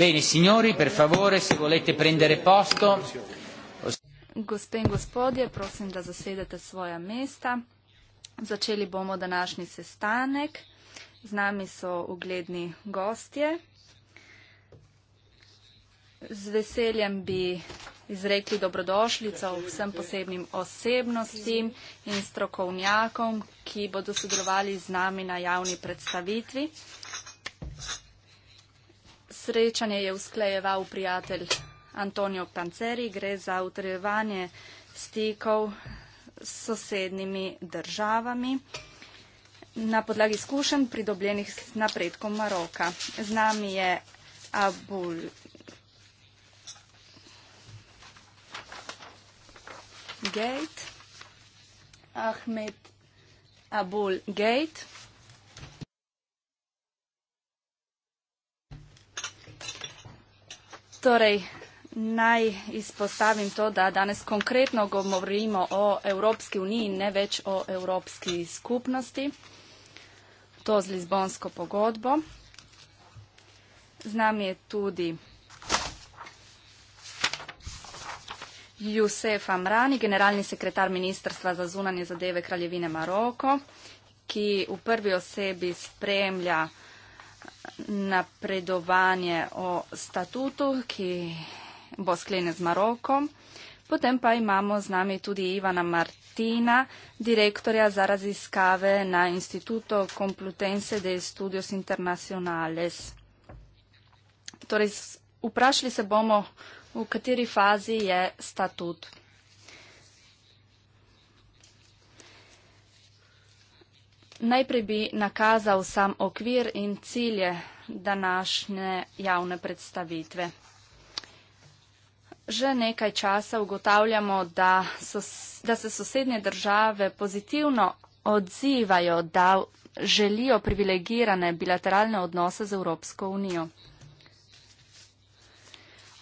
Bene, signori, per favore, se volete prendere posto. Gospe in gospodje, prosim, da zasedete svoja mesta. Začeli bomo današnji sestanek. Z nami so ugledni gostje. Z veseljem bi izrekli dobrodošljico vsem posebnim osebnostim in strokovnjakom, ki bodo sodelovali z nami na javni predstavitvi srečanje je usklejeval prijatelj Antonio Panceri, gre za utrjevanje stikov s sosednjimi državami na podlagi izkušenj pridobljenih s napredkom Maroka. Z nami je Abul. Gate, Ahmed Abul Gate, Torej, naj izpostavim to, da danes konkretno govorimo o Evropski uniji in ne več o Evropski skupnosti. To z Lizbonsko pogodbo. Z nami je tudi Jusef Amrani, generalni sekretar Ministrstva za zunanje zadeve Kraljevine Maroko, ki v prvi osebi spremlja uh, napredovanje o statutu, ki bo sklenjen z Marokom. Potem pa imamo z nami tudi Ivana Martina, direktorja za raziskave na Instituto Complutense de Studios Internacionales. Torej, vprašali se bomo, v kateri fazi je statut. Najprej bi nakazal sam okvir in cilje današnje javne predstavitve. Že nekaj časa ugotavljamo, da, so, da se sosednje države pozitivno odzivajo, da želijo privilegirane bilateralne odnose z Evropsko unijo.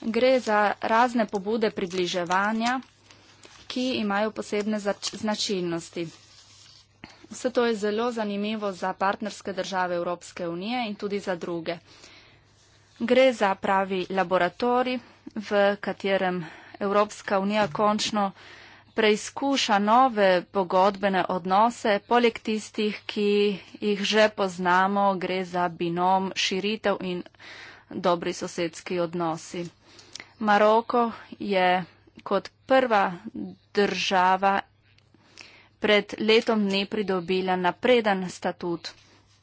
Gre za razne pobude približevanja, ki imajo posebne značilnosti. Vse to je zelo zanimivo za partnerske države Evropske unije in tudi za druge. Gre za pravi laboratorij, v katerem Evropska unija končno preizkuša nove pogodbene odnose, poleg tistih, ki jih že poznamo, gre za binom širitev in dobri sosedski odnosi. Maroko je kot prva država pred letom dni pridobila napreden statut.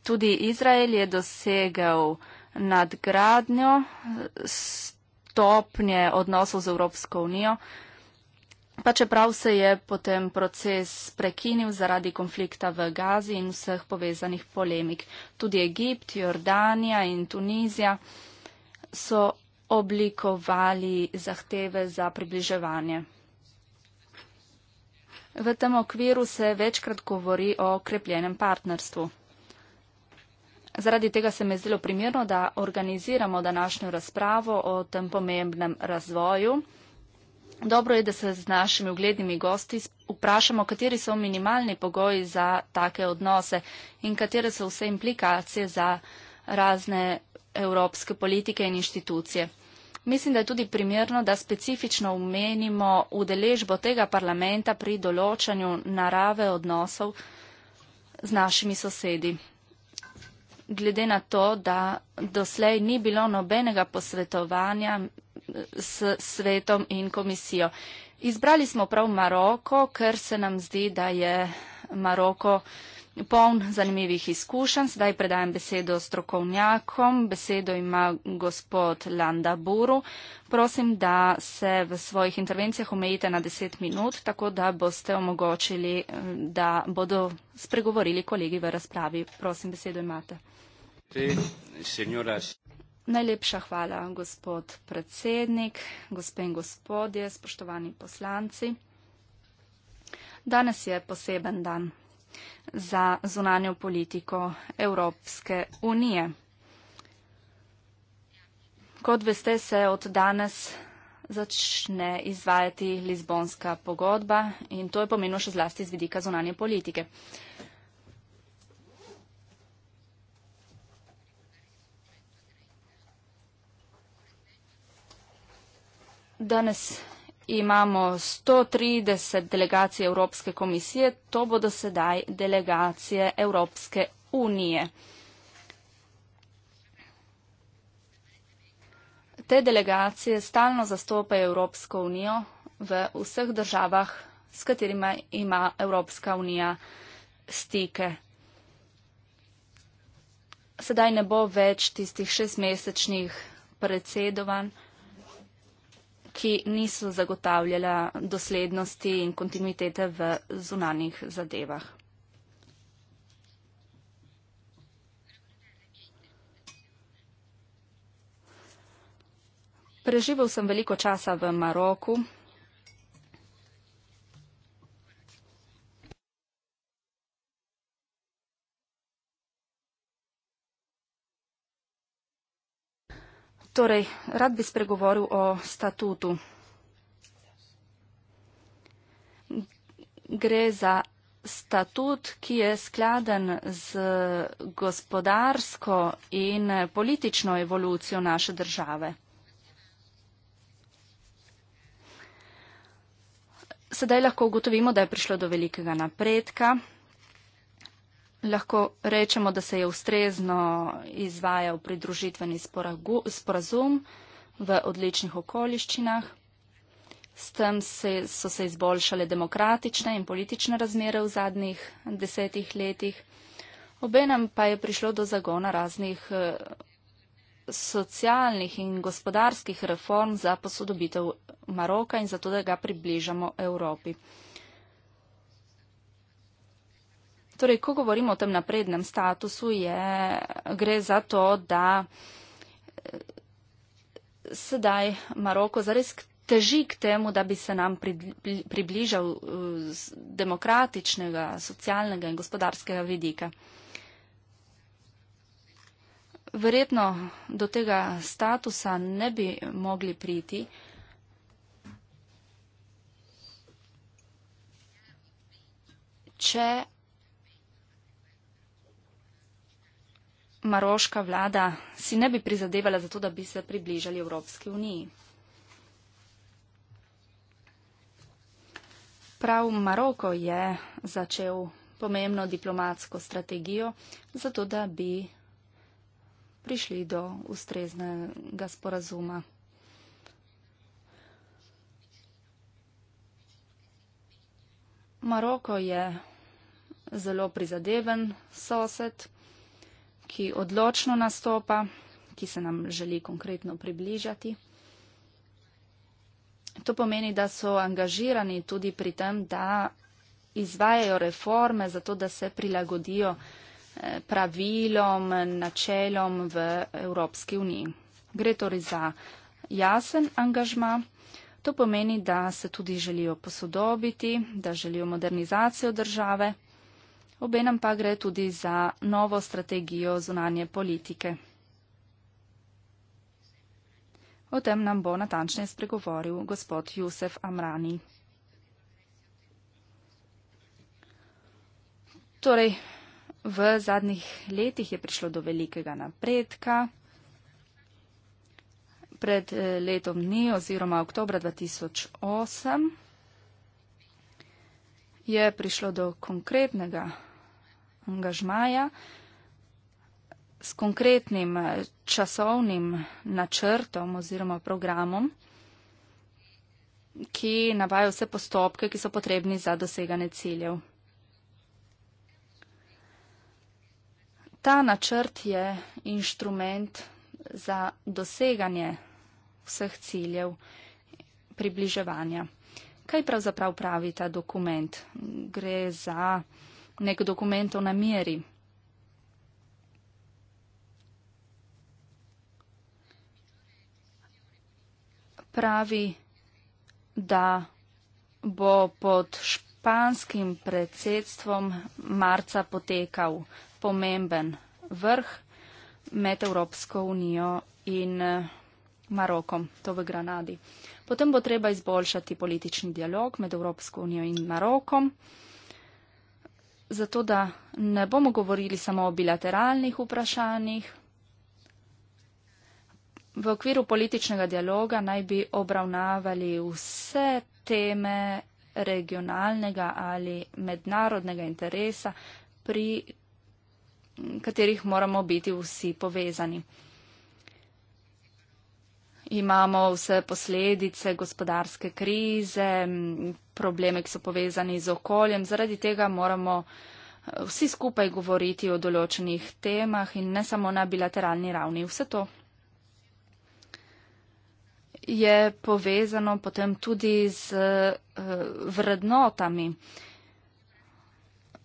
Tudi Izrael je dosegel nadgradnjo stopnje odnosov z Evropsko unijo, pa čeprav se je potem proces prekinil zaradi konflikta v Gazi in vseh povezanih polemik. Tudi Egipt, Jordanija in Tunizija so oblikovali zahteve za približevanje. V tem okviru se večkrat govori o krepljenem partnerstvu. Zaradi tega se mi je zdelo primerno, da organiziramo današnjo razpravo o tem pomembnem razvoju. Dobro je, da se z našimi uglednimi gosti vprašamo, kateri so minimalni pogoji za take odnose in katere so vse implikacije za razne evropske politike in inštitucije. Mislim, da je tudi primerno, da specifično omenimo udeležbo tega parlamenta pri določanju narave odnosov z našimi sosedi. Glede na to, da doslej ni bilo nobenega posvetovanja s svetom in komisijo. Izbrali smo prav Maroko, ker se nam zdi, da je Maroko poln zanimivih izkušenj. Zdaj predajam besedo strokovnjakom. Besedo ima gospod Landa Buru. Prosim, da se v svojih intervencijah omejite na 10 minut, tako da boste omogočili, da bodo spregovorili kolegi v razpravi. Prosim, besedo imate. Najlepša hvala, gospod predsednik, gospe in gospodje, spoštovani poslanci. Danes je poseben dan za zunanjo politiko Evropske unije. Kot veste, se od danes začne izvajati Lizbonska pogodba in to je pomenilo še zlasti z vidika zunanje politike. Danes imamo 130 delegacij Evropske komisije, to bodo sedaj delegacije Evropske unije. Te delegacije stalno zastopajo Evropsko unijo v vseh državah, s katerima ima Evropska unija stike. Sedaj ne bo več tistih šestmesečnih predsedovanj ki niso zagotavljala doslednosti in kontinuitete v zunanih zadevah. Preživel sem veliko časa v Maroku, Torej, rad bi spregovoril o statutu. Gre za statut, ki je skladen z gospodarsko in politično evolucijo naše države. Sedaj lahko ugotovimo, da je prišlo do velikega napredka lahko rečemo, da se je ustrezno izvajal pridružitveni sporazum v odličnih okoliščinah. S tem se, so se izboljšale demokratične in politične razmere v zadnjih desetih letih. Obenem pa je prišlo do zagona raznih eh, socialnih in gospodarskih reform za posodobitev Maroka in zato, da ga približamo Evropi. Torej, ko govorimo o tem naprednem statusu, je, gre za to, da eh, sedaj Maroko zares teži k temu, da bi se nam približal eh, z demokratičnega, socialnega in gospodarskega vidika. Verjetno do tega statusa ne bi mogli priti. Če maroška vlada si ne bi prizadevala za to, da bi se približali Evropski uniji. Prav Maroko je začel pomembno diplomatsko strategijo, zato da bi prišli do ustreznega sporazuma. Maroko je zelo prizadeven sosed ki odločno nastopa, ki se nam želi konkretno približati. To pomeni, da so angažirani tudi pri tem, da izvajajo reforme, zato da se prilagodijo eh, pravilom, načelom v Evropski uniji. Gre torej za jasen angažma. To pomeni, da se tudi želijo posodobiti, da želijo modernizacijo države. Obenem pa gre tudi za novo strategijo zunanje politike. O tem nam bo natančne spregovoril gospod Jusef Amrani. Torej, v zadnjih letih je prišlo do velikega napredka. Pred eh, letom dni oziroma oktobra 2008 je prišlo do konkretnega napredka angažmaja, s konkretnim eh, časovnim načrtom oziroma programom, ki navaja vse postopke, ki so potrebni za doseganje ciljev. Ta načrt je inštrument za doseganje vseh ciljev približevanja. Kaj pravzaprav pravi ta dokument? Gre za nek dokument o nameri. Pravi, da bo pod španskim predsedstvom marca potekal pomemben vrh med Evropsko unijo in eh, Marokom, to v Granadi. Potem bo treba izboljšati politični dialog med Evropsko unijo in Marokom zato da ne bomo govorili samo o bilateralnih vprašanjih. V okviru političnega dialoga naj bi obravnavali vse teme regionalnega ali mednarodnega interesa, pri katerih moramo biti vsi povezani imamo vse posledice gospodarske krize, probleme, ki so povezani z okoljem. Zaradi tega moramo eh, vsi skupaj govoriti o določenih temah in ne samo na bilateralni ravni. Vse to je povezano potem tudi z eh, vrednotami.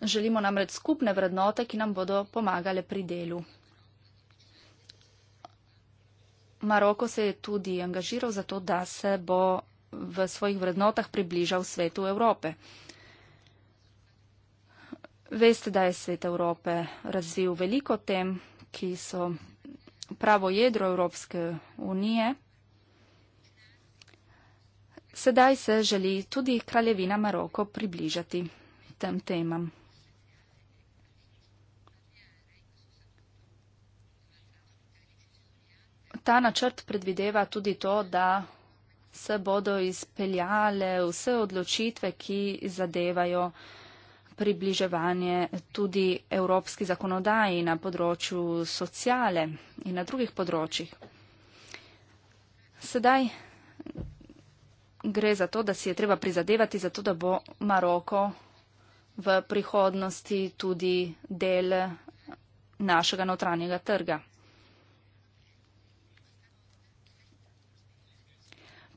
Želimo namreč skupne vrednote, ki nam bodo pomagale pri delu. Maroko se je tudi angažiral za to, da se bo v svojih vrednotah približal svetu Evrope. Veste, da je svet Evrope razvil veliko tem, ki so pravo jedro Evropske unije. Sedaj se želi tudi kraljevina Maroko približati tem temam. ta načrt predvideva tudi to, da se bodo izpeljale vse odločitve, ki zadevajo približevanje tudi evropski zakonodaji na področju sociale in na drugih področjih. Sedaj gre za to, da si je treba prizadevati za to, da bo Maroko v prihodnosti tudi del našega notranjega trga.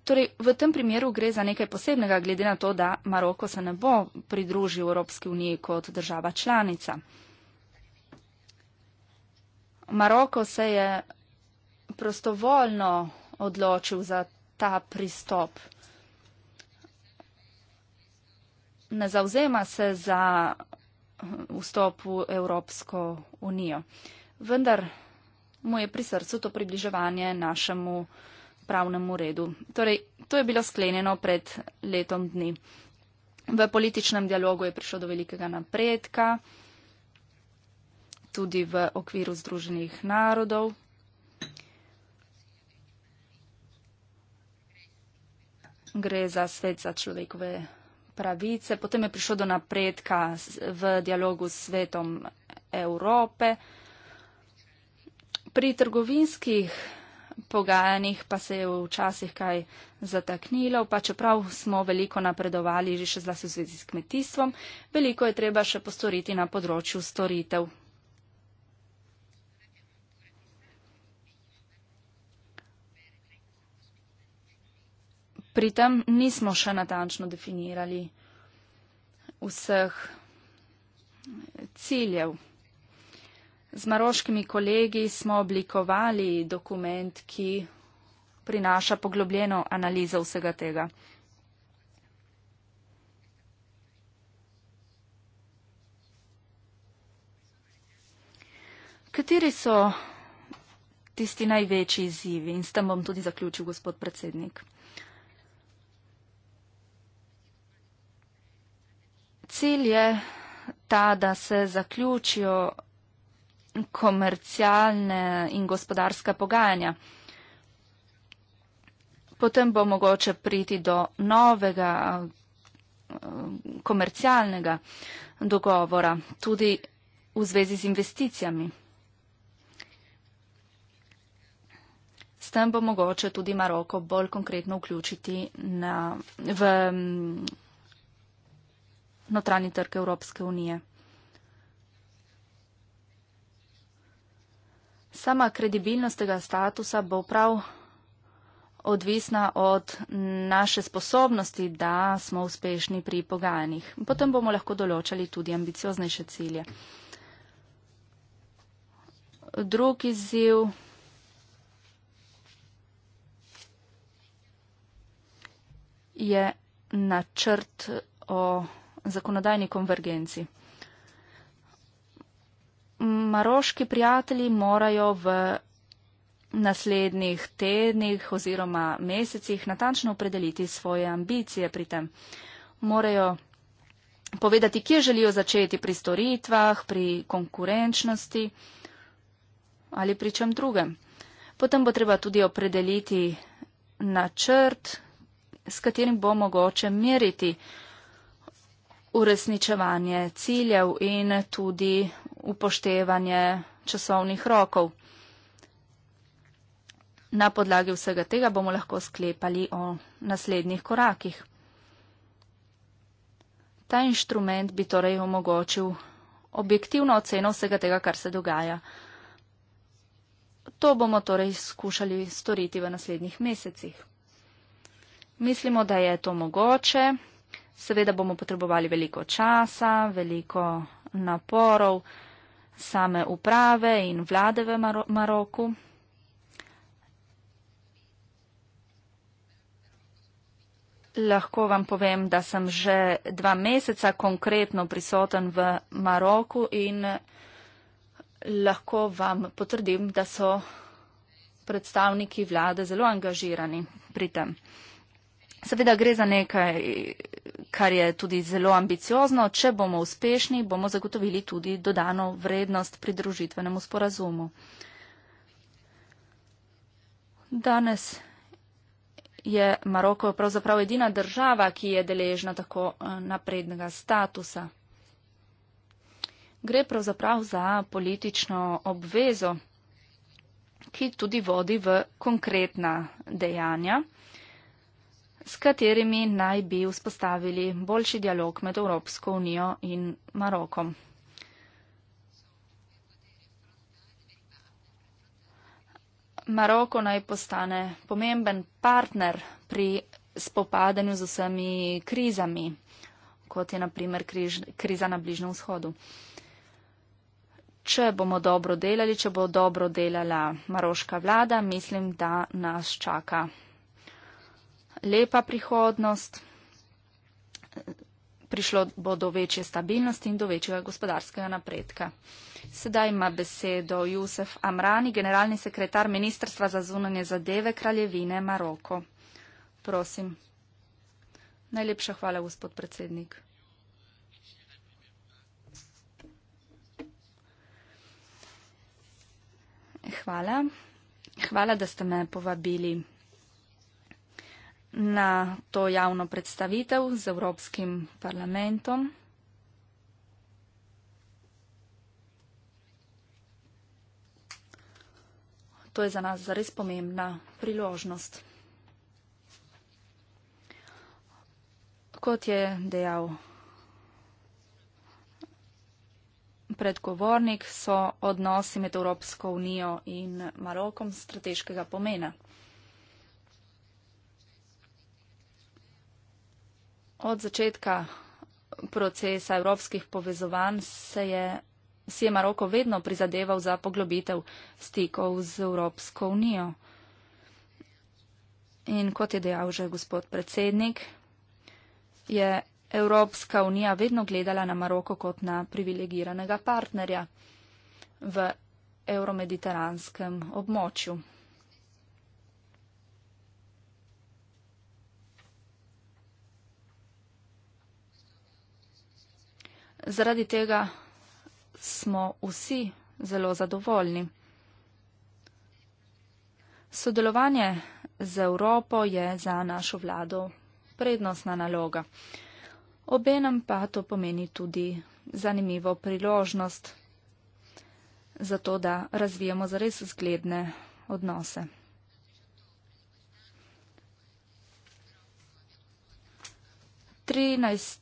Torej, v tem primeru gre za nekaj posebnega, glede na to, da Maroko se ne bo pridružil Evropski uniji kot država članica. Maroko se je prostovoljno odločil za ta pristop. Ne zauzema se za hm, vstop v Evropsko unijo. Vendar mu je pri srcu to približevanje našemu pravnemu redu. Torej, to je bilo sklenjeno pred letom dni. V političnem dialogu je prišlo do velikega napredka, tudi v okviru Združenih narodov. Gre za svet za človekove pravice. Potem je prišlo do napredka v dialogu s svetom Evrope. Pri trgovinskih pogajanjih pa se je včasih kaj zataknilo, pa čeprav smo veliko napredovali, že še zlasti v zvezi s kmetijstvom, veliko je treba še postoriti na področju storitev. Pri tem nismo še natančno definirali vseh ciljev. Z maroškimi kolegi smo oblikovali dokument, ki prinaša poglobljeno analizo vsega tega. Kateri so tisti največji izzivi? In s tem bom tudi zaključil, gospod predsednik. Cilj je ta, da se zaključijo komercialne in gospodarska pogajanja. Potem bo mogoče priti do novega eh, komercialnega dogovora, tudi v zvezi z investicijami. S tem bo mogoče tudi Maroko bolj konkretno vključiti na, v mm, notranji trg Evropske unije. Sama kredibilnost tega statusa bo prav odvisna od naše sposobnosti, da smo uspešni pri pogajanjih. Potem bomo lahko določali tudi ambicioznejše cilje. Drugi izziv je načrt o zakonodajni konvergenci maroški prijatelji morajo v naslednjih tednih oziroma mesecih natančno opredeliti svoje ambicije pri tem. Morajo povedati, kje želijo začeti pri storitvah, pri konkurenčnosti ali pri čem drugem. Potem bo treba tudi opredeliti načrt, s katerim bo mogoče meriti uresničevanje ciljev in tudi upoštevanje časovnih rokov. Na podlagi vsega tega bomo lahko sklepali o naslednjih korakih. Ta inštrument bi torej omogočil objektivno oceno vsega tega, kar se dogaja. To bomo torej skušali storiti v naslednjih mesecih. Mislimo, da je to mogoče. Seveda bomo potrebovali veliko časa, veliko naporov same uprave in vlade v Maroku. Lahko vam povem, da sem že dva meseca konkretno prisoten v Maroku in lahko vam potrdim, da so predstavniki vlade zelo angažirani pri tem. Seveda gre za nekaj, kar je tudi zelo ambiciozno. Če bomo uspešni, bomo zagotovili tudi dodano vrednost pridružitvenemu sporazumu. Danes je Maroko pravzaprav edina država, ki je deležna tako eh, naprednega statusa. Gre pravzaprav za politično obvezo, ki tudi vodi v konkretna dejanja s katerimi naj bi vzpostavili boljši dialog med Evropsko unijo in Marokom. Maroko naj postane pomemben partner pri spopadanju z vsemi krizami, kot je naprimer križ, kriza na Bližnem vzhodu. Če bomo dobro delali, če bo dobro delala maroška vlada, mislim, da nas čaka lepa prihodnost, prišlo bo do večje stabilnosti in do večjega gospodarskega napredka. Sedaj ima besedo Jusef Amrani, generalni sekretar Ministrstva za zunanje zadeve Kraljevine Maroko. Prosim. Najlepša hvala, gospod predsednik. Hvala. Hvala, da ste me povabili na to javno predstavitev z Evropskim parlamentom. To je za nas zares pomembna priložnost. Kot je dejal predgovornik, so odnosi med Evropsko unijo in Marokom strateškega pomena. od začetka procesa evropskih povezovanj se je, si je Maroko vedno prizadeval za poglobitev stikov z Evropsko unijo. In kot je dejal že gospod predsednik, je Evropska unija vedno gledala na Maroko kot na privilegiranega partnerja v evromediteranskem območju. Zaradi tega smo vsi zelo zadovoljni. Sodelovanje z Evropo je za našo vlado prednostna naloga. Obenem pa to pomeni tudi zanimivo priložnost za to, da razvijamo zares zgledne odnose. 13.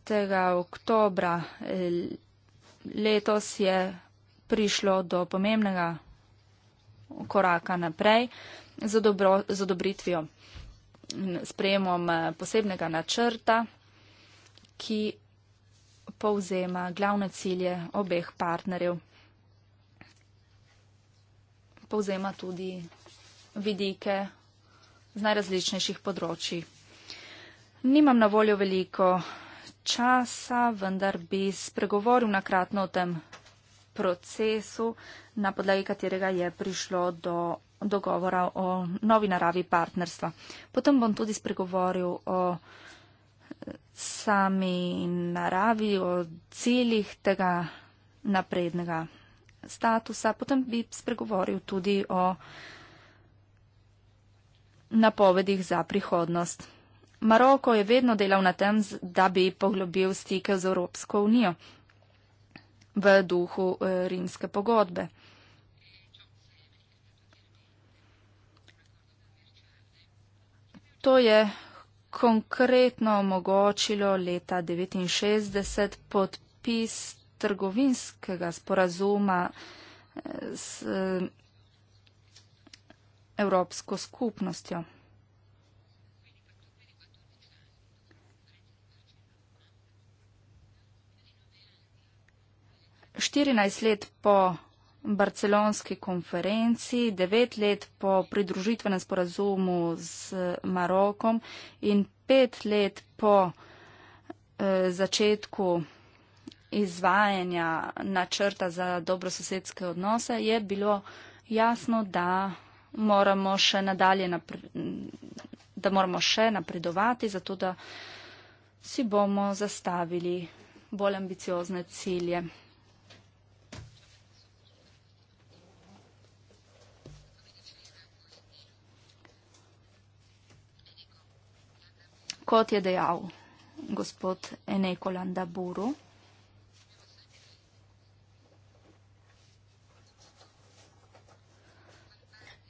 oktobra eh, letos je prišlo do pomembnega koraka naprej z, dobro, z odobritvijo in sprejemom eh, posebnega načrta, ki povzema glavne cilje obeh partnerjev. Povzema tudi vidike z najrazličnejših področji. Nimam na voljo veliko časa, vendar bi spregovoril nakratno o tem procesu, na podlagi katerega je prišlo do dogovora o novi naravi partnerstva. Potem bom tudi spregovoril o sami naravi, o ciljih tega naprednega statusa. Potem bi spregovoril tudi o napovedih za prihodnost. Maroko je vedno delal na tem, da bi poglobil stike z Evropsko unijo v duhu eh, rimske pogodbe. To je konkretno omogočilo leta 1969 podpis trgovinskega sporazuma eh, s Evropsko skupnostjo. 14 let po barcelonski konferenci, 9 let po pridružitvenem sporazumu z Marokom in 5 let po eh, začetku izvajanja načrta za dobrososedske odnose, je bilo jasno, da moramo še nadalje napre, da moramo še napredovati, zato da si bomo zastavili bolj ambiciozne cilje. kot je dejal gospod Eneko Landaburu.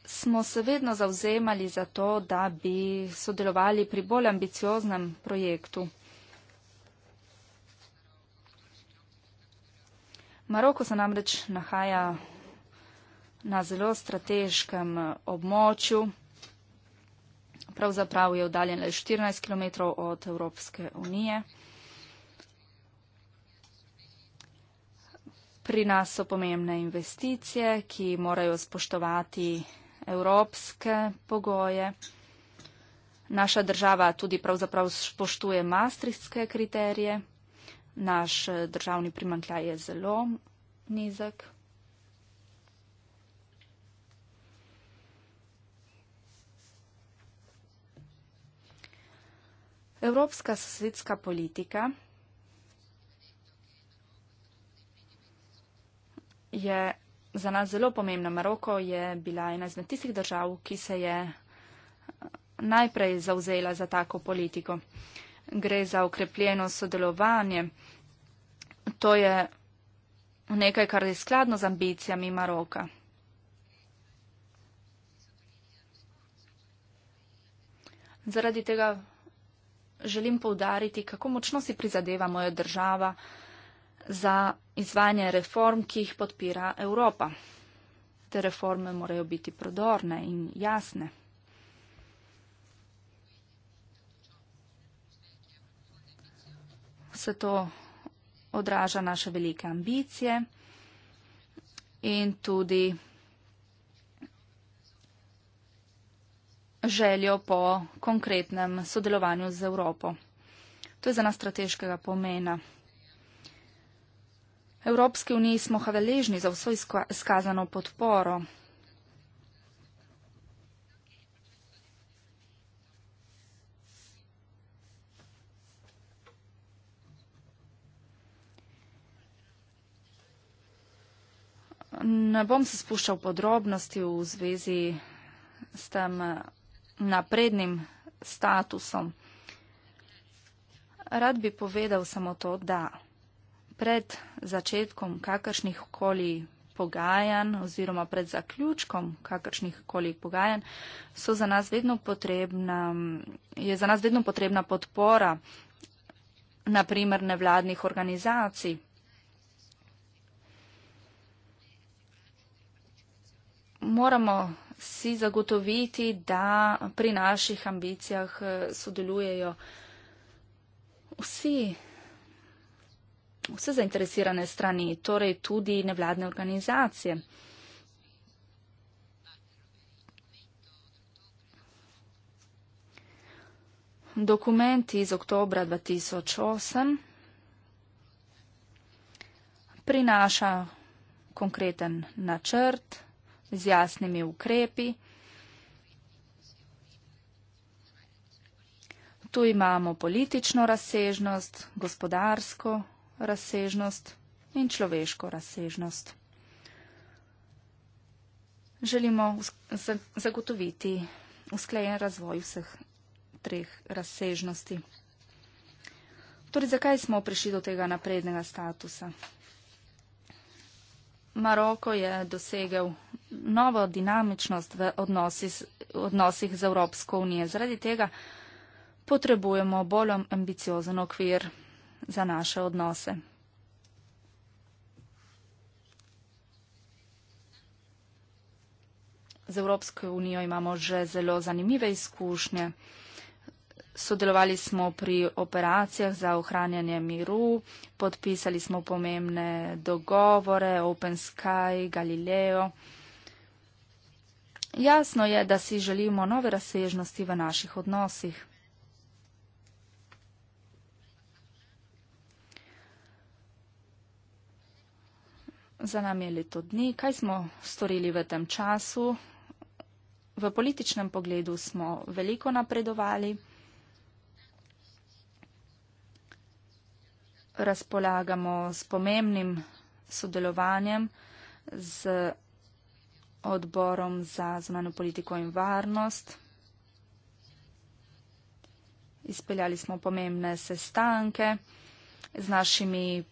Smo se vedno zauzemali za to, da bi sodelovali pri bolj ambicioznem projektu. Maroko se namreč nahaja na zelo strateškem eh, območju pravzaprav je oddaljen le 14 km od Evropske unije. Pri nas so pomembne investicije, ki morajo spoštovati evropske pogoje. Naša država tudi pravzaprav spoštuje mastrihske kriterije. Naš državni primankljaj je zelo nizek. Evropska sosedska politika je za nas zelo pomembna. Maroko je bila ena izmed tistih držav, ki se je eh, najprej zauzela za tako politiko. Gre za ukrepljeno sodelovanje. To je nekaj, kar je skladno z ambicijami Maroka. Zaradi tega želim povdariti, kako močno si prizadeva moja država za izvajanje reform, ki jih podpira Evropa. Te reforme morajo biti prodorne in jasne. Vse to odraža naše velike ambicije in tudi željo po konkretnem sodelovanju z Evropo. To je za nas strateškega pomena. Evropski uniji smo hvaležni za vso izkazano podporo. Ne bom se spuščal podrobnosti v zvezi s tem naprednim statusom. Rad bi povedal samo to, da pred začetkom kakršnih koli pogajanj oziroma pred zaključkom kakršnih koli pogajanj so za nas vedno potrebna, je za nas vedno potrebna podpora naprimer nevladnih organizacij. Moramo si zagotoviti, da pri naših ambicijah eh, sodelujejo vsi, vse zainteresirane strani, torej tudi nevladne organizacije. Dokument iz oktobra 2008 prinaša konkreten načrt, z jasnimi ukrepi. Tu imamo politično razsežnost, gospodarsko razsežnost in človeško razsežnost. Želimo zagotoviti usklejen razvoj vseh treh razsežnosti. Torej, zakaj smo prišli do tega naprednega statusa? Maroko je dosegel novo dinamičnost v odnosih, odnosih z Evropsko unijo. Zaradi tega potrebujemo bolj ambiciozen okvir za naše odnose. Z Evropsko unijo imamo že zelo zanimive izkušnje sodelovali smo pri operacijah za ohranjanje miru, podpisali smo pomembne dogovore, Open Sky, Galileo. Jasno je, da si želimo nove razsežnosti v naših odnosih. Za nami je leto dni, kaj smo storili v tem času. V političnem pogledu smo veliko napredovali. razpolagamo s pomembnim sodelovanjem z odborom za zmano politiko in varnost. Izpeljali smo pomembne sestanke, z našimi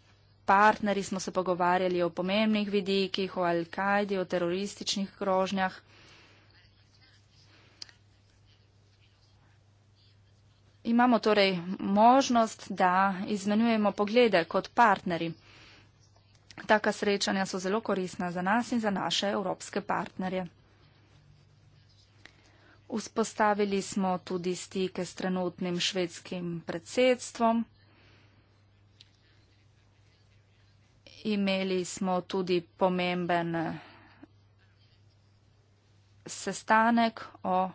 partnerji smo se pogovarjali o pomembnih vidikih, o Al-Kaidi, o terorističnih grožnjah. Imamo torej možnost, da izmenjujemo poglede kot partneri. Taka srečanja so zelo koristna za nas in za naše evropske partnerje. Vzpostavili smo tudi stike s trenutnim švedskim predsedstvom. Imeli smo tudi pomemben sestanek o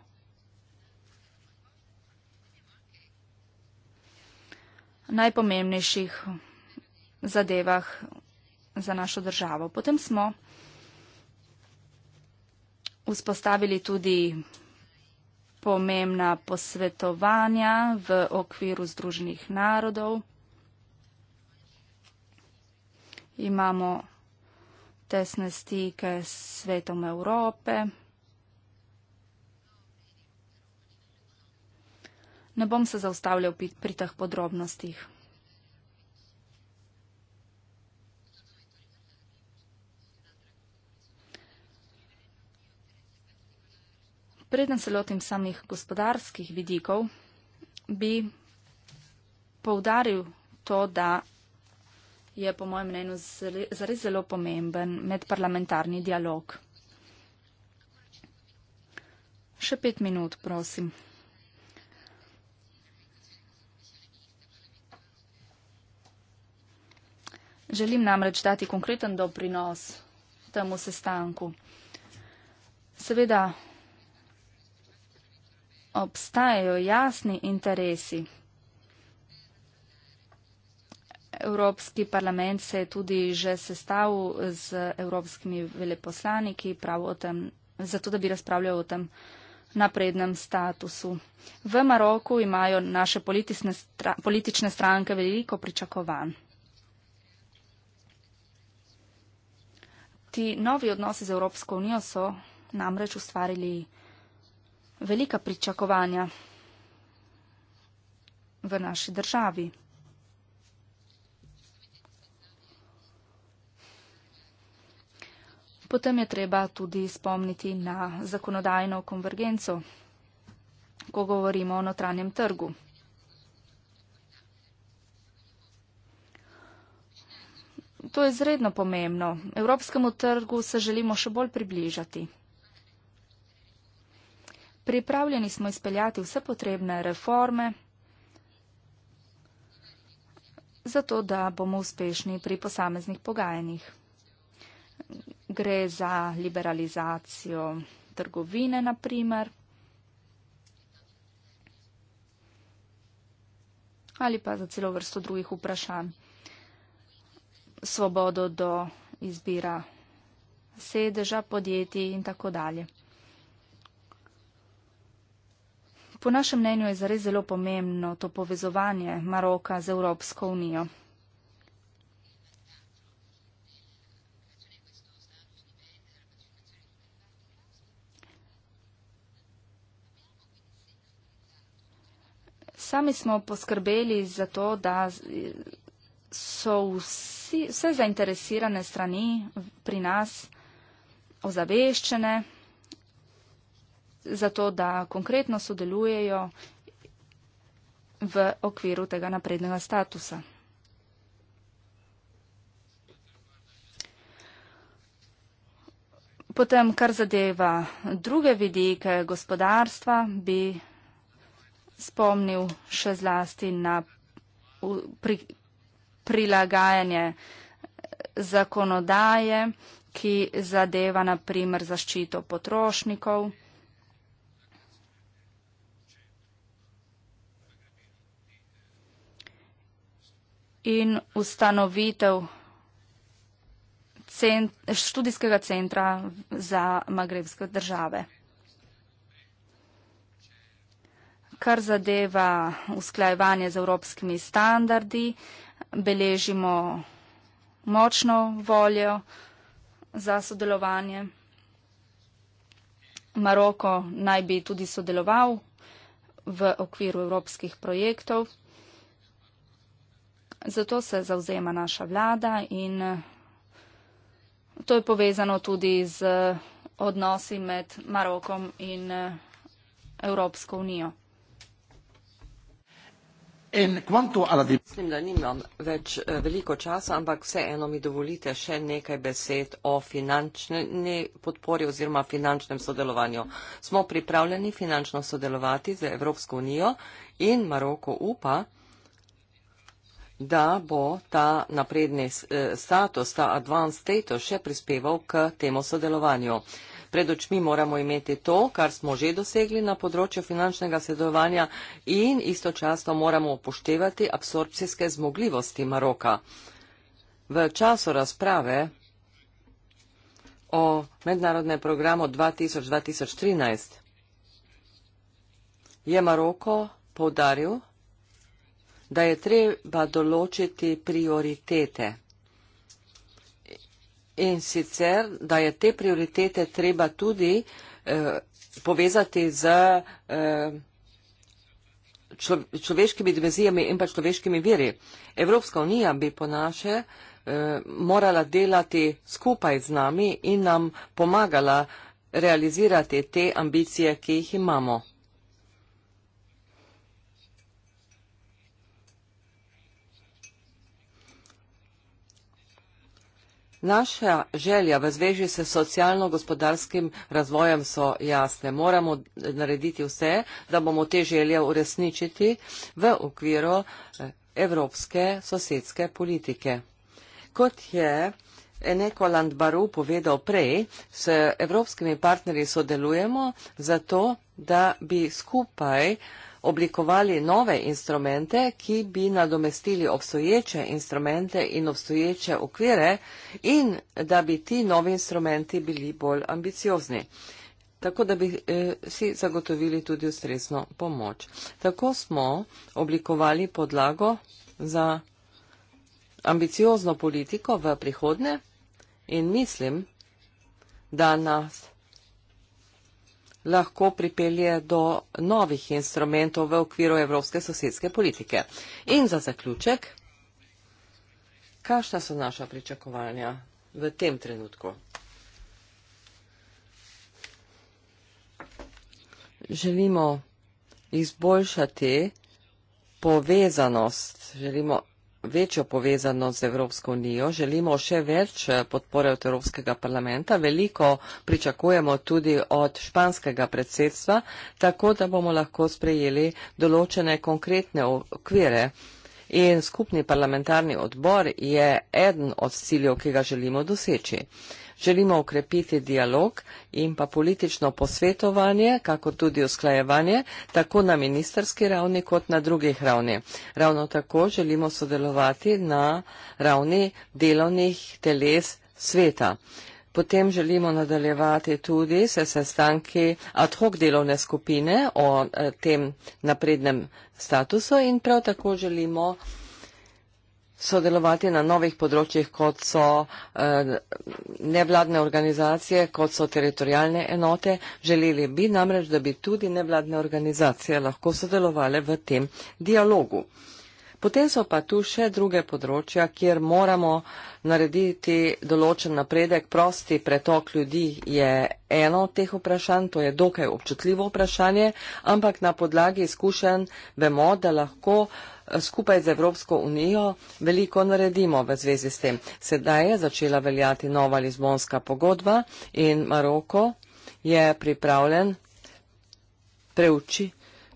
najpomembnejših zadevah za našo državo. Potem smo vzpostavili tudi pomembna posvetovanja v okviru Združenih narodov. Imamo tesne stike s svetom Evrope. Ne bom se zaustavljal pri teh podrobnostih. Preden se lotim samih gospodarskih vidikov, bi poudaril to, da je po mojem mnenju zares zelo pomemben medparlamentarni dialog. Še pet minut, prosim. Želim namreč dati konkreten doprinos temu sestanku. Seveda obstajajo jasni interesi. Evropski parlament se je tudi že sestav z evropskimi veleposlaniki, tem, zato da bi razpravljal o tem naprednem statusu. V Maroku imajo naše politične, stra, politične stranke veliko pričakovanj. Ti novi odnosi z Evropsko unijo so namreč ustvarili velika pričakovanja v naši državi. Potem je treba tudi spomniti na zakonodajno konvergenco, ko govorimo o notranjem trgu. To je izredno pomembno. Evropskemu trgu se želimo še bolj približati. Pripravljeni smo izpeljati vse potrebne reforme, zato da bomo uspešni pri posameznih pogajanjih. Gre za liberalizacijo trgovine, na primer, ali pa za celo vrsto drugih vprašanj svobodo do izbira sedeža podjetij in tako dalje. Po našem mnenju je zares zelo pomembno to povezovanje Maroka z Evropsko unijo. Sami smo poskrbeli za to, da so vsi, vse zainteresirane strani pri nas ozaveščene za to, da konkretno sodelujejo v okviru tega naprednega statusa. Potem, kar zadeva druge vidike gospodarstva, bi spomnil še zlasti na pri, prilagajanje zakonodaje, ki zadeva na primer zaščito potrošnikov. in ustanovitev cent, študijskega centra za magrebske države. Kar zadeva usklajevanje z evropskimi standardi, beležimo močno voljo za sodelovanje. Maroko naj bi tudi sodeloval v okviru evropskih projektov. Zato se zauzema naša vlada in eh, to je povezano tudi z odnosi med Marokom in eh, Evropsko unijo. Mislim, da nimam več eh, veliko časa, ampak vseeno mi dovolite še nekaj besed o finančni podpori oziroma finančnem sodelovanju. Smo pripravljeni finančno sodelovati z Evropsko unijo in Maroko upa, da bo ta napredni eh, status, ta advanced status še prispeval k temu sodelovanju pred očmi moramo imeti to, kar smo že dosegli na področju finančnega sledovanja in istočasno moramo upoštevati absorpcijske zmogljivosti Maroka. V času razprave o mednarodnem programu 2000-2013 je Maroko povdaril, da je treba določiti prioritete. In sicer, da je te prioritete treba tudi eh, povezati z eh, člo človeškimi dimenzijami in pa človeškimi viri. Evropska unija bi po naše eh, morala delati skupaj z nami in nam pomagala realizirati te ambicije, ki jih imamo. Naša želja v zveži s socialno-gospodarskim razvojem so jasne. Moramo narediti vse, da bomo te želje uresničiti v okviru eh, evropske sosedske politike. Kot je Eneko Landbaru povedal prej, s evropskimi partnerji sodelujemo zato, da bi skupaj oblikovali nove instrumente, ki bi nadomestili obstoječe instrumente in obstoječe okvire in da bi ti novi instrumenti bili bolj ambiciozni. Tako da bi eh, si zagotovili tudi ustrezno pomoč. Tako smo oblikovali podlago za ambiciozno politiko v prihodne in mislim, da nas lahko pripelje do novih instrumentov v okviru evropske sosedske politike. In za zaključek, kakšna so naša pričakovanja v tem trenutku? Želimo izboljšati povezanost, želimo večjo povezanost z Evropsko unijo, želimo še več eh, podpore od Evropskega parlamenta, veliko pričakujemo tudi od španskega predsedstva, tako da bomo lahko sprejeli določene konkretne okvire. In skupni parlamentarni odbor je eden od ciljev, ki ga želimo doseči. Želimo ukrepiti dialog in pa politično posvetovanje, kako tudi usklajevanje, tako na ministerski ravni kot na drugih ravni. Ravno tako želimo sodelovati na ravni delovnih teles sveta. Potem želimo nadaljevati tudi se sestanki ad hoc delovne skupine o eh, tem naprednem statusu in prav tako želimo sodelovati na novih področjih, kot so eh, nevladne organizacije, kot so teritorijalne enote. Želeli bi namreč, da bi tudi nevladne organizacije lahko sodelovali v tem dialogu. Potem so pa tu še druge področja, kjer moramo narediti določen napredek. Prosti pretok ljudi je eno od teh vprašanj, to je dokaj občutljivo vprašanje, ampak na podlagi izkušenj vemo, da lahko uh, skupaj z Evropsko unijo veliko naredimo v zvezi s tem. Sedaj je začela veljati nova Lizbonska pogodba in Maroko je pripravljen preuči,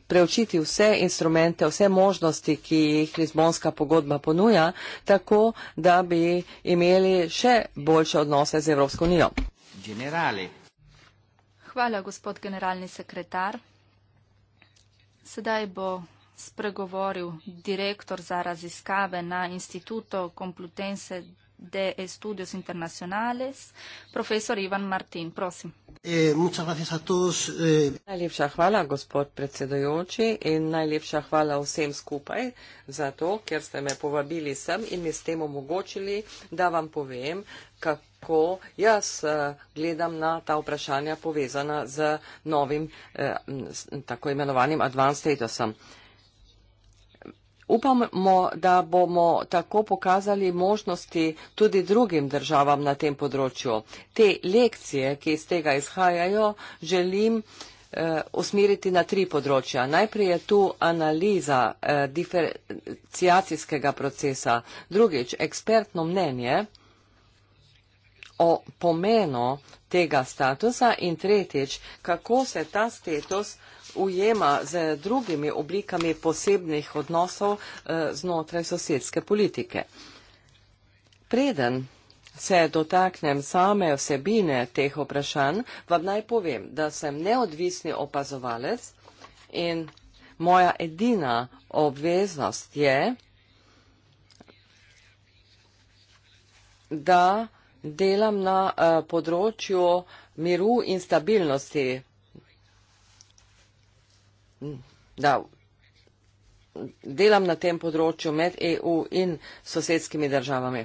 preučiti vse instrumente, vse možnosti, ki jih Lizbonska pogodba ponuja, tako da bi imeli še boljše odnose z Evropsko unijo. Generali. Hvala, gospod generalni sekretar. Sedaj bo spregovoril direktor za raziskave na Instituto Complutense de Estudios Internacionales, profesor Ivan Martin. Prosim. Eh, eh. Najlepša hvala, gospod predsedojoči, in najlepša hvala vsem skupaj za to, ker ste me povabili sem in mi s tem omogočili, da vam povem, kako jaz eh, gledam na ta vprašanja povezana z novim tako imenovanim advanced statusom. Upamo, da bomo tako pokazali možnosti tudi drugim državam na tem področju. Te lekcije, ki iz tega izhajajo, želim eh, usmeriti na tri področja. Najprej je tu analiza eh, diferencijacijskega procesa, drugič ekspertno mnenje o pomenu tega statusa in tretjič, kako se ta status eh, ujema z drugimi oblikami posebnih odnosov eh, znotraj sosedske politike. Preden se dotaknem same vsebine teh vprašanj, vam naj povem, da sem neodvisni opazovalec in moja edina obveznost je, da delam na eh, področju miru in stabilnosti da delam na tem področju med EU in sosedskimi državami.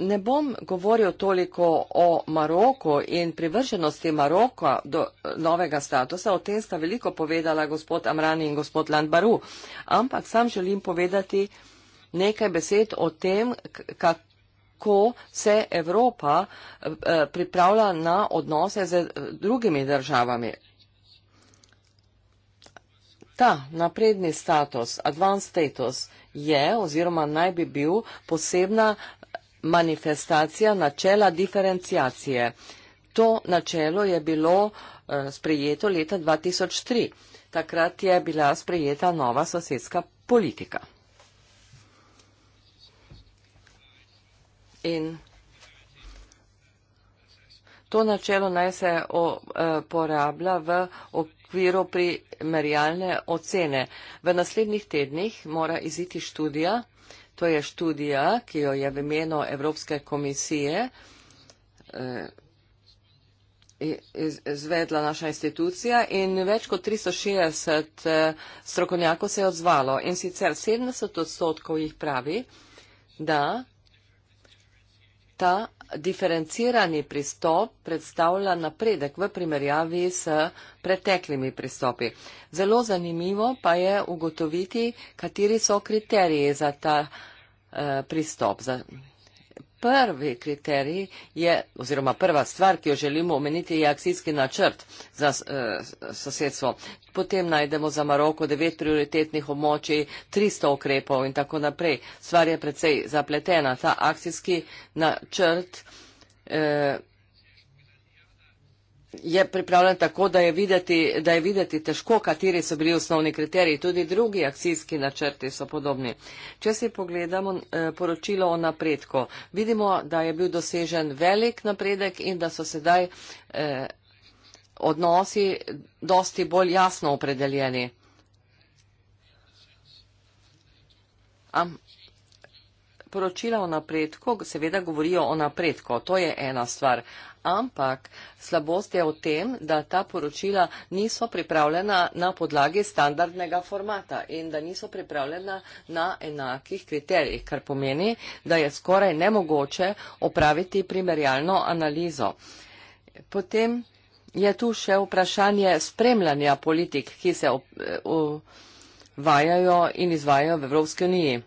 Ne bom govoril toliko o Maroku in privrženosti Maroka do novega statusa, o tem sta veliko povedala gospod Amrani in gospod Landbaru, ampak sam želim povedati nekaj besed o tem, kako se Evropa eh, pripravlja na odnose z eh, drugimi državami. Ta napredni status, advanced status, je oziroma naj bi bil posebna manifestacija načela diferencijacije. To načelo je bilo eh, sprejeto leta 2003. Takrat je bila sprejeta nova sosedska politika. In to načelo naj se uporablja eh, v okviru okviru primerjalne ocene. V naslednjih tednih mora iziti študija, to je študija, ki jo je v imenu Evropske komisije eh, izvedla naša institucija in več kot 360 eh, strokovnjakov se je odzvalo in sicer 70 odstotkov jih pravi, da ta diferencirani pristop predstavlja napredek v primerjavi s preteklimi pristopi. Zelo zanimivo pa je ugotoviti, kateri so kriteriji za ta eh, pristop, za Prvi kriterij je, oziroma prva stvar, ki jo želimo omeniti, je akcijski načrt za eh, sosedstvo. Potem najdemo za Maroko devet prioritetnih območij, 300 ukrepov in tako naprej. Stvar je precej zapletena. Ta akcijski načrt. Eh, je pripravljen tako, da je, videti, da je videti težko, kateri so bili osnovni kriteriji. Tudi drugi akcijski načrti so podobni. Če si pogledamo eh, poročilo o napredku, vidimo, da je bil dosežen velik napredek in da so sedaj eh, odnosi dosti bolj jasno opredeljeni poročila o napredku, seveda govorijo o napredku, to je ena stvar. Ampak slabost je v tem, da ta poročila niso pripravljena na podlagi standardnega formata in da niso pripravljena na enakih kriterijih, kar pomeni, da je skoraj nemogoče opraviti primerjalno analizo. Potem je tu še vprašanje spremljanja politik, ki se eh, vajajo in izvajajo v Evropski uniji.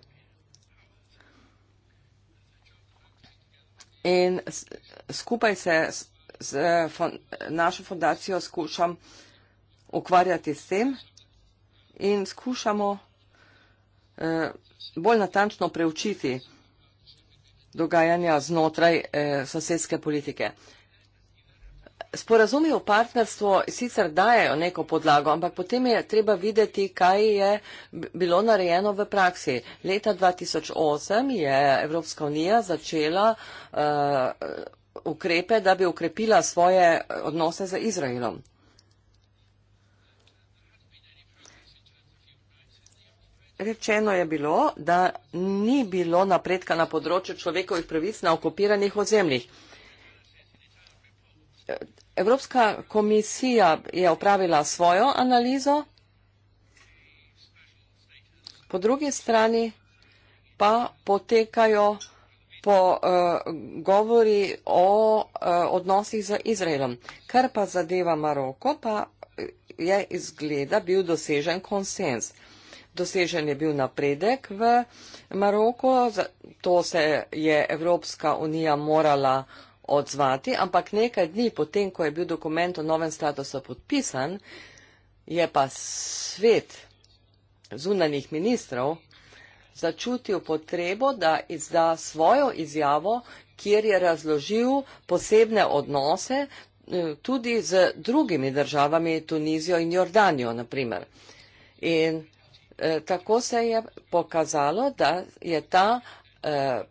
In skupaj se z našo fondacijo skušam ukvarjati s tem in skušamo eh, bolj natančno preučiti dogajanja znotraj eh, sosedske politike. Sporazumi o partnerstvu sicer dajejo neko podlago, ampak potem je treba videti, kaj je bilo narejeno v praksi. Leta 2008 je Evropska unija začela uh, ukrepe, da bi ukrepila svoje eh, odnose z Izraelom. Rečeno je bilo, da ni bilo napredka na področju človekovih pravic na okupiranih ozemljih. Evropska komisija je opravila svojo analizo, po drugi strani pa potekajo po eh, govori o eh, odnosih z Izraelom. Kar pa zadeva Maroko, pa eh, je izgleda bil dosežen konsens. Dosežen je bil napredek v Maroko, to se je Evropska unija morala odnositi odzvati, ampak nekaj dni potem, ko je bil dokument o novem statusu podpisan, je pa svet zunanjih ministrov začutil potrebo, da izda svojo izjavo, kjer je razložil posebne odnose eh, tudi z drugimi državami, Tunizijo in Jordanijo, naprimer. In eh, tako se je pokazalo, da je ta eh,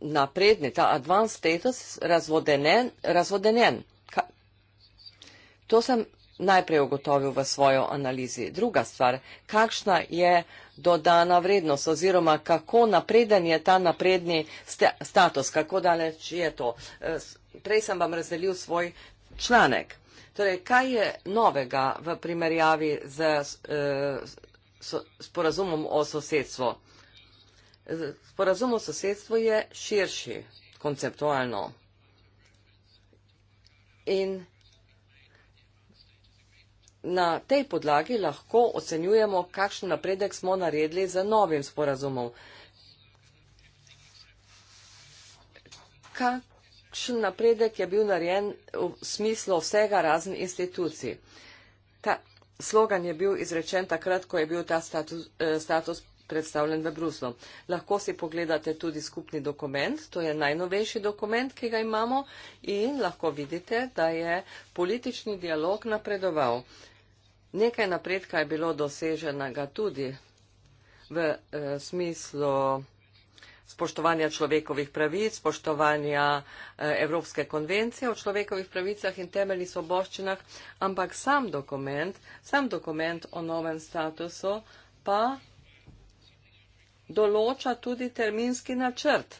napredni, ta advanced status razvodenen. razvodenen. Ka, to sem najprej ugotovil v svojo analizi. Druga stvar, kakšna je dodana vrednost oziroma kako napreden je ta napredni sta, status, kako daleč je to. E, prej sem vam razdelil svoj članek. Torej, kaj je novega v primerjavi z, z, z e, sporazumom o sosedstvu? Sporazum o sosedstvu je širši, konceptualno. In na tej podlagi lahko ocenjujemo, kakšen napredek smo naredili za novim sporazumom. Kakšen napredek je bil narejen v smislu vsega razen institucij. Ta slogan je bil izrečen takrat, ko je bil ta status, eh, status predstavljen v Bruslu. Lahko si pogledate tudi skupni dokument, to je najnovejši dokument, ki ga imamo in lahko vidite, da je politični dialog napredoval. Nekaj napredka je bilo doseženega tudi v e, smislu spoštovanja človekovih pravic, spoštovanja e, Evropske konvencije o človekovih pravicah in temeljih svoboščinah, ampak sam dokument, sam dokument o novem statusu pa določa tudi terminski načrt.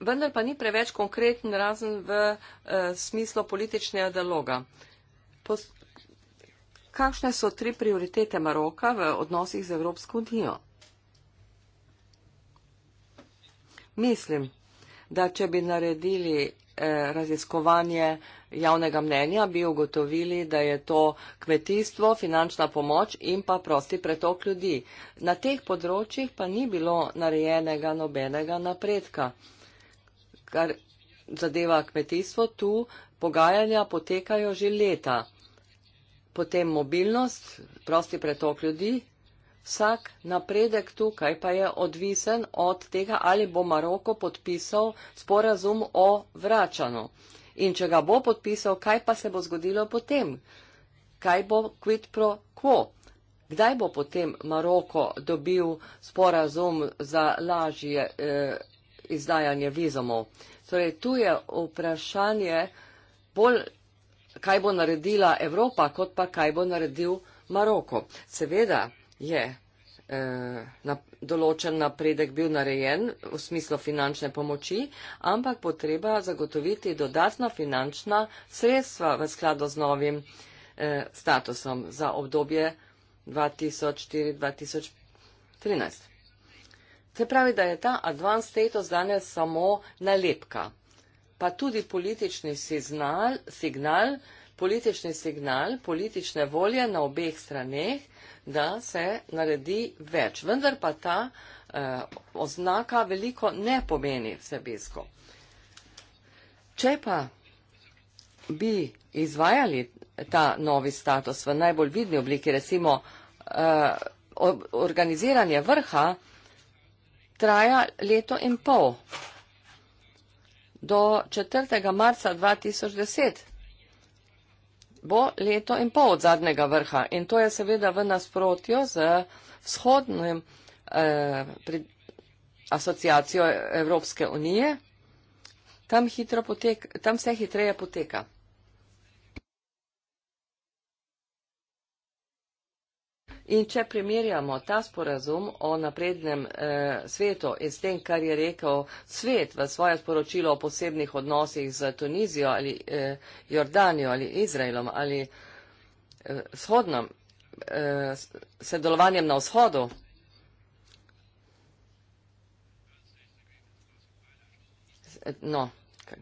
Vendar pa ni preveč konkreten razen v eh, smislu političnega dialoga. Pos Kakšne so tri prioritete Maroka v odnosih z Evropsko unijo? Mislim, da če bi naredili Eh, raziskovanje javnega mnenja, bi ugotovili, da je to kmetijstvo, finančna pomoč in pa prosti pretok ljudi. Na teh področjih pa ni bilo narejenega nobenega napredka. Kar zadeva kmetijstvo, tu pogajanja potekajo že leta. Potem mobilnost, prosti pretok ljudi, vsak napredek tukaj pa je odvisen od tega, ali bo Maroko podpisal sporazum o vračanju. In če ga bo podpisal, kaj pa se bo zgodilo potem? Kaj bo quid pro quo? Kdaj bo potem Maroko dobil sporazum za lažje eh, izdajanje vizumov? Torej, tu je vprašanje bolj, kaj bo naredila Evropa, kot pa kaj bo naredil Maroko. Seveda, je eh, na, določen napredek bil narejen v smislu finančne pomoči, ampak potreba zagotoviti dodatna finančna sredstva v skladu z novim eh, statusom za obdobje 2004-2015. Se pravi, da je ta advanced status danes samo nalepka, pa tudi politični signal, signal, politični signal politične volje na obeh straneh, da se naredi več. Vendar pa ta eh, oznaka veliko ne pomeni vsebinsko. Če pa bi izvajali ta novi status v najbolj vidni obliki, recimo eh, organiziranje vrha, traja leto in pol do 4. marca 2010 bo leto in pol od zadnjega vrha. In to je seveda v nasprotju z vzhodnim eh, asociacijo Evropske unije. Tam, potek, tam vse hitreje poteka. In če primerjamo ta sporazum o naprednem eh, svetu in s tem, kar je rekel svet v svoje sporočilo o posebnih odnosih z Tunizijo ali eh, Jordanijo ali Izraelom ali eh, shodnom, eh, sedelovanjem na vzhodu, no,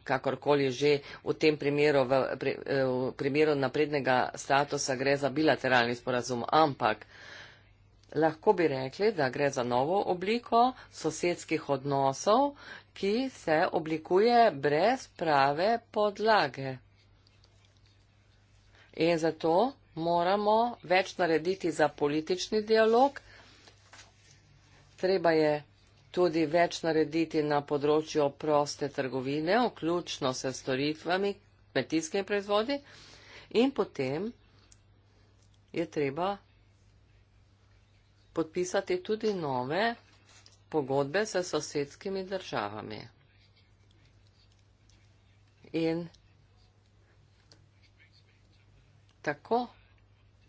kakorkoli že v tem primeru, v, eh, v primeru naprednega statusa gre za bilateralni sporazum, ampak lahko bi rekli, da gre za novo obliko sosedskih odnosov, ki se oblikuje brez prave podlage. In zato moramo več narediti za politični dialog. Treba je tudi več narediti na področju proste trgovine, vključno se storitvami, kmetijskimi proizvodi in potem je treba podpisati tudi nove pogodbe s sosedskimi državami. In tako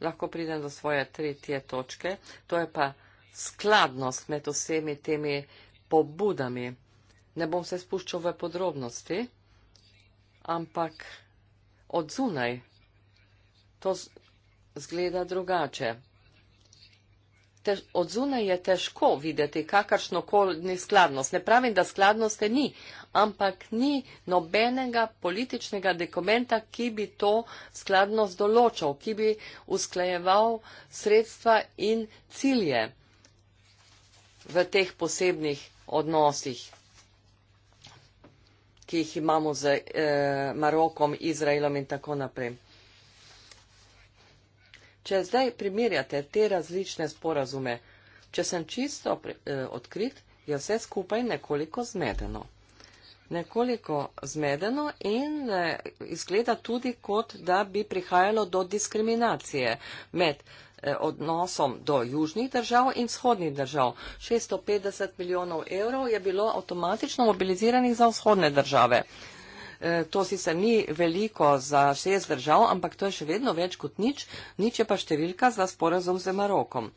lahko pridem do svoje tretje točke, to je pa skladnost med vsemi temi pobudami. Ne bom se spuščal v podrobnosti, ampak od zunaj to zgleda drugače. Tež, od zunaj je težko videti kakršnokoli skladnost. Ne pravim, da skladnosti ni, ampak ni nobenega političnega dokumenta, ki bi to skladnost določal, ki bi usklajeval sredstva in cilje v teh posebnih odnosih, ki jih imamo z eh, Marokom, Izraelom in tako naprej. Če zdaj primerjate te različne sporazume, če sem čisto eh, odkrit, je vse skupaj nekoliko zmedeno. Nekoliko zmedeno in eh, izgleda tudi kot, da bi prihajalo do diskriminacije med Eh, odnosom do južnih držav in vzhodnih držav. 650 milijonov evrov je bilo avtomatično mobiliziranih za vzhodne države. Eh, to sicer ni veliko za šest držav, ampak to je še vedno več kot nič, nič je pa številka za sporazum z Marokom.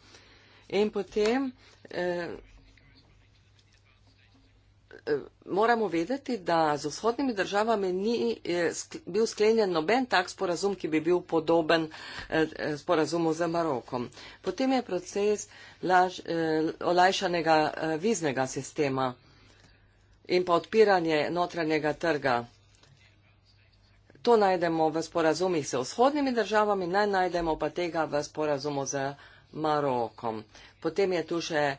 In potem eh, moramo vedeti, da z vzhodnimi državami ni eh, bil sklenjen noben tak sporazum, ki bi bil podoben eh, eh, sporazumu z Marokom. Potem je proces laž, olajšanega viznega sistema in pa odpiranje notranjega trga. To najdemo v sporazumih z vzhodnimi državami, naj najdemo pa tega v sporazumu z Marokom. Marokom. Potem je tu še eh,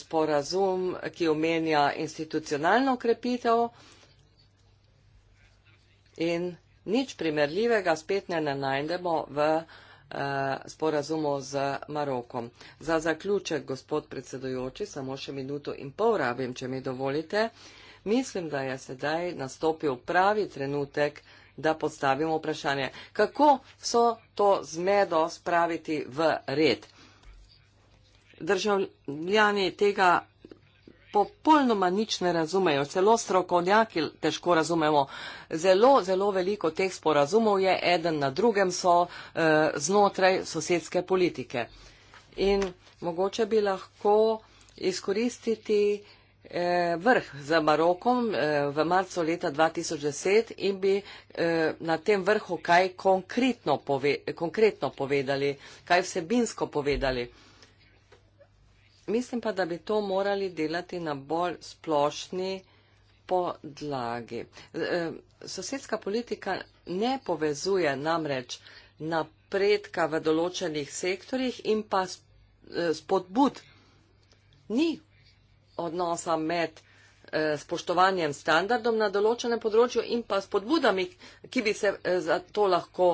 sporazum, ki omenja institucionalno krepitev in nič primerljivega spet ne najdemo v eh, sporazumu z Marokom. Za zaključek, gospod predsedujoči, samo še minuto in pol rabim, če mi dovolite. Mislim, da je sedaj nastopil pravi trenutek, da postavimo vprašanje, kako so to zmedo spraviti v red državljani tega popolnoma nič ne razumejo, celo strokovnjaki težko razumemo. Zelo, zelo veliko teh sporazumov je, eden na drugem so eh, znotraj sosedske politike. In mogoče bi lahko izkoristiti eh, vrh za Marokom eh, v marcu leta 2010 in bi eh, na tem vrhu kaj konkretno, pove, konkretno povedali, kaj vsebinsko povedali mislim pa, da bi to morali delati na bolj splošni podlagi. E, e, sosedska politika ne povezuje namreč napredka v določenih sektorjih in pa e, spodbud. Ni odnosa med spoštovanjem standardom na določenem področju in pa spodbudami, ki bi se za to lahko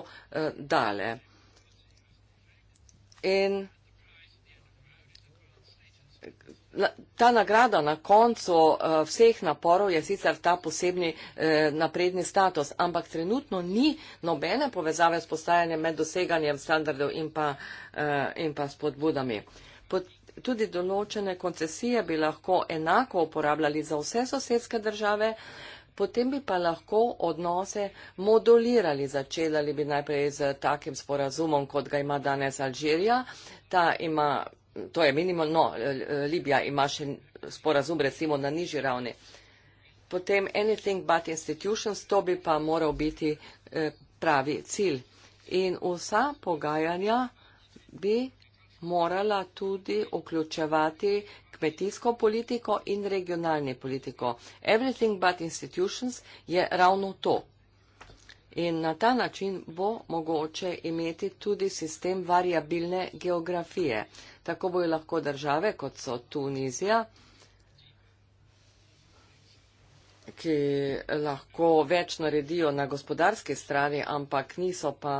dale. In ta nagrada na koncu eh, vseh naporov je sicer ta posebni eh, napredni status, ampak trenutno ni nobene povezave s postajanjem med doseganjem standardov in pa, eh, in pa spodbudami. Tudi določene koncesije bi lahko enako uporabljali za vse sosedske države, potem bi pa lahko odnose modulirali. Začelali bi najprej z takim sporazumom, kot ga ima danes Alžirija. Ta ima to je minimalno, no, Libija ima še sporazum recimo na nižji ravni. Potem anything but institutions, to bi pa moral biti eh, pravi cilj. In vsa pogajanja bi morala tudi vključevati kmetijsko politiko in regionalne politiko. Everything but institutions je ravno to in na ta način bo mogoče imeti tudi sistem variabilne geografije. Tako bojo lahko države, kot so Tunizija, ki lahko več naredijo na gospodarski strani, ampak niso pa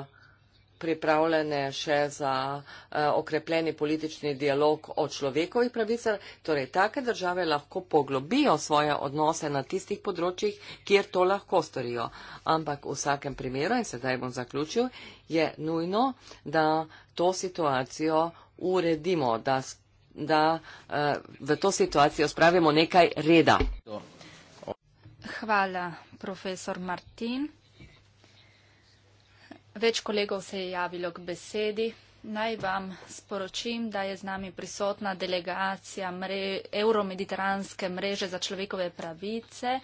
pripravljene še za eh, okrepljeni politični dialog o človekovih pravicah. Torej, take države lahko poglobijo svoje odnose na tistih področjih, kjer to lahko storijo. Ampak v vsakem primeru, in sedaj bom zaključil, je nujno, da to situacijo uredimo, da, da eh, v to situacijo spravimo nekaj reda. Hvala, profesor Martin. Več kolegov se je javilo k besedi. Naj vam sporočim, da je z nami prisotna delegacija mre Euromediteranske mreže za človekove pravice.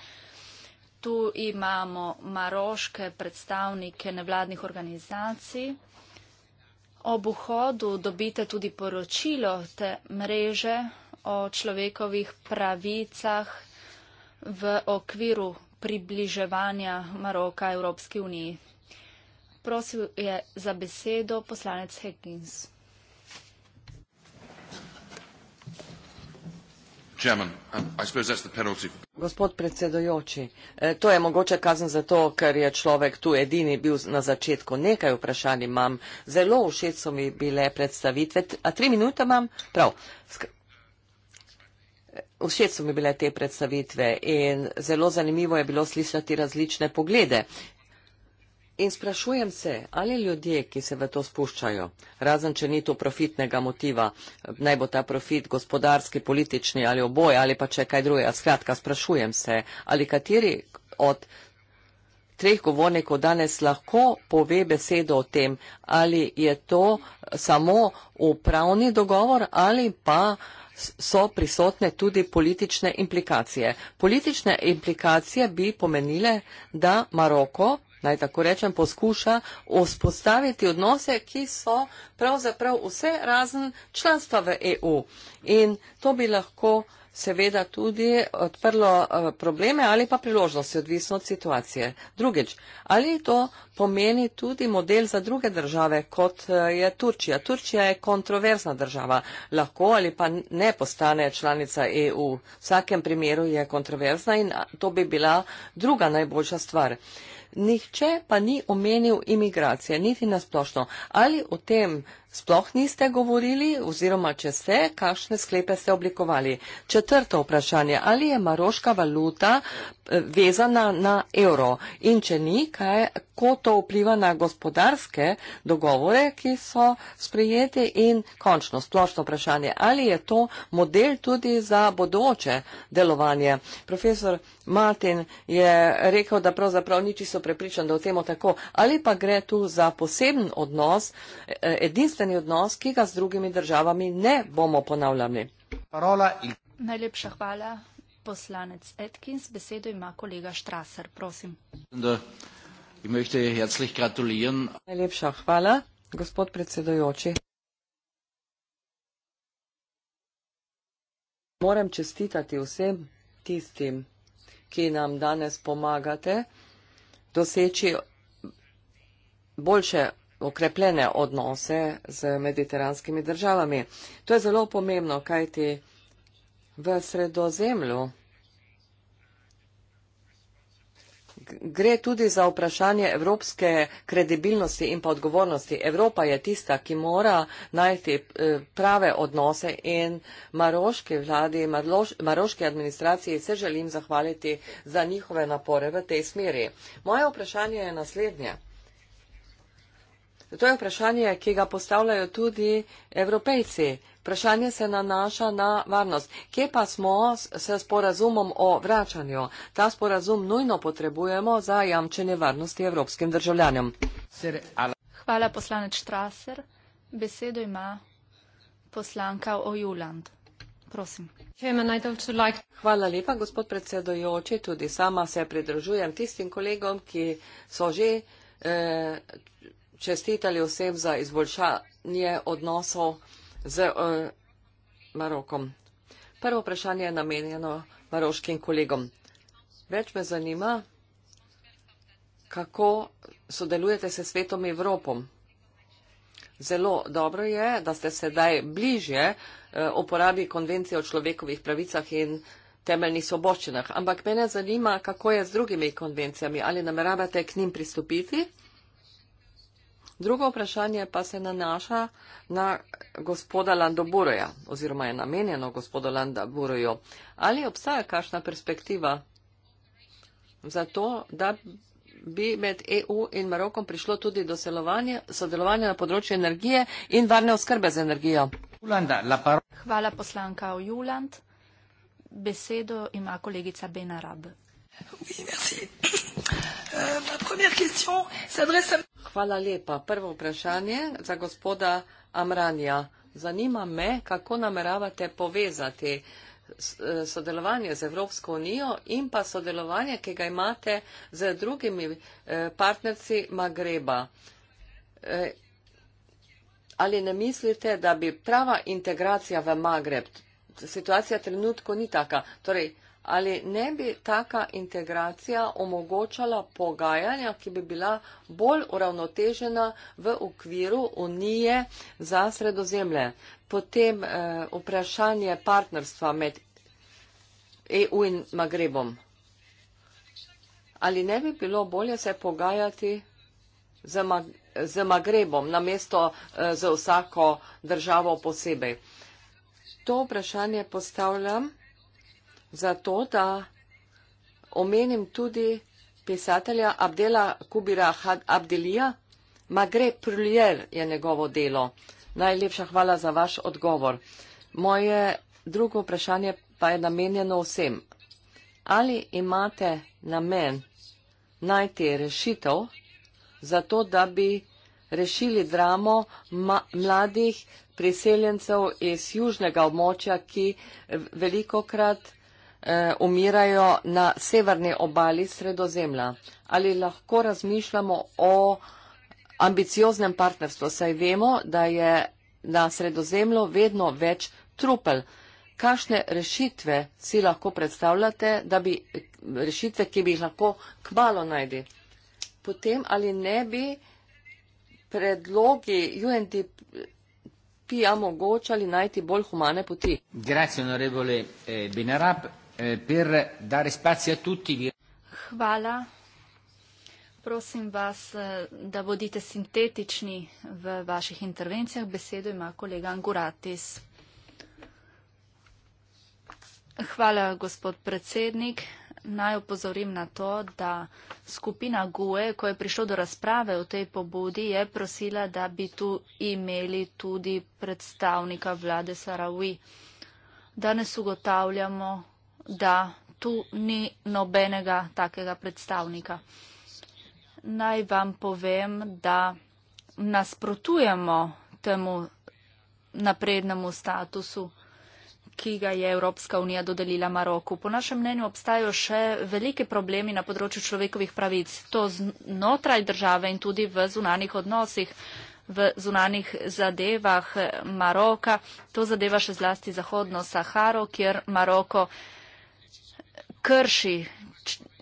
Tu imamo maroške predstavnike nevladnih organizacij. Ob vhodu dobite tudi poročilo te mreže o človekovih pravicah v okviru približevanja Maroka Evropski uniji. Prosil je za besedo poslanec Higgins. Um, Gospod predsedojoči, eh, to je mogoče kazen zato, ker je človek tu edini bil na začetku. Nekaj vprašanj imam. Zelo všeč so mi bile predstavitve. A tri minute imam? Prav. Všeč so mi bile te predstavitve in zelo zanimivo je bilo slišati različne poglede. In sprašujem se, ali ljudje, ki se v to spuščajo, razen če ni to profitnega motiva, naj bo ta profit gospodarski, politični ali oboj ali pa če kaj drugega, skratka, sprašujem se, ali kateri od treh govornikov danes lahko pove besedo o tem, ali je to samo upravni dogovor ali pa so prisotne tudi politične implikacije. Politične implikacije bi pomenile, da Maroko naj tako rečem, poskuša vzpostaviti odnose, ki so pravzaprav vse razen članstva v EU. In to bi lahko seveda tudi odprlo eh, probleme ali pa priložnosti, odvisno od situacije. Drugič, ali to pomeni tudi model za druge države, kot eh, je Turčija? Turčija je kontroverzna država, lahko ali pa ne postane članica EU. V vsakem primeru je kontroverzna in to bi bila druga najboljša stvar nihče pa ni omenil imigracije, niti nasplošno. Ali o tem sploh niste govorili oziroma če ste, kakšne sklepe ste oblikovali? Četrto vprašanje, ali je maroška valuta eh, vezana na evro in če ni, kaj, ko to vpliva na gospodarske dogovore, ki so sprejeti in končno splošno vprašanje, ali je to model tudi za bodoče delovanje. Profesor Martin je rekel, da pravzaprav ni čisto prepričan, da je temu tako, ali pa gre tu za poseben odnos, e, edinstveni odnos, ki ga z drugimi državami ne bomo ponavljali. In... Najlepša hvala, poslanec Atkins. Besedo ima kolega Štraser, prosim. Najlepša hvala, gospod predsedojoči. Moram čestitati vsem tistim, ki nam danes pomagate doseči boljše okrepljene odnose z mediteranskimi državami. To je zelo pomembno, kajti v sredozemlju gre tudi za vprašanje evropske kredibilnosti in pa odgovornosti. Evropa je tista, ki mora najti eh, prave odnose in maroški vladi, Maroš, maroški administraciji se želim zahvaliti za njihove napore v tej smeri. Moje vprašanje je naslednje. To je vprašanje, ki ga postavljajo tudi evropejci. Vprašanje se nanaša na varnost. Kje pa smo s sporazumom o vračanju? Ta sporazum nujno potrebujemo za jamčenje varnosti evropskim državljanjem. Hvala poslanec Štraser. Besedo ima poslanka Ojuland. Prosim. Hvala lepa, gospod predsedojoči. Tudi sama se pridružujem tistim kolegom, ki so že. Eh, čestitali vsem za izboljšanje odnosov z eh, Marokom. Prvo vprašanje je namenjeno maroškim kolegom. Več me zanima, kako sodelujete se svetom Evropom. Zelo dobro je, da ste sedaj bližje eh, uporabi konvencije o človekovih pravicah in temeljnih soboščinah. Ampak mene zanima, kako je z drugimi konvencijami. Ali nameravate k njim pristopiti? Drugo vprašanje pa se nanaša na gospoda Lando Buroja oziroma je namenjeno gospodu Lando Buroju. Ali obstaja kakšna perspektiva za to, da bi med EU in Marokom prišlo tudi do sodelovanja na področju energije in varne oskrbe z energijo? Hvala poslanka Ojuland. Besedo ima kolegica Benarab. Euh, ma première question s'adresse à... Hvala lepa. Prvo vprašanje za gospoda Amranja. Zanima me, kako nameravate povezati eh, sodelovanje z Evropsko unijo in pa sodelovanje, ki ga imate z drugimi eh, partnerci Magreba. Eh, ali ne mislite, da bi prava integracija v Magreb, situacija trenutko ni taka, torej ali ne bi taka integracija omogočala pogajanja, ki bi bila bolj uravnotežena v okviru Unije za sredozemlje. Potem eh, vprašanje partnerstva med EU in Magrebom. Ali ne bi bilo bolje se pogajati z, Mag z Magrebom namesto eh, z vsako državo posebej? To vprašanje postavljam zato, da omenim tudi pisatelja Abdela Kubira Had Abdelija. Magre Prulier je njegovo delo. Najlepša hvala za vaš odgovor. Moje drugo vprašanje pa je namenjeno vsem. Ali imate namen najti rešitev za to, da bi rešili dramo mladih priseljencev iz južnega območja, ki velikokrat eh, umirajo na severni obali sredozemlja. Ali lahko razmišljamo o ambicioznem partnerstvu, saj vemo, da je na sredozemlju vedno več trupel. Kakšne rešitve si lahko predstavljate, da bi rešitve, ki bi jih lahko kmalo najdi? Potem ali ne bi predlogi UNDP-ja mogočali najti bolj humane poti? Grazie, onorevole eh, Binarab. Eh, per dare spazio a tutti. Hvala. Prosim vas, eh, da bodite sintetični v vaših intervencijah. Besedo ima kolega Anguratis. Hvala, gospod predsednik. Naj opozorim na to, da skupina GUE, ko je prišlo do razprave o tej pobudi, je prosila, da bi tu imeli tudi predstavnika vlade Sarawi. Danes ugotavljamo, da tu ni nobenega takega predstavnika. Naj vam povem, da nasprotujemo temu naprednemu statusu, ki ga je Evropska unija dodelila Maroku. Po našem mnenju obstajajo še velike problemi na področju človekovih pravic. To znotraj države in tudi v zunanih odnosih, v zunanih zadevah Maroka. To zadeva še zlasti Zahodno Saharo, kjer Maroko krši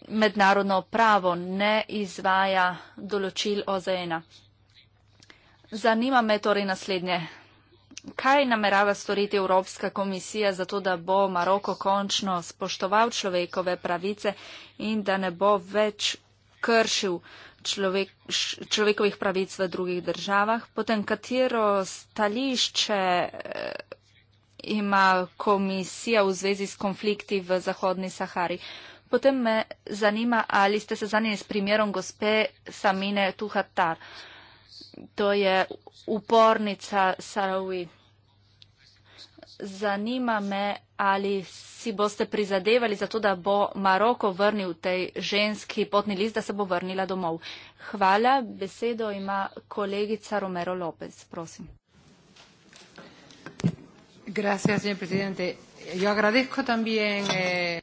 mednarodno pravo, ne izvaja določil OZN-a. Zanima me torej naslednje. Kaj namerava storiti Evropska komisija za to, da bo Maroko končno spoštoval človekove pravice in da ne bo več kršil človek, človekovih pravic v drugih državah? Potem katero stališče. Eh, ima komisija v zvezi s konflikti v Zahodni Sahari. Potem me zanima, ali ste se zanje s primerom gospe Samine Tuhatar. To je upornica Sarawi. Zanima me, ali si boste prizadevali za to, da bo Maroko vrnil tej ženski potni list, da se bo vrnila domov. Hvala. Besedo ima kolegica Romero Lopez. Prosim. Gracias, señor presidente. Yo agradezco también. Eh...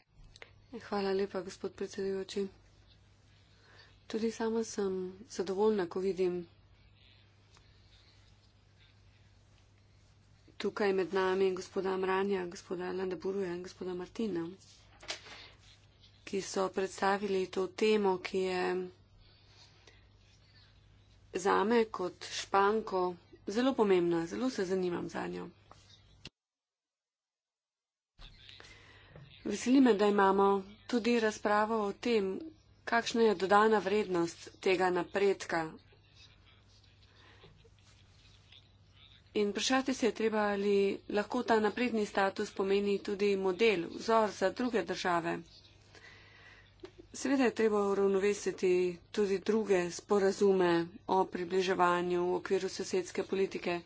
Hvala lepa, gospod predsedujoči. Tudi sama sem zadovoljna, ko vidim tukaj med nami gospoda Mranja, gospoda Landaburuja in gospoda Martina, ki so predstavili to temo, ki je zame kot španko zelo pomembna, zelo se zanimam za njo. Veseli me, da imamo tudi razpravo o tem, kakšna je dodana vrednost tega napredka. In vprašati se je treba, ali lahko ta napredni status pomeni tudi model, vzor za druge države. Seveda je treba uravnovesiti tudi druge sporazume o približevanju v okviru sosedske politike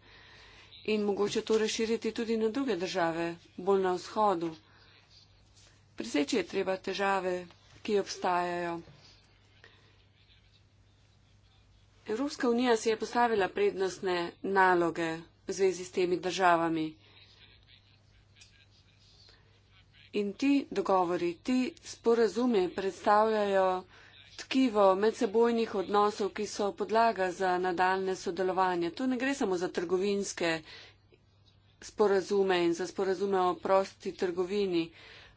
in mogoče to razširiti tudi na druge države, bolj na vzhodu. Preseči je treba težave, ki obstajajo. Evropska unija si je postavila prednostne naloge v zvezi s temi državami. In ti dogovori, ti sporazumi predstavljajo tkivo medsebojnih odnosov, ki so podlaga za nadaljne sodelovanje. Tu ne gre samo za trgovinske sporazume in za sporazume o prosti trgovini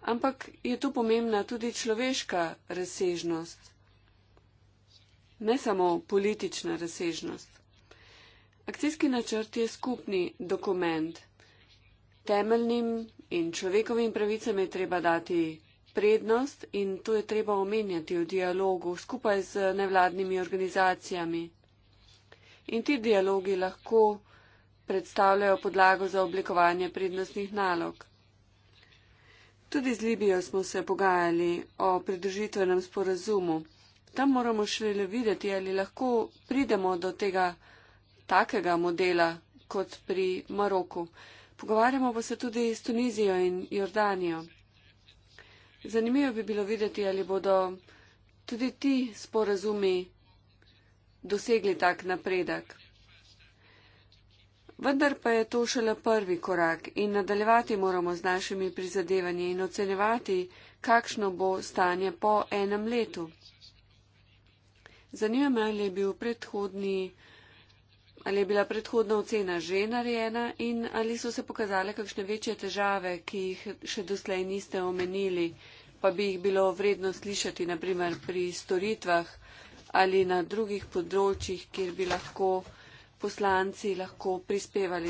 ampak je tu pomembna tudi človeška razsežnost, ne samo politična razsežnost. Akcijski načrt je skupni dokument. Temeljnim in človekovim pravicam je treba dati prednost in to je treba omenjati v dialogu skupaj z nevladnimi organizacijami. In ti dialogi lahko predstavljajo podlago za oblikovanje prednostnih nalog. Tudi z Libijo smo se pogajali o pridružitvenem sporazumu. Tam moramo šele videti, ali lahko pridemo do tega takega modela kot pri Maroku. Pogovarjamo pa se tudi s Tunizijo in Jordanijo. Zanimivo bi bilo videti, ali bodo tudi ti sporazumi dosegli tak napredek. Vendar pa je to šele prvi korak in nadaljevati moramo z našimi prizadevanji in ocenjevati, kakšno bo stanje po enem letu. Zanima me, ali je, bil predhodni, ali je bila predhodna ocena že narejena in ali so se pokazale kakšne večje težave, ki jih še doslej niste omenili, pa bi jih bilo vredno slišati, naprimer pri storitvah ali na drugih področjih, kjer bi lahko poslanci lahko prispevali.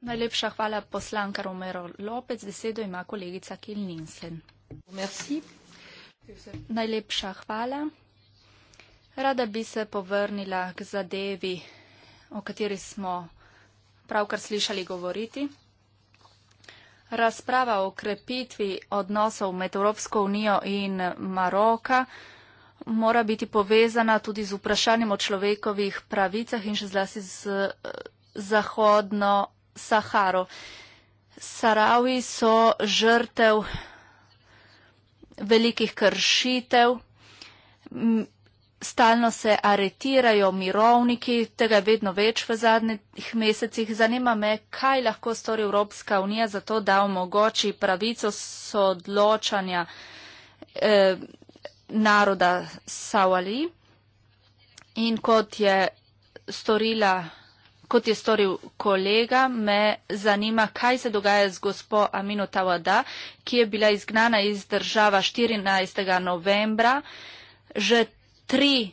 Najlepša hvala poslanka Romero Lopec, besedo ima kolegica Kil Ninsen. Najlepša hvala. Rada bi se povrnila k zadevi, o kateri smo pravkar slišali govoriti. Razprava o krepitvi odnosov med Evropsko unijo in Maroka mora biti povezana tudi z vprašanjem o človekovih pravicah in še zlasti z eh, Zahodno Saharo. Sarawi so žrtev velikih kršitev, stalno se aretirajo mirovniki, tega je vedno več v zadnjih mesecih. Zanima me, kaj lahko stori Evropska unija za to, da omogoči pravico sodločanja. Eh, naroda Sawali in kot je storila, kot je storil kolega, me zanima, kaj se dogaja z gospo Amino Tawada, ki je bila izgnana iz država 14. novembra, že tri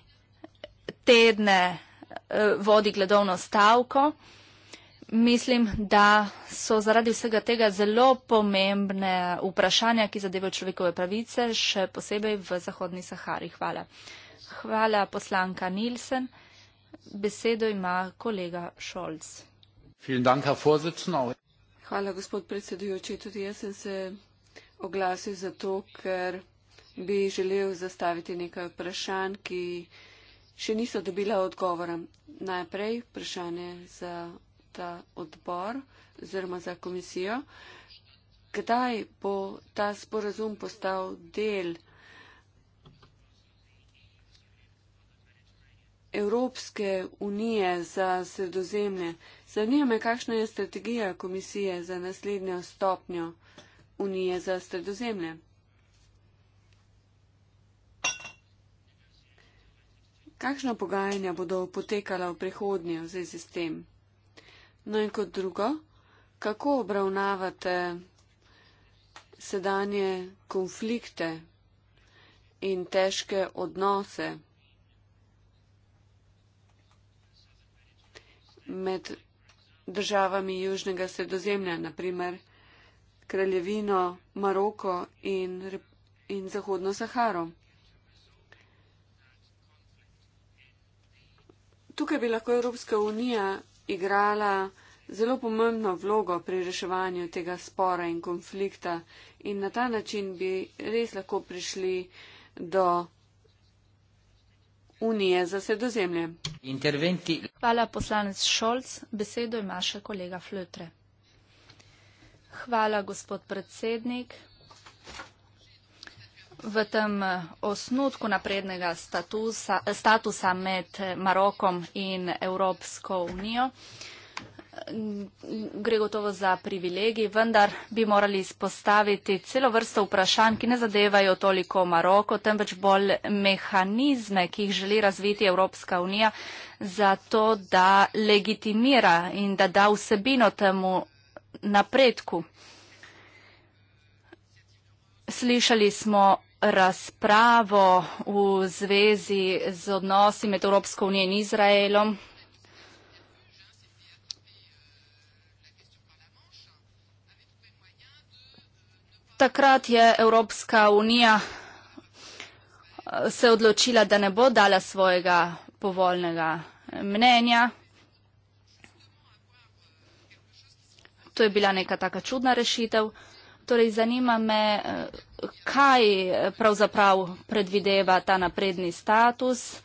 tedne eh, vodi gledovno stavko mislim, da so zaradi vsega tega zelo pomembne vprašanja, ki zadevajo človekove pravice, še posebej v Zahodni Sahari. Hvala. Hvala poslanka Nilsen. Besedo ima kolega Šolc. Hvala, gospod predsedujoči. Tudi jaz sem se oglasil zato, ker bi želel zastaviti nekaj vprašanj, ki še niso dobila odgovora. Najprej vprašanje za ta odbor oziroma za komisijo. Kdaj bo ta sporazum postal del Evropske unije za sredozemlje? Zanima me, kakšna je strategija komisije za naslednjo stopnjo unije za sredozemlje? Kakšna pogajanja bodo potekala v prihodnje v zvezi s tem? No in kot drugo, kako obravnavate sedanje konflikte in težke odnose? med državami Južnega sredozemlja, naprimer Kraljevino, Maroko in, in Zahodno Saharo. Tukaj bi lahko Evropska unija igrala zelo pomembno vlogo pri reševanju tega spora in konflikta in na ta način bi res lahko prišli do unije za sredozemlje. Interventi. Hvala poslanec Šolc, besedo ima še kolega Flötre. Hvala, gospod predsednik v tem eh, osnutku naprednega statusa, eh, statusa med eh, Marokom in Evropsko unijo. Mm, gre gotovo za privilegij, vendar bi morali izpostaviti celo vrsto vprašanj, ki ne zadevajo toliko Maroko, temveč bolj mehanizme, ki jih želi razviti Evropska unija, zato da legitimira in da da vsebino temu napredku. Slišali smo razpravo v zvezi z odnosi med Evropsko unijo in Izraelom. Takrat je Evropska unija eh, se odločila, da ne bo dala svojega povoljnega mnenja. To je bila neka taka čudna rešitev. Torej, zanima me, eh, kaj pravzaprav predvideva ta napredni status.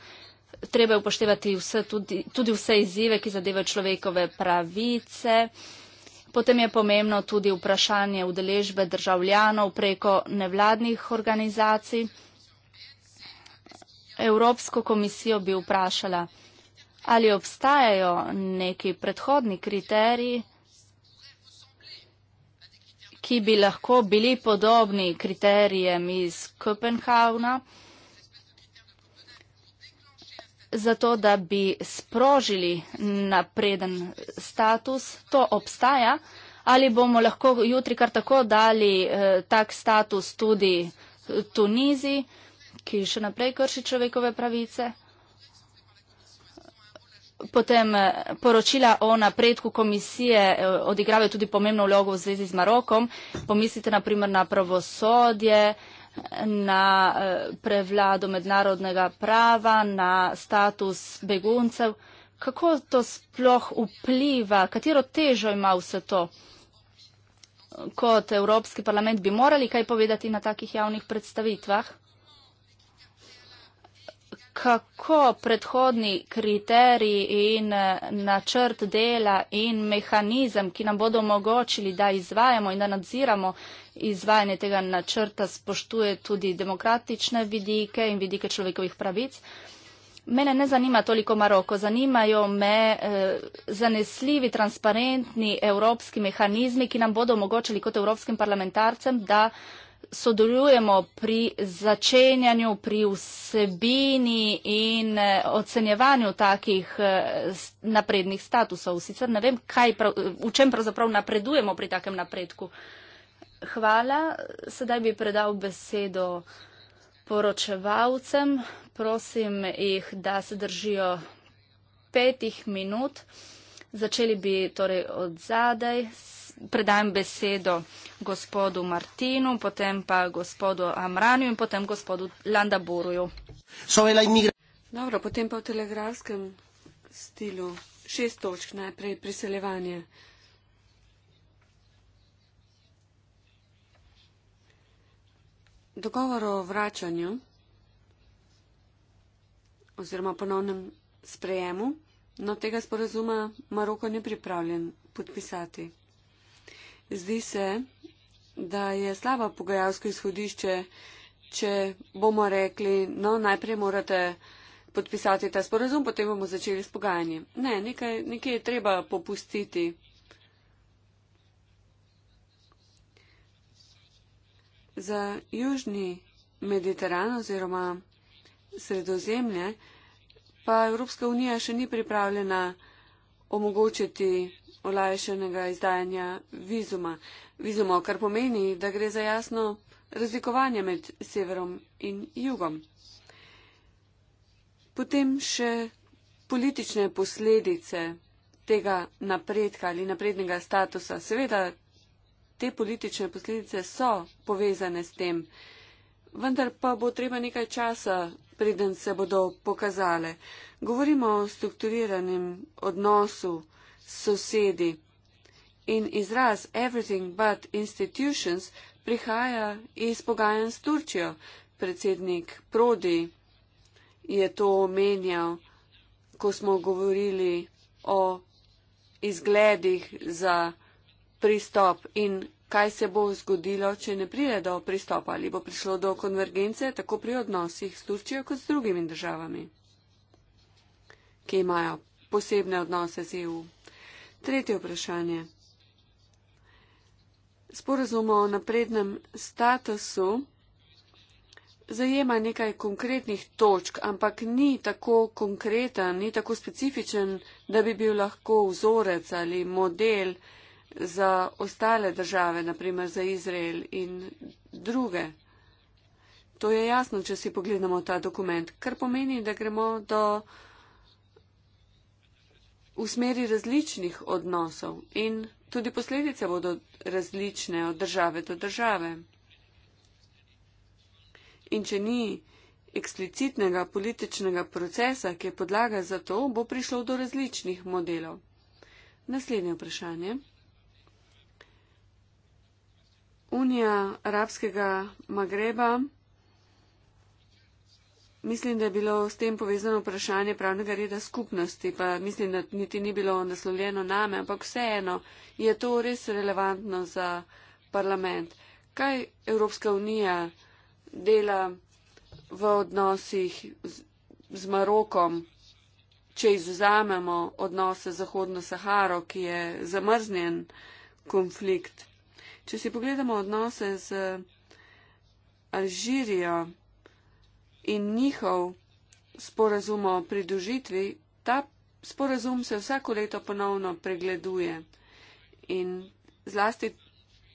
Treba je upoštevati vse, tudi, tudi vse izzive, ki zadevajo človekove pravice. Potem je pomembno tudi vprašanje udeležbe državljanov preko nevladnih organizacij. Evropsko komisijo bi vprašala, ali obstajajo neki predhodni kriteriji, ki bi lahko bili podobni kriterijem iz Kopenhavna, zato da bi sprožili napreden status. To obstaja. Ali bomo lahko jutri kar tako dali eh, tak status tudi Tuniziji, ki še naprej krši človekove pravice? potem eh, poročila o napredku komisije eh, odigravajo tudi pomembno vlogo v zvezi z Marokom. Pomislite na primer na pravosodje, na eh, prevlado mednarodnega prava, na status beguncev. Kako to sploh vpliva, katero težo ima vse to? Kot Evropski parlament bi morali kaj povedati na takih javnih predstavitvah? kako predhodni kriteriji in eh, načrt dela in mehanizem, ki nam bodo omogočili, da izvajamo in da nadziramo izvajanje tega načrta, spoštuje tudi demokratične vidike in vidike človekovih pravic. Mene ne zanima toliko Maroko, zanimajo me eh, zanesljivi, transparentni evropski mehanizmi, ki nam bodo omogočili kot evropskim parlamentarcem, da sodelujemo pri začenjanju, pri vsebini in eh, ocenjevanju takih eh, naprednih statusov. Sicer ne vem, prav, v čem pravzaprav napredujemo pri takem napredku. Hvala. Sedaj bi predal besedo poročevalcem. Prosim jih, da se držijo petih minut. Začeli bi torej od zadaj predajam besedo gospodu Martinu, potem pa gospodu Amranju in potem gospodu Landaboruju. Dobro, potem pa v telegrafskem stilu. Šest točk najprej priseljevanje. Dogovor o vračanju oziroma ponovnem sprejemu, no tega sporazuma Maroko ni pripravljen podpisati. Zdi se, da je slaba pogajalsko izhodišče, če bomo rekli, no najprej morate podpisati ta sporazum, potem bomo začeli s pogajanji. Ne, nekaj, nekaj je treba popustiti. Za južni Mediteran oziroma sredozemlje pa Evropska unija še ni pripravljena omogočiti olajšanega izdajanja vizuma, vizumo, kar pomeni, da gre za jasno razlikovanje med severom in jugom. Potem še politične posledice tega napredka ali naprednega statusa. Seveda, te politične posledice so povezane s tem, vendar pa bo treba nekaj časa, preden se bodo pokazale. Govorimo o strukturiranem odnosu sosedi. In izraz everything but institutions prihaja iz pogajanj s Turčijo. Predsednik Prodi je to omenjal, ko smo govorili o izgledih za pristop in kaj se bo zgodilo, če ne pride do pristopa ali bo prišlo do konvergence tako pri odnosih s Turčijo kot z drugimi državami, ki imajo posebne odnose z EU. Tretje vprašanje. Sporazum o naprednem statusu zajema nekaj konkretnih točk, ampak ni tako konkreten, ni tako specifičen, da bi bil lahko vzorec ali model za ostale države, naprimer za Izrael in druge. To je jasno, če si pogledamo ta dokument, kar pomeni, da gremo do v smeri različnih odnosov in tudi posledice bodo različne od države do države. In če ni eksplicitnega političnega procesa, ki je podlaga za to, bo prišlo do različnih modelov. Naslednje vprašanje. Unija arabskega Magreba Mislim, da je bilo s tem povezano vprašanje pravnega reda skupnosti, pa mislim, da niti ni bilo naslovljeno name, ampak vseeno je to res relevantno za parlament. Kaj Evropska unija dela v odnosih z, z Marokom, če izuzamemo odnose z Zahodno Saharo, ki je zamrznjen konflikt? Če si pogledamo odnose z Alžirijo, in njihov sporazum o pridružitvi, ta sporazum se vsako leto ponovno pregleduje. In zlasti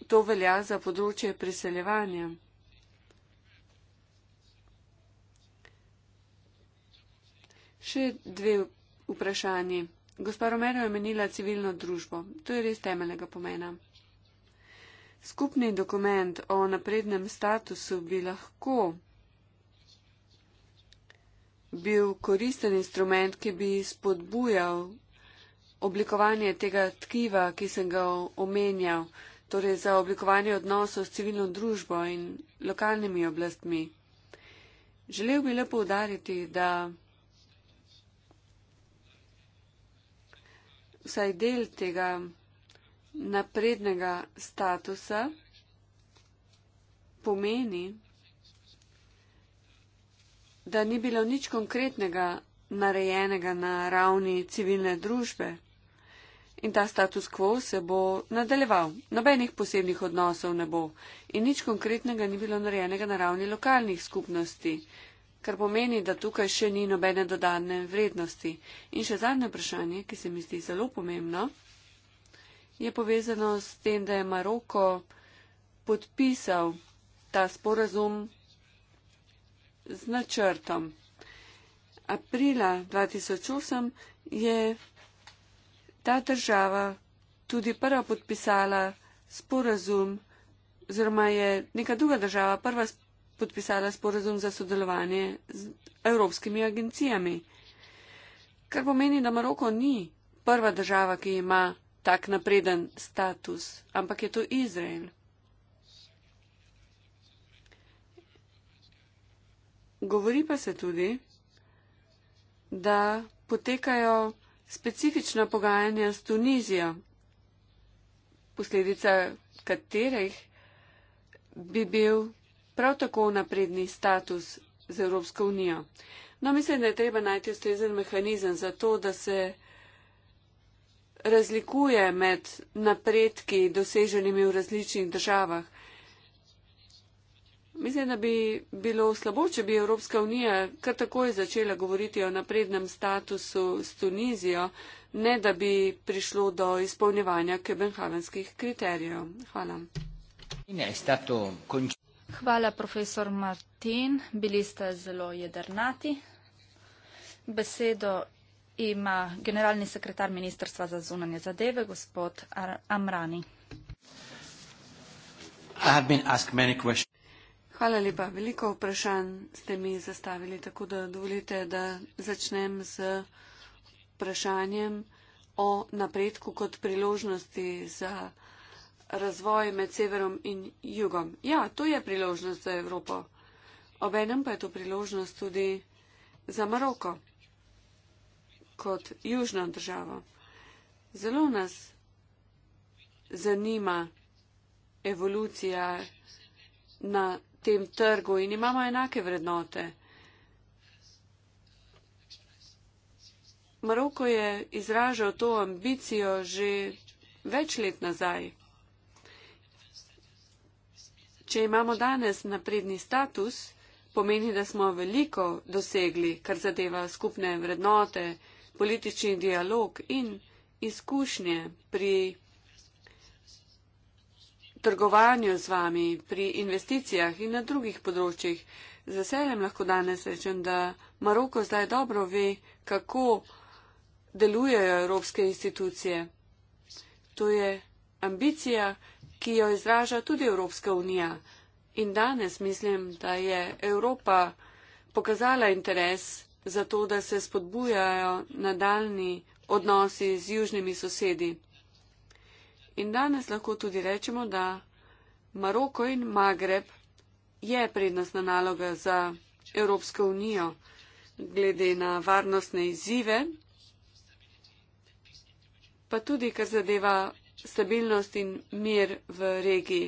to velja za področje priseljevanja. Še dve vprašanji. Gospa Romero je menila civilno družbo. To je res temeljnega pomena. Skupni dokument o naprednem statusu bi lahko bil koristen instrument, ki bi spodbujal oblikovanje tega tkiva, ki sem ga omenjal, torej za oblikovanje odnosov s civilno družbo in lokalnimi oblastmi. Želel bi le poudariti, da vsaj del tega naprednega statusa pomeni, da ni bilo nič konkretnega narejenega na ravni civilne družbe. In ta status quo se bo nadaljeval, nobenih posebnih odnosov ne bo in nič konkretnega ni bilo narejenega na ravni lokalnih skupnosti, kar pomeni, da tukaj še ni nobene dodane vrednosti. In še zadnje vprašanje, ki se mi zdi zelo pomembno, je povezano s tem, da je Maroko podpisal ta sporazum z načrtom. Aprila 2008 je ta država tudi prva podpisala sporazum, oziroma je neka druga država prva podpisala sporazum za sodelovanje z evropskimi agencijami. Kar pomeni, da Maroko ni prva država, ki ima tak napreden status, ampak je to Izrael. Govori pa se tudi, da potekajo specifična pogajanja s Tunizijo, posledica katerih bi bil prav tako napredni status z Evropsko unijo. No, mislim, da je treba najti ustrezen mehanizem za to, da se razlikuje med napredki doseženimi v različnih državah. Mislim, da bi bilo slabo, če bi Evropska unija kar takoj začela govoriti o naprednem statusu s Tunizijo, ne da bi prišlo do izpolnjevanja kebenhavenskih kriterijev. Hvala. Hvala, profesor Martin. Bili ste zelo jedrnati. Besedo ima generalni sekretar Ministrstva za zunanje zadeve, gospod Amrani. Hvala lepa. Veliko vprašanj ste mi zastavili, tako da dovolite, da začnem z vprašanjem o napredku kot priložnosti za razvoj med severom in jugom. Ja, to je priložnost za Evropo. Obenem pa je to priložnost tudi za Maroko kot južno državo. Zelo nas zanima evolucija na tem trgu in imamo enake vrednote. Maroko je izražal to ambicijo že več let nazaj. Če imamo danes napredni status, pomeni, da smo veliko dosegli, kar zadeva skupne vrednote, politični dialog in izkušnje pri trgovanju z vami, pri investicijah in na drugih področjih. Z veseljem lahko danes rečem, da Maroko zdaj dobro ve, kako delujejo evropske institucije. To je ambicija, ki jo izraža tudi Evropska unija. In danes mislim, da je Evropa pokazala interes za to, da se spodbujajo nadaljni odnosi z južnimi sosedi. In danes lahko tudi rečemo, da Maroko in Magreb je prednostna naloga za Evropsko unijo glede na varnostne izzive, pa tudi kar zadeva stabilnost in mir v regiji.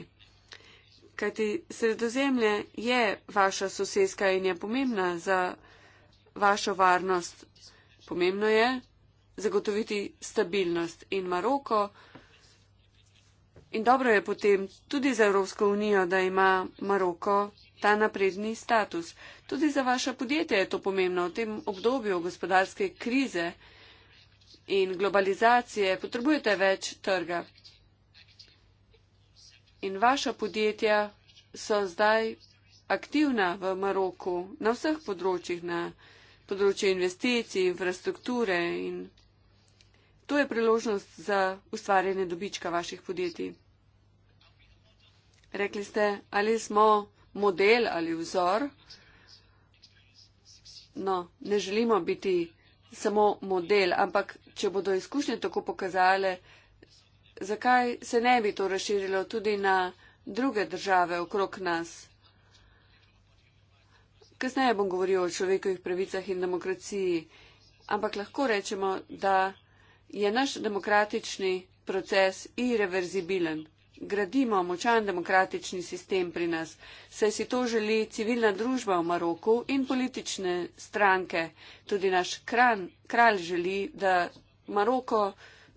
Kajti sredozemlje je vaša sosedska in je pomembna za vašo varnost. Pomembno je zagotoviti stabilnost in Maroko. In dobro je potem tudi za Evropsko unijo, da ima Maroko ta napredni status. Tudi za vaše podjetje je to pomembno. V tem obdobju gospodarske krize in globalizacije potrebujete več trga. In vaša podjetja so zdaj aktivna v Maroku na vseh področjih, na področju investicij, infrastrukture in To je priložnost za ustvarjanje dobička vaših podjetij. Rekli ste, ali smo model ali vzor. No, ne želimo biti samo model, ampak če bodo izkušnje tako pokazale, zakaj se ne bi to razširilo tudi na druge države okrog nas. Kasneje bom govoril o človekovih pravicah in demokraciji, ampak lahko rečemo, da je naš demokratični proces irreverzibilen. Gradimo močan demokratični sistem pri nas, saj si to želi civilna družba v Maroku in politične stranke. Tudi naš kran, kralj želi, da Maroko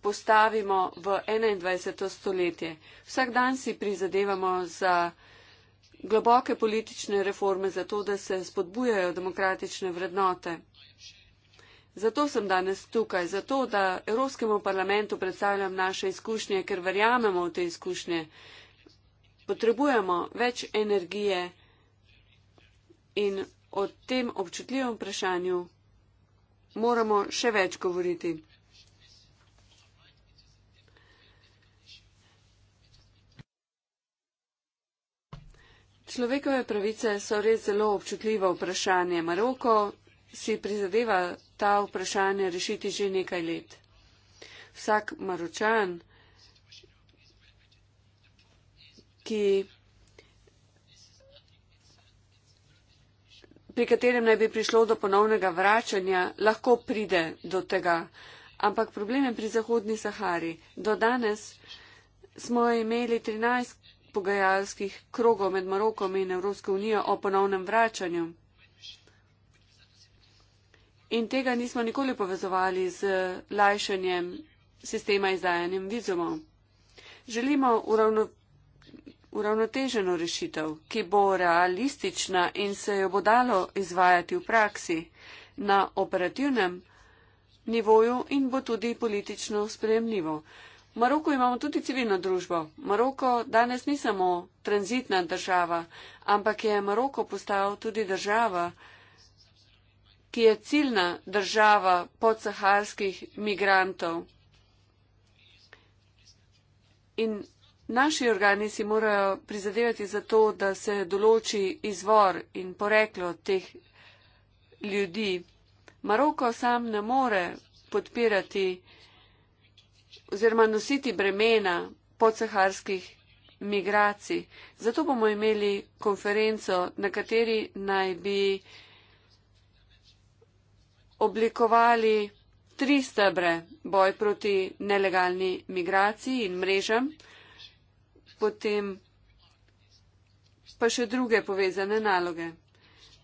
postavimo v 21. stoletje. Vsak dan si prizadevamo za globoke politične reforme, za to, da se spodbujajo demokratične vrednote. Zato sem danes tukaj, zato da Evropskemu parlamentu predstavljam naše izkušnje, ker verjamemo v te izkušnje. Potrebujemo več energije in o tem občutljivem vprašanju moramo še več govoriti. Človekove pravice so res zelo občutljivo vprašanje. Maroko si prizadeva ta vprašanja rešiti že nekaj let. Vsak maročan, ki, pri katerem naj bi prišlo do ponovnega vračanja, lahko pride do tega. Ampak problem je pri Zahodni Sahari. Do danes smo imeli 13 pogajalskih krogov med Marokom in Evropsko unijo o ponovnem vračanju in tega nismo nikoli povezovali z lajšanjem sistema izdajanjem vizumov. Želimo uravno, uravnoteženo rešitev, ki bo realistična in se jo bo dalo izvajati v praksi na operativnem nivoju in bo tudi politično sprejemljivo. V Maroku imamo tudi civilno družbo. Maroko danes ni samo tranzitna država, ampak je Maroko postal tudi država, ki je ciljna država podsaharskih migrantov. In naši organi si morajo prizadevati za to, da se določi izvor in poreklo teh ljudi. Maroko sam ne more podpirati oziroma nositi bremena podsaharskih migracij. Zato bomo imeli konferenco, na kateri naj bi oblikovali tri stebre boj proti nelegalni migraciji in mrežem, potem pa še druge povezane naloge.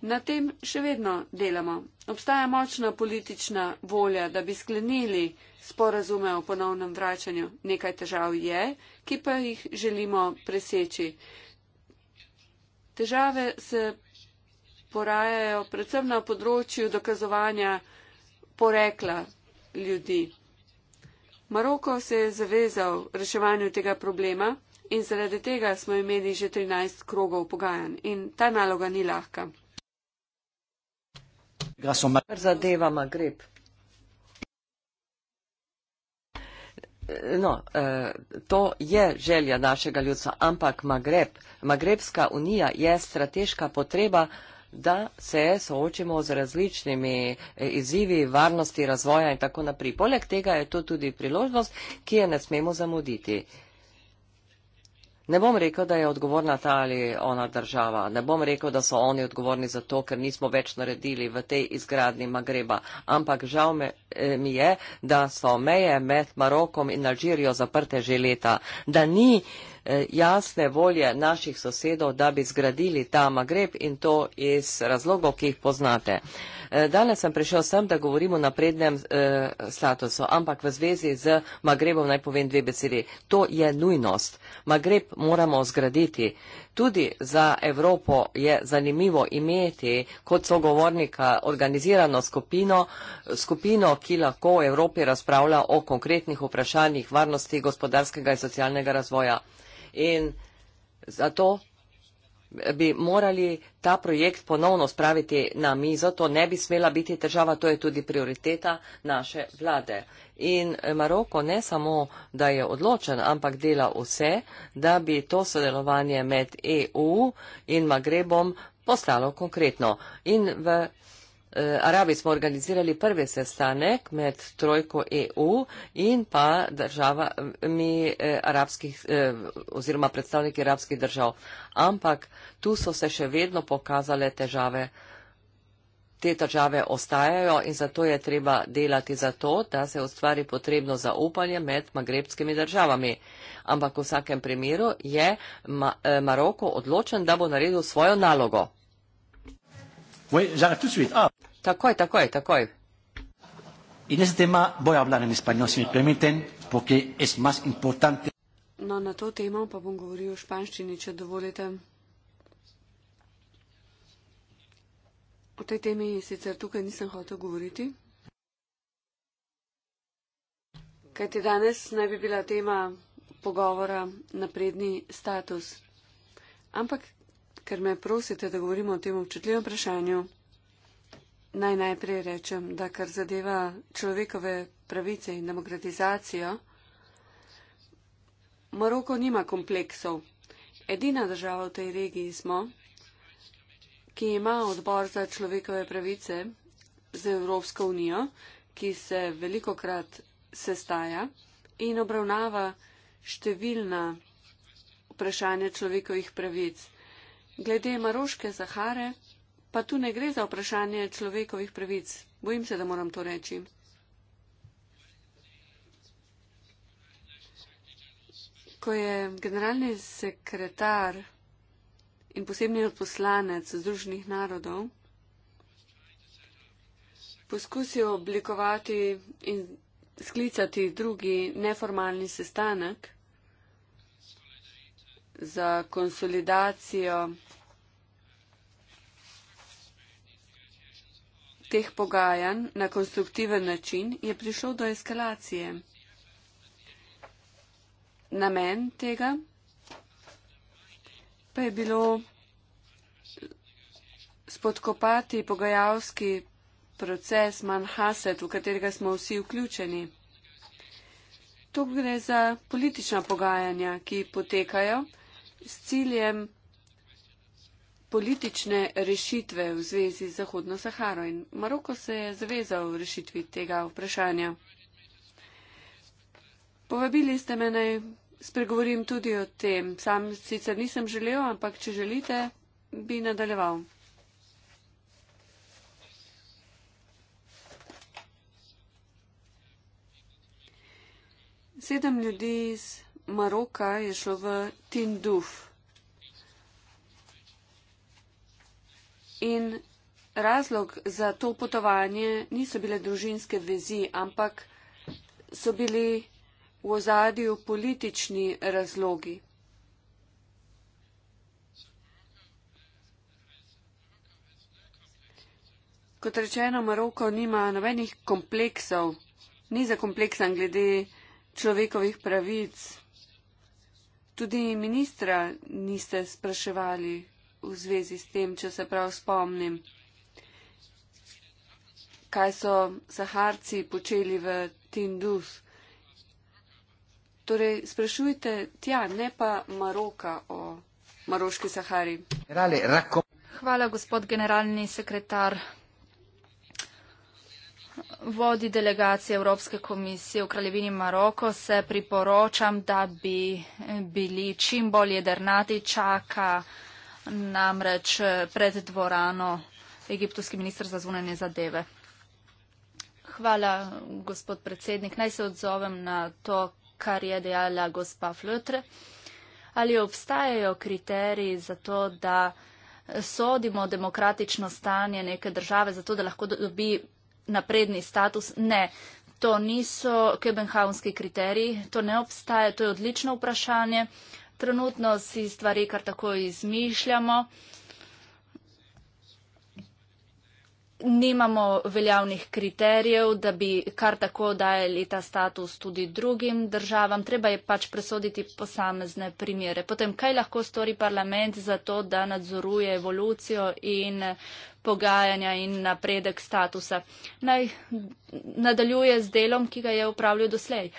Na tem še vedno delamo. Obstaja močna politična volja, da bi sklenili sporazume o ponovnem vračanju. Nekaj težav je, ki pa jih želimo preseči. Težave se porajajo predvsem na področju dokazovanja porekla ljudi. Maroko se je zavezal reševanju tega problema in zaradi tega smo imeli že 13 krogov pogajanj in ta naloga ni lahka. Kar zadeva Magreb. No, eh, to je želja našega ljudstva, ampak Magreb, Magrebska unija je strateška potreba, da se soočimo z različnimi eh, izzivi varnosti, razvoja in tako naprej. Poleg tega je to tudi priložnost, ki je ne smemo zamuditi. Ne bom rekel, da je odgovorna ta ali ona država, ne bom rekel, da so oni odgovorni za to, ker nismo več naredili v tej izgradni Magreba, ampak žal me, eh, mi je, da so meje med Marokom in Alžirijo zaprte že leta, da ni eh, Eh, jasne volje naših sosedov, da bi zgradili ta Magreb in to iz razlogov, ki jih poznate. Eh, danes sem prišel sem, da govorim o naprednem eh, statusu, ampak v zvezi z Magrebom naj povem dve besedi. To je nujnost. Magreb moramo zgraditi. Tudi za Evropo je zanimivo imeti kot sogovornika organizirano skupino, skupino, ki lahko v Evropi razpravlja o konkretnih vprašanjih varnosti, gospodarskega in socialnega razvoja in zato bi morali ta projekt ponovno spraviti na mizo. To ne bi smela biti država, to je tudi prioriteta naše vlade. In Maroko ne samo, da je odločen, ampak dela vse, da bi to sodelovanje med EU in Magrebom postalo konkretno. In v Eh, Arabi smo organizirali prvi sestanek med trojko EU in pa državami eh, arabskih eh, oziroma predstavniki arabskih držav. Ampak tu so se še vedno pokazale težave. Te težave ostajajo in zato je treba delati za to, da se ustvari potrebno zaupanje med magrebskimi državami. Ampak v vsakem primeru je Maroko odločen, da bo naredil svojo nalogo. Oui, j'arrive tout de suite. Ah. Takoj, takoj, takoj. In ese tema voy a hablar en español, si me permiten, porque es más importante. No, na to temo pa bom govoril v španščini, če dovolite. O tej temi sicer tukaj nisem hotel govoriti. Kaj ti danes naj bi bila tema pogovora napredni status? Ampak, ker me prosite, da govorimo o tem občutljivem vprašanju. Naj najprej rečem, da kar zadeva človekove pravice in demokratizacijo, Maroko nima kompleksov. Edina država v tej regiji smo, ki ima odbor za človekove pravice z Evropsko unijo, ki se veliko krat sestaja in obravnava številna vprašanja človekovih pravic. Glede Maroške Zahare. Pa tu ne gre za vprašanje človekovih pravic. Bojim se, da moram to reči. Ko je generalni sekretar in posebni odposlanec Združenih narodov poskusil oblikovati in sklicati drugi neformalni sestanek za konsolidacijo teh pogajanj na konstruktiven način je prišlo do eskalacije. Namen tega pa je bilo spodkopati pogajalski proces Manhasset, v katerega smo vsi vključeni. Tu gre za politična pogajanja, ki potekajo s ciljem politične rešitve v zvezi z Zahodno Saharo in Maroko se je zavezal v rešitvi tega vprašanja. Povabili ste me naj spregovorim tudi o tem. Sam sicer nisem želel, ampak če želite, bi nadaljeval. Sedem ljudi iz Maroka je šlo v Tinduf. In razlog za to potovanje niso bile družinske vezi, ampak so bili v ozadju politični razlogi. Kot rečeno, Maroko nima nobenih kompleksov, ni zakompleksan glede človekovih pravic. Tudi ministra niste spraševali, v zvezi s tem, če se prav spomnim, kaj so saharci počeli v Tindus. Torej, sprašujte tja, ne pa Maroka o Maroški Sahari. Hvala, gospod generalni sekretar. Vodi delegacije Evropske komisije v Kraljevini Maroko se priporočam, da bi bili čim bolj jedernati, čaka namreč pred dvorano egiptovski ministr za zvonjene zadeve. Hvala, gospod predsednik. Naj se odzovem na to, kar je dejala gospa Flötre. Ali obstajajo kriteriji za to, da sodimo demokratično stanje neke države, zato da lahko dobi napredni status? Ne. To niso kebenhavnski kriteriji, to ne obstaja, to je odlično vprašanje trenutno si stvari kar tako izmišljamo. Nimamo veljavnih kriterijev, da bi kar tako dajali ta status tudi drugim državam. Treba je pač presoditi posamezne primere. Potem, kaj lahko stori parlament za to, da nadzoruje evolucijo in pogajanja in napredek statusa? Naj nadaljuje z delom, ki ga je upravljal doslej.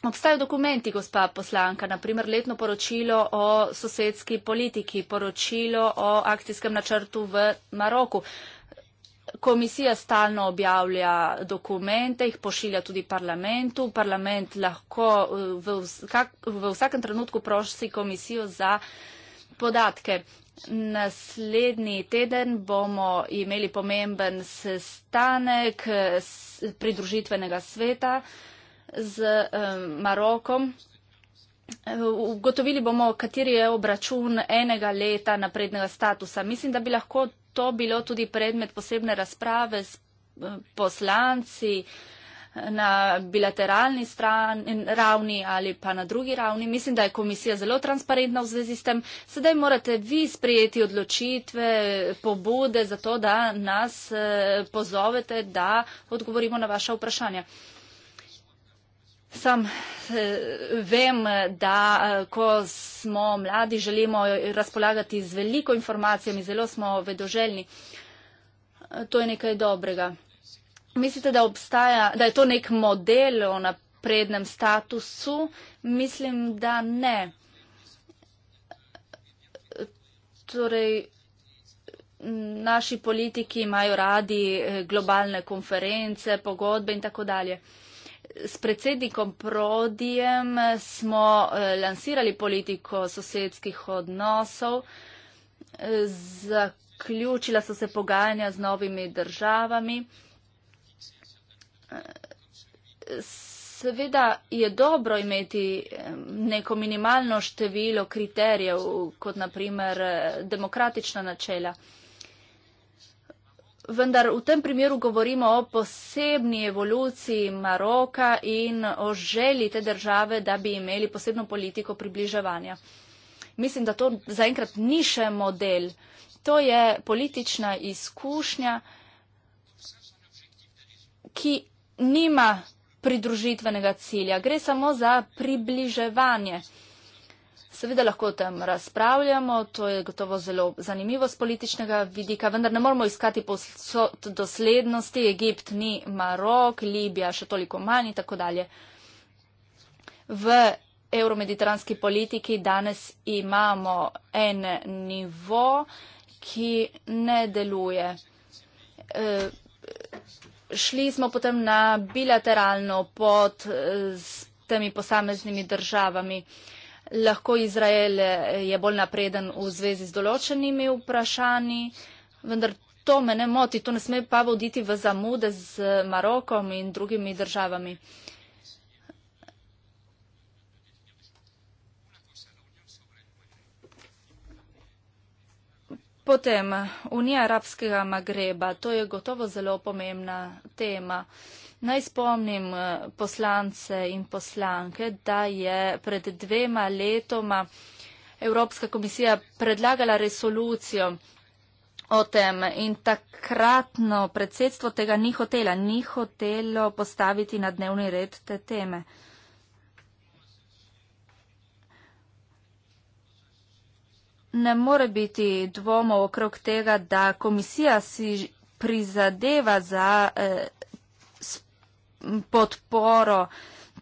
Obstajajo dokumenti, gospa poslanka, naprimer letno poročilo o sosedski politiki, poročilo o akcijskem načrtu v Maroku. Komisija stalno objavlja dokumente, jih pošilja tudi parlamentu. Parlament lahko eh, v, vsak, v vsakem trenutku prosi komisijo za podatke. Naslednji teden bomo imeli pomemben sestanek eh, pridružitvenega sveta z um, Marokom. Ugotovili bomo, kateri je obračun enega leta naprednega statusa. Mislim, da bi lahko to bilo tudi predmet posebne razprave s eh, poslanci eh, na bilateralni stran, ravni ali pa na drugi ravni. Mislim, da je komisija zelo transparentna v zvezi s tem. Sedaj morate vi sprijeti odločitve, pobude za to, da nas eh, pozovete, da odgovorimo na vaše vprašanje. Sam eh, vem, da eh, ko smo mladi, želimo razpolagati z veliko informacijami, zelo smo vedoželjni. Eh, to je nekaj dobrega. Mislite, da, obstaja, da je to nek model o naprednem statusu? Mislim, da ne. Torej, naši politiki imajo radi globalne konference, pogodbe in tako dalje. S predsednikom Prodijem smo eh, lansirali politiko sosedskih odnosov, zaključila so se pogajanja z novimi državami. Seveda je dobro imeti eh, neko minimalno število kriterijev, kot naprimer eh, demokratična načela vendar v tem primeru govorimo o posebni evoluciji Maroka in o želji te države, da bi imeli posebno politiko približevanja. Mislim, da to zaenkrat ni še model. To je politična izkušnja, ki nima pridružitvenega cilja. Gre samo za približevanje. Seveda lahko o tem razpravljamo, to je gotovo zelo zanimivo z političnega vidika, vendar ne moramo iskati posod doslednosti. Egipt ni Marok, Libija še toliko manj in tako dalje. V evromediteranski politiki danes imamo en nivo, ki ne deluje. E, šli smo potem na bilateralno pot e, s temi posameznimi državami. E, lahko Izrael eh, je bolj napreden v zvezi z določenimi vprašanji, vendar to me ne moti, to ne sme pa voditi v zamude z Marokom in drugimi državami. Potem Unija arabskega Magreba, to je gotovo zelo pomembna tema. Naj spomnim eh, poslance in poslanke, da je pred dvema letoma Evropska komisija predlagala resolucijo o tem in takratno predsedstvo tega ni hotela, ni hotelo postaviti na dnevni red te teme. ne more biti dvoma okrog tega, da komisija si prizadeva za eh, podporo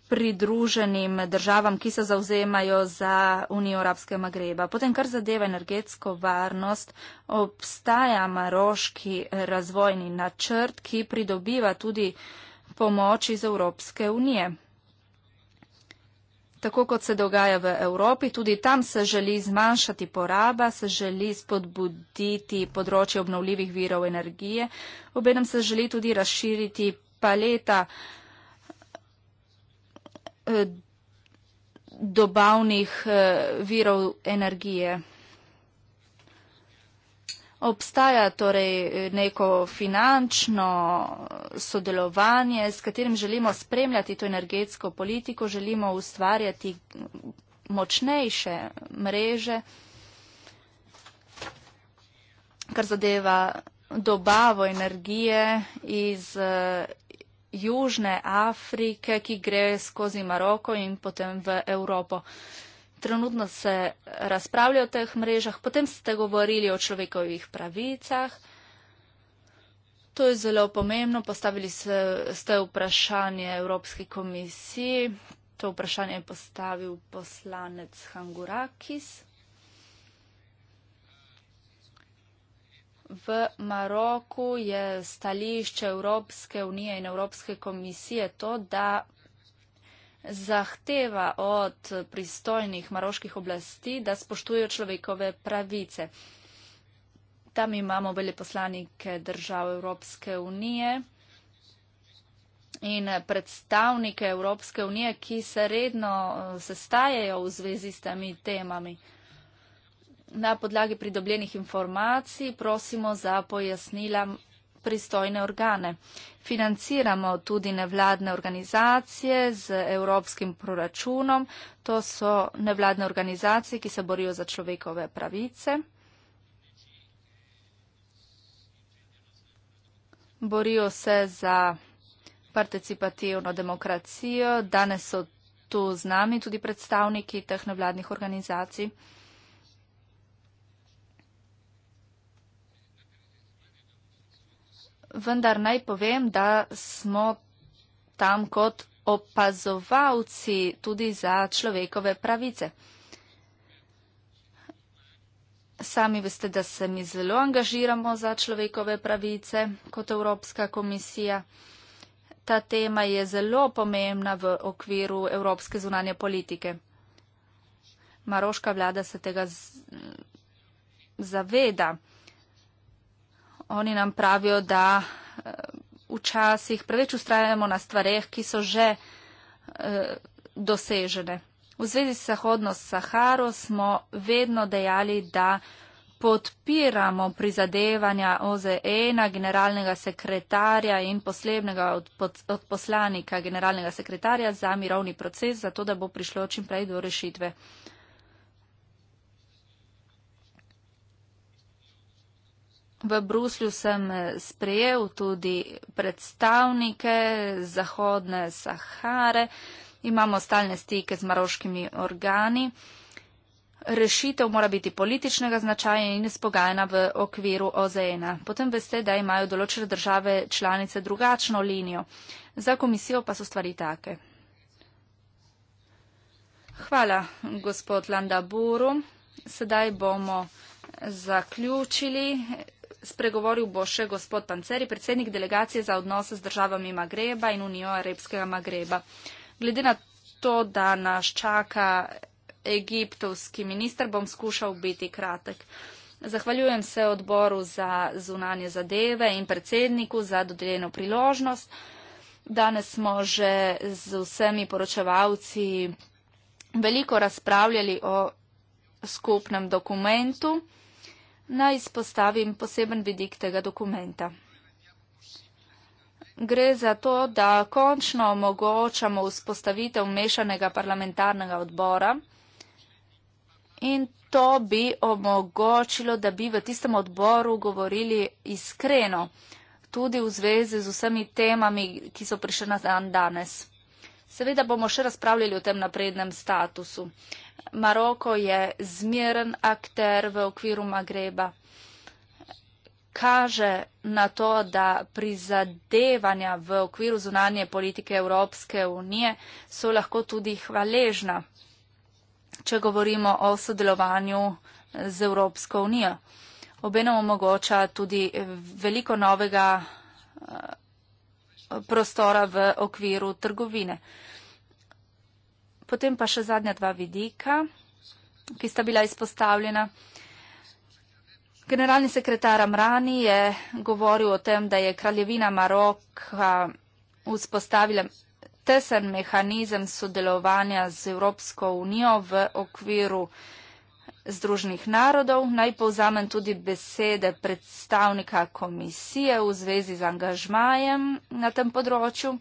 pridruženim državam, ki se zauzemajo za Unijo Arabske Magreba. Potem, kar zadeva energetsko varnost, obstaja maroški razvojni načrt, ki pridobiva tudi pomoč iz Evropske unije. Tako kot se dogaja v Evropi, tudi tam se želi zmanjšati poraba, se želi spodbuditi področje obnovljivih virov energije, obenem se želi tudi razširiti paleta eh, dobavnih eh, virov energije. Obstaja torej eh, neko finančno eh, sodelovanje, s katerim želimo spremljati to energetsko politiko, želimo ustvarjati mm, močnejše mreže, kar zadeva dobavo energije iz eh, Južne Afrike, ki gre skozi Maroko in potem v Evropo trenutno se razpravlja o teh mrežah, potem ste govorili o človekovih pravicah. To je zelo pomembno. Postavili ste vprašanje Evropski komisiji. To vprašanje je postavil poslanec Hangurakis. V Maroku je stališče Evropske unije in Evropske komisije to, da zahteva od pristojnih maroških oblasti, da spoštujejo človekove pravice. Tam imamo veleposlanike držav Evropske unije in predstavnike Evropske unije, ki se redno eh, sestajajo v zvezi s temi temami. Na podlagi pridobljenih informacij prosimo za pojasnila pristojne organe. Financiramo tudi nevladne organizacije z evropskim proračunom. To so nevladne organizacije, ki se borijo za človekove pravice. Borijo se za participativno demokracijo. Danes so tu z nami tudi predstavniki teh nevladnih organizacij. vendar naj povem, da smo tam kot opazovalci tudi za človekove pravice. Sami veste, da se mi zelo angažiramo za človekove pravice kot Evropska komisija. Ta tema je zelo pomembna v okviru Evropske zunanje politike. Maroška vlada se tega zaveda oni nam pravijo, da eh, včasih preveč ustrajamo na stvareh, ki so že eh, dosežene. V zvezi s Zahodno Saharo smo vedno dejali, da podpiramo prizadevanja OZE na generalnega sekretarja in poslednega odposlanika generalnega sekretarja za mirovni proces, zato da bo prišlo čimprej do rešitve. V Bruslju sem eh, sprejel tudi predstavnike Zahodne Sahare, imamo stalne stike z maroškimi organi. Rešitev mora biti političnega značaja in spogajena v okviru OZN. Potem veste, da imajo določene države članice drugačno linijo. Za komisijo pa so stvari take. Hvala, gospod Landaburu. Sedaj bomo zaključili spregovoril bo še gospod Panceri, predsednik delegacije za odnose z državami Magreba in Unijo Arabskega Magreba. Glede na to, da nas čaka egiptovski minister, bom skušal biti kratek. Zahvaljujem se odboru za zunanje zadeve in predsedniku za dodeljeno priložnost. Danes smo že z vsemi poročevalci veliko razpravljali o skupnem dokumentu naj izpostavim poseben vidik tega dokumenta. Gre za to, da končno omogočamo vzpostavitev mešanega parlamentarnega odbora in to bi omogočilo, da bi v tistem odboru govorili iskreno, tudi v zvezi z vsemi temami, ki so prišle na dan danes. Seveda bomo še razpravljali o tem naprednem statusu. Maroko je zmeren akter v okviru Magreba. Kaže na to, da prizadevanja v okviru zunanje politike Evropske unije so lahko tudi hvaležna, če govorimo o sodelovanju z Evropsko unijo. Obenem omogoča tudi veliko novega eh, prostora v okviru trgovine. Potem pa še zadnja dva vidika, ki sta bila izpostavljena. Generalni sekretar Amrani je govoril o tem, da je kraljevina Maroka vzpostavila tesen mehanizem sodelovanja z Evropsko unijo v okviru Združenih narodov. Naj povzamem tudi besede predstavnika komisije v zvezi z angažmajem na tem področju.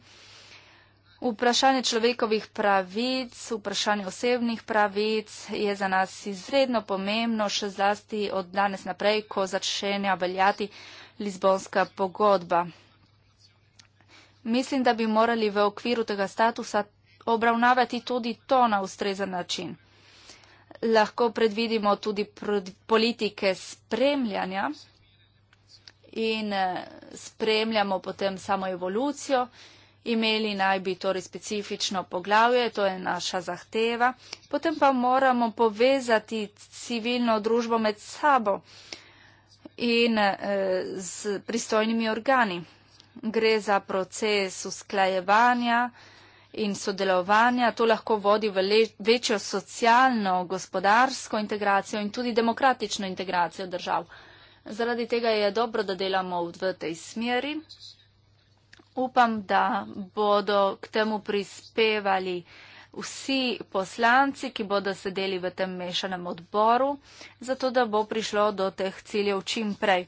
Vprašanje človekovih pravic, vprašanje osebnih pravic je za nas izredno pomembno, še zlasti od danes naprej, ko začenja veljati Lizbonska pogodba. Mislim, da bi morali v okviru tega statusa obravnavati tudi to na ustrezen način. Lahko predvidimo tudi politike spremljanja in eh, spremljamo potem samo evolucijo Imeli naj bi torej specifično poglavje, to je naša zahteva, potem pa moramo povezati civilno družbo med sabo in eh, z pristojnimi organi. Gre za proces usklajevanja in sodelovanja, to lahko vodi v večjo socialno, gospodarsko integracijo in tudi demokratično integracijo držav. Zaradi tega je dobro, da delamo v tej smeri upam, da bodo k temu prispevali vsi poslanci, ki bodo sedeli v tem mešanem odboru, zato da bo prišlo do teh ciljev čim prej.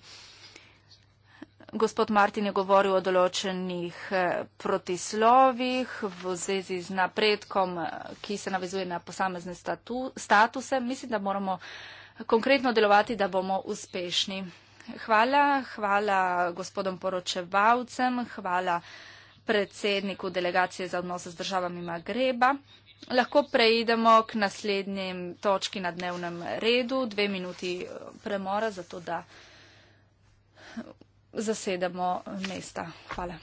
Gospod Martin je govoril o določenih eh, protislovih v zvezi z napredkom, eh, ki se navezuje na posamezne statu, statuse. Mislim, da moramo konkretno delovati, da bomo uspešni. Hvala, hvala gospodom poročevalcem, hvala predsedniku delegacije za odnose z državami Magreba. Lahko preidemo k naslednjem točki na dnevnem redu. Dve minuti eh, premora, zato da zasedamo mesta. Hvala.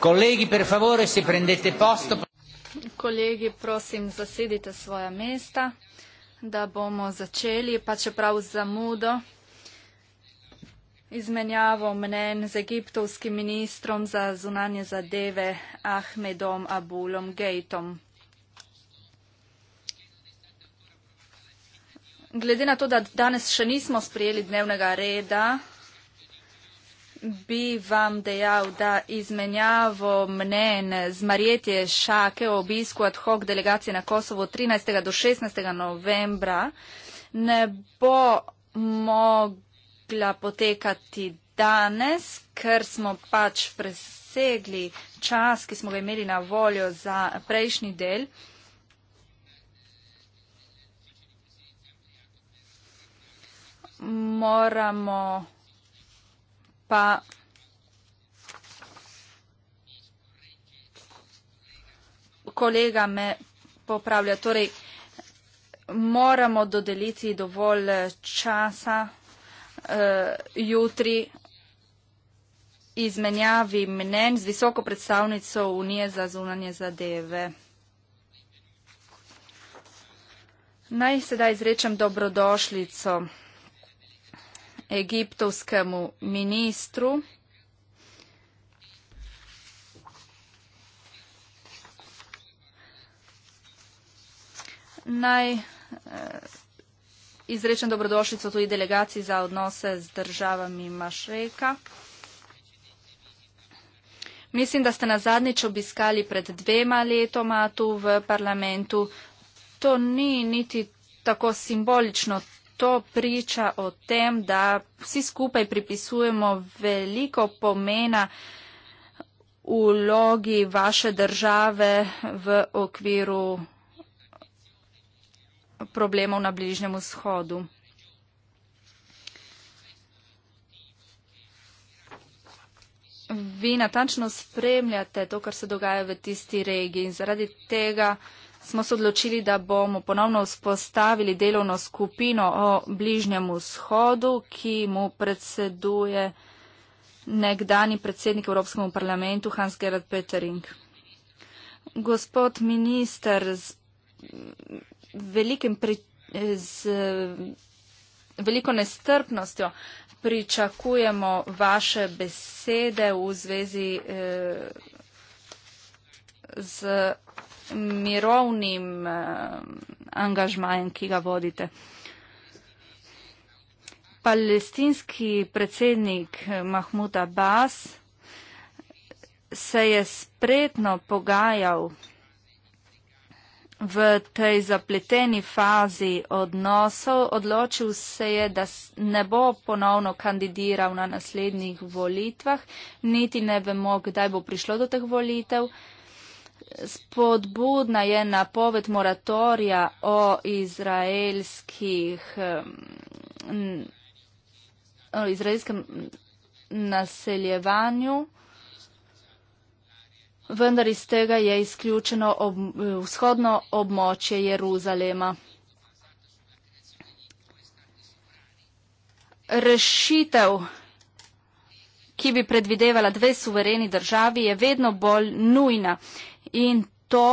Colleghi, per favore, si prendete posto. Colleghi, prosim, zasedite svoja mesta, da bomo začeli, pa čeprav z zamudo, izmenjavo mnen z egiptovskim ministrom za zunanje zadeve Ahmedom Abulom Gejtom. Glede na to, da danes še nismo sprijeli dnevnega reda, bi vam dejal, da izmenjavo mnen z Marjetje Šake o obisku ad hoc delegacije na Kosovo 13. do 16. novembra ne bo mogla potekati danes, ker smo pač presegli čas, ki smo ga imeli na voljo za prejšnji del. Moramo pa kolega me popravlja. Torej, moramo dodeliti dovolj eh, časa uh, jutri izmenjavi mnen z visoko predstavnico Unije za zunanje zadeve. Naj sedaj izrečem dobrodošlico egiptovskemu ministru. naj eh, izrečem dobrodošljico tudi delegaciji za odnose z državami Mašreka. Mislim, da ste na zadnjič obiskali pred dvema letoma tu v parlamentu. To ni niti tako simbolično. To priča o tem, da vsi skupaj pripisujemo veliko pomena vlogi vaše države v okviru problemov na Bližnjem vzhodu. Vi natančno spremljate to, kar se dogaja v tisti regiji in zaradi tega smo se odločili, da bomo ponovno vzpostavili delovno skupino o Bližnjem vzhodu, ki mu predseduje nekdani predsednik Evropskemu parlamentu Hans Gerard Petering. Gospod minister, velikim pri, z veliko nestrpnostjo pričakujemo vaše besede v zvezi eh, z mirovnim eh, angažmajem, ki ga vodite. Palestinski predsednik eh, Mahmud Abbas se je spretno pogajal v tej zapleteni fazi odnosov odločil se je, da ne bo ponovno kandidiral na naslednjih volitvah, niti ne vemo, kdaj bo prišlo do teh volitev. Spodbudna je napoved moratorija o izraelskih, o izraelskem naseljevanju vendar iz tega je izključeno ob, eh, vzhodno območje Jeruzalema. Rešitev, ki bi predvidevala dve suvereni državi, je vedno bolj nujna in to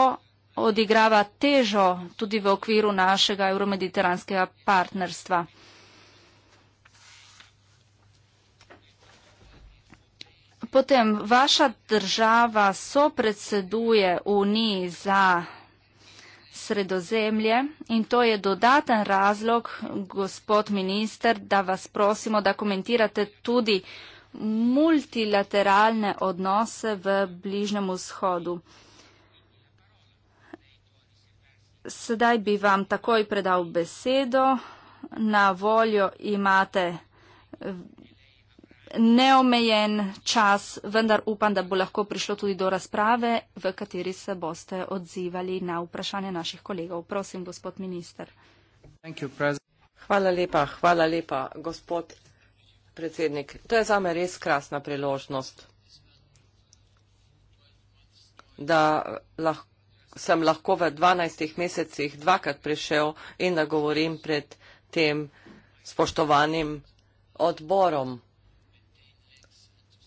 odigrava težo tudi v okviru našega euromediteranskega partnerstva. potem vaša država so predseduje Uniji za sredozemlje in to je dodaten razlog, gospod minister, da vas prosimo, da komentirate tudi multilateralne odnose v Bližnjem vzhodu. Sedaj bi vam takoj predal besedo. Na voljo imate neomejen čas, vendar upam, da bo lahko prišlo tudi do razprave, v kateri se boste odzivali na vprašanje naših kolegov. Prosim, gospod minister. You, hvala lepa, hvala lepa, gospod predsednik. To je zame res krasna priložnost, da lahko, sem lahko v 12 mesecih dvakrat prišel in da govorim pred tem spoštovanim odborom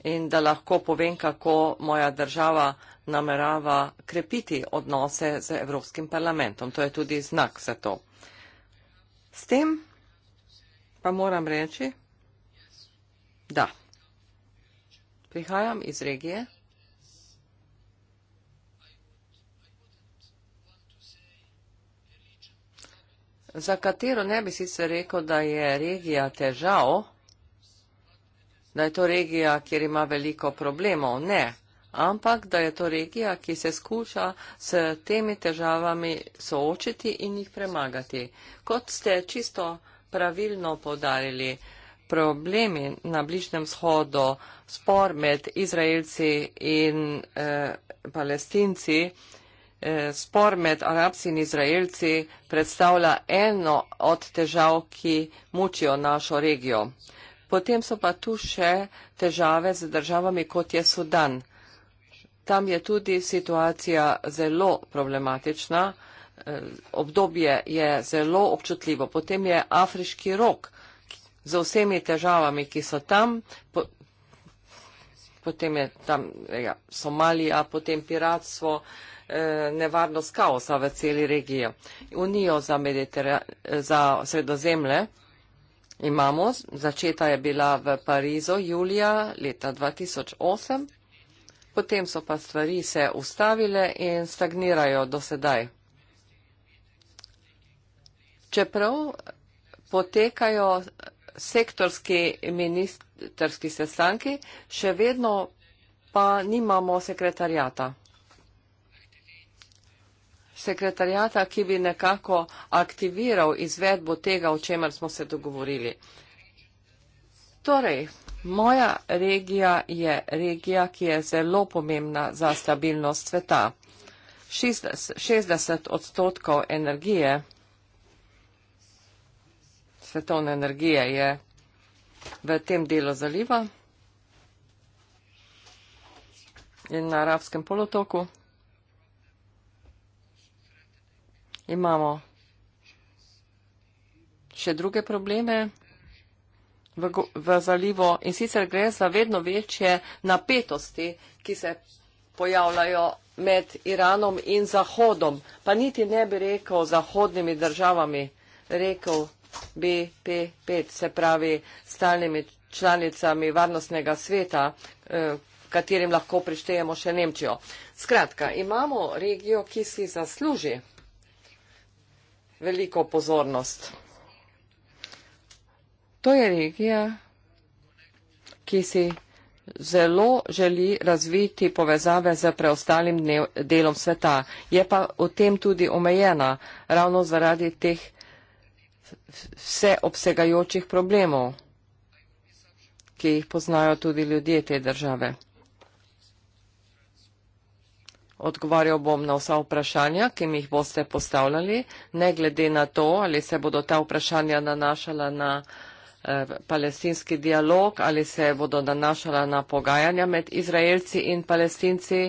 in da lahko povem, kako moja država namerava krepiti odnose z Evropskim parlamentom. To je tudi znak za to. S tem pa moram reči, da prihajam iz regije, za katero ne bi sicer rekel, da je regija težav, da je to regija, kjer ima veliko problemov. Ne, ampak da je to regija, ki se skuša s temi težavami soočiti in jih premagati. Kot ste čisto pravilno podarili, problemi na Bližnem shodu, spor med Izraelci in eh, palestinci, eh, spor med Arabci in Izraelci predstavlja eno od težav, ki mučijo našo regijo. Potem so pa tu še težave z državami, kot je Sudan. Tam je tudi situacija zelo problematična, eh, obdobje je zelo občutljivo. Potem je afriški rok z vsemi težavami, ki so tam, potem je tam ja, Somalija, potem piratstvo, eh, nevarnost kaosa v celi regiji. Unijo za, za sredozemlje imamo. Začeta je bila v Parizu julija leta 2008, potem so pa stvari se ustavile in stagnirajo do sedaj. Čeprav potekajo sektorski ministerski sestanki, še vedno pa nimamo sekretarjata sekretarjata, ki bi nekako aktiviral izvedbo tega, o čemer smo se dogovorili. Torej, moja regija je regija, ki je zelo pomembna za stabilnost sveta. 60 odstotkov energije, svetovne energije je v tem delu zaliva in na arabskem polotoku. imamo še druge probleme v, v zalivu in sicer gre za vedno večje napetosti, ki se pojavljajo med Iranom in Zahodom. Pa niti ne bi rekel zahodnimi državami, rekel BP5, se pravi stalnimi članicami varnostnega sveta, eh, katerim lahko prištejemo še Nemčijo. Skratka, imamo regijo, ki si zasluži veliko pozornost. To je regija, ki si zelo želi razviti povezave z preostalim delom sveta. Je pa v tem tudi omejena ravno zaradi teh vseobsegajočih problemov, ki jih poznajo tudi ljudje te države. Odgovarjal bom na vsa vprašanja, ki mi jih boste postavljali, ne glede na to, ali se bodo ta vprašanja nanašala na eh, palestinski dialog, ali se bodo nanašala na pogajanja med Izraelci in palestinci,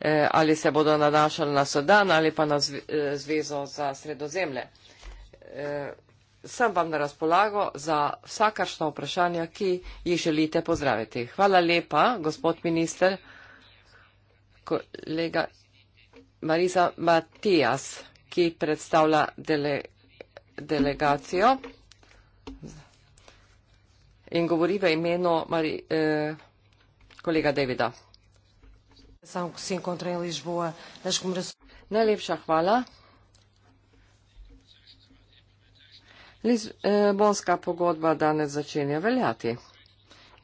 eh, ali se bodo nanašala na Sudan ali pa na eh, Zvezo za sredozemlje. Eh, sem vam na razpolago za vsakašno vprašanja, ki jih želite pozdraviti. Hvala lepa, gospod minister kolega Marisa Matijas, ki predstavlja dele, delegacijo in govori v imenu Mari, eh, kolega Davida. Najlepša hvala. Lizbonska eh, pogodba danes začenja veljati.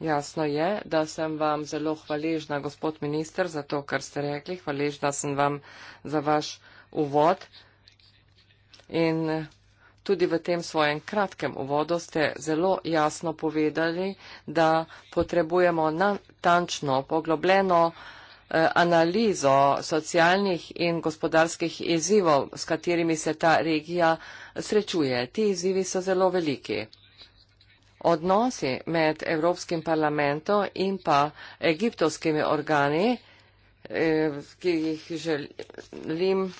Jasno je, da sem vam zelo hvaležna, gospod minister, za to, kar ste rekli. Hvaležna sem vam za vaš uvod. In tudi v tem svojem kratkem uvodu ste zelo jasno povedali, da potrebujemo natančno, poglobljeno eh, analizo socialnih in gospodarskih izzivov, s katerimi se ta regija srečuje. Ti izzivi so zelo veliki odnosi med Evropskim parlamentom in pa egiptovskimi organi, eh, ki jih želim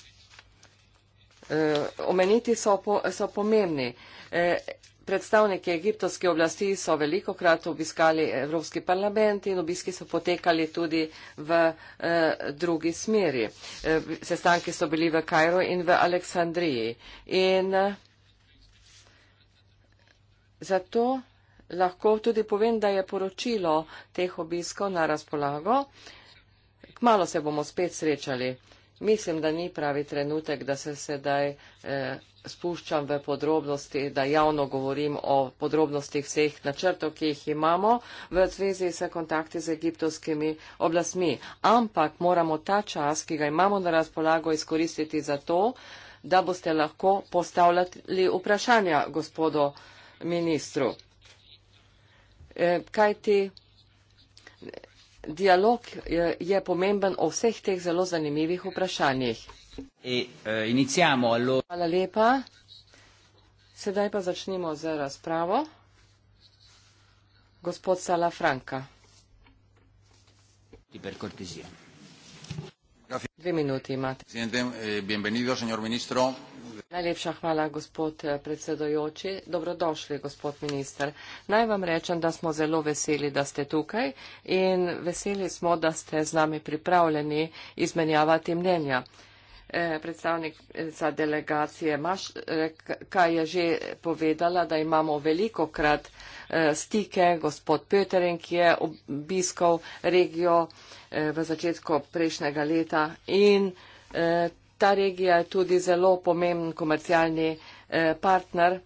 eh, omeniti, so, po, so pomembni. Eh, predstavniki egiptovske oblasti so veliko krat obiskali Evropski parlament in obiski so potekali tudi v eh, drugi smeri. Eh, sestanki so bili v Kajru in v Aleksandriji. In eh, zato lahko tudi povem, da je poročilo teh obiskov na razpolago. Kmalo se bomo spet srečali. Mislim, da ni pravi trenutek, da se sedaj eh, spuščam v podrobnosti, da javno govorim o podrobnostih vseh načrtov, ki jih imamo v zvezi s kontakti z egiptovskimi oblastmi. Ampak moramo ta čas, ki ga imamo na razpolago, izkoristiti za to, da boste lahko postavljali vprašanja gospodu ministru. Eh, kajti dialog eh, je pomemben o vseh teh zelo zanimivih vprašanjih. E, eh, Hvala lepa. Sedaj pa začnimo z razpravo. Gospod Sala Franka. Dve minuti imate. Bienvenido, senor ministro. Najlepša hvala, gospod eh, predsedojoči. Dobrodošli, gospod minister. Naj vam rečem, da smo zelo veseli, da ste tukaj in veseli smo, da ste z nami pripravljeni izmenjavati mnenja. Eh, predstavnica delegacije Maš, kaj je že povedala, da imamo veliko krat eh, stike, gospod Pöterin, ki je obiskal regijo v začetku prejšnjega leta in ta regija je tudi zelo pomemben komercialni eh, partner.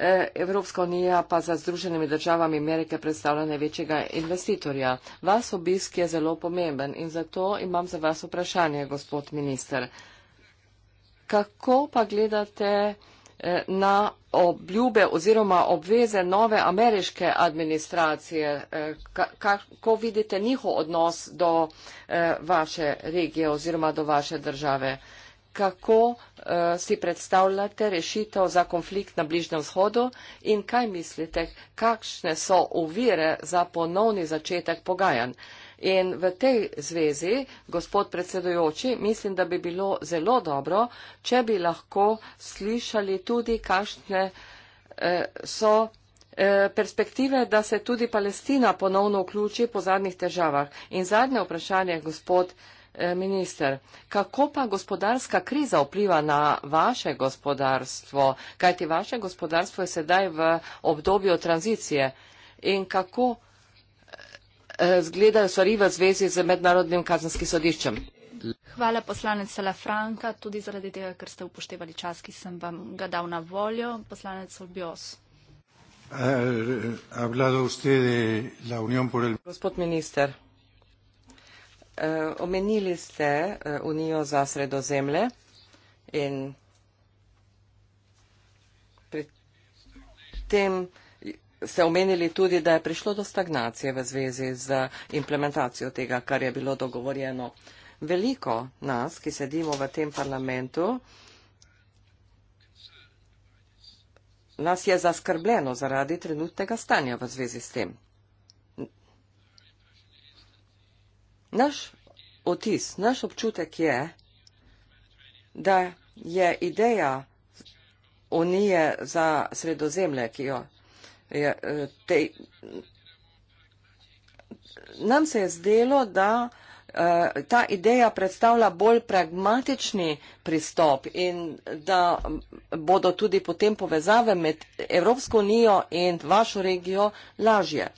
Eh, Evropska unija pa za Združenimi državami Amerike predstavlja največjega investitorja. Vas obisk je zelo pomemben in zato imam za vas vprašanje, gospod minister. Kako pa gledate na obljube oziroma obveze nove ameriške administracije. Eh, kako vidite njihov odnos do eh, vaše regije oziroma do vaše države? Kako eh, si predstavljate rešitev za konflikt na Bližnjem vzhodu in kaj mislite, kakšne so uvire za ponovni začetek pogajanj? In v tej zvezi, gospod predsedujoči, mislim, da bi bilo zelo dobro, če bi lahko slišali tudi, kakšne eh, so eh, perspektive, da se tudi Palestina ponovno vključi po zadnjih težavah. In zadnje vprašanje, gospod eh, minister, kako pa gospodarska kriza vpliva na vaše gospodarstvo, kajti vaše gospodarstvo je sedaj v obdobju tranzicije in kako Eh, zgledajo stvari v zvezi z mednarodnim kazenskim sodiščem. Hvala poslanec Salafranka, tudi zaradi tega, ker ste upoštevali čas, ki sem vam ga dal na voljo. Poslanec Olbios. Eh, Gospod minister, eh, omenili ste Unijo za sredozemlje in pri tem ste omenili tudi, da je prišlo do stagnacije v zvezi z implementacijo tega, kar je bilo dogovorjeno. Veliko nas, ki sedimo v tem parlamentu, nas je zaskrbljeno zaradi trenutnega stanja v zvezi s tem. Naš otis, naš občutek je, da je ideja Unije za sredozemlje, ki jo je, ja, te, nam se je zdelo, da e, ta ideja predstavlja bolj pragmatični pristop in da bodo tudi potem povezave med Evropsko unijo in vašo regijo lažje.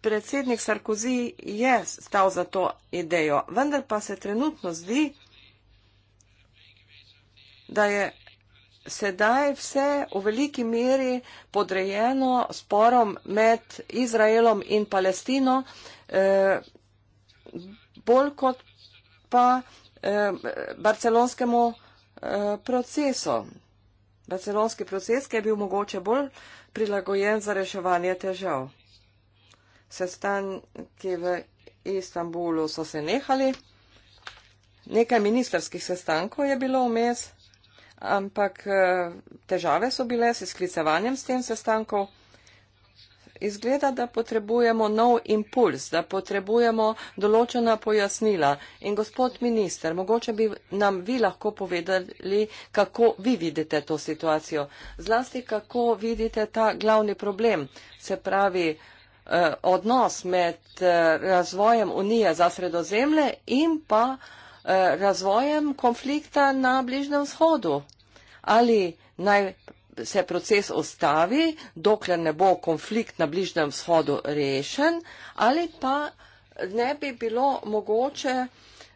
Predsednik Sarkozy je stal za to idejo, vendar pa se trenutno zdi, da da je sedaj vse v veliki meri podrejeno sporom med Izraelom in Palestino, eh, bolj kot pa eh, barcelonskemu eh, procesu. Barcelonski proces, ki je bil mogoče bolj prilagojen za reševanje težav. Sestanki v Istanbulu so se nehali, nekaj ministerskih sestankov je bilo vmes ampak eh, težave so bile s sklicevanjem s tem sestankov. Izgleda, da potrebujemo nov impuls, da potrebujemo določena pojasnila. In gospod minister, mogoče bi nam vi lahko povedali, kako vi vidite to situacijo. Zlasti, kako vidite ta glavni problem, se pravi eh, odnos med eh, razvojem Unije za sredozemlje in pa Eh, razvojem konflikta na Bližnem vzhodu. Ali naj se proces ostavi, dokler ne bo konflikt na Bližnem vzhodu rešen, ali pa ne bi bilo mogoče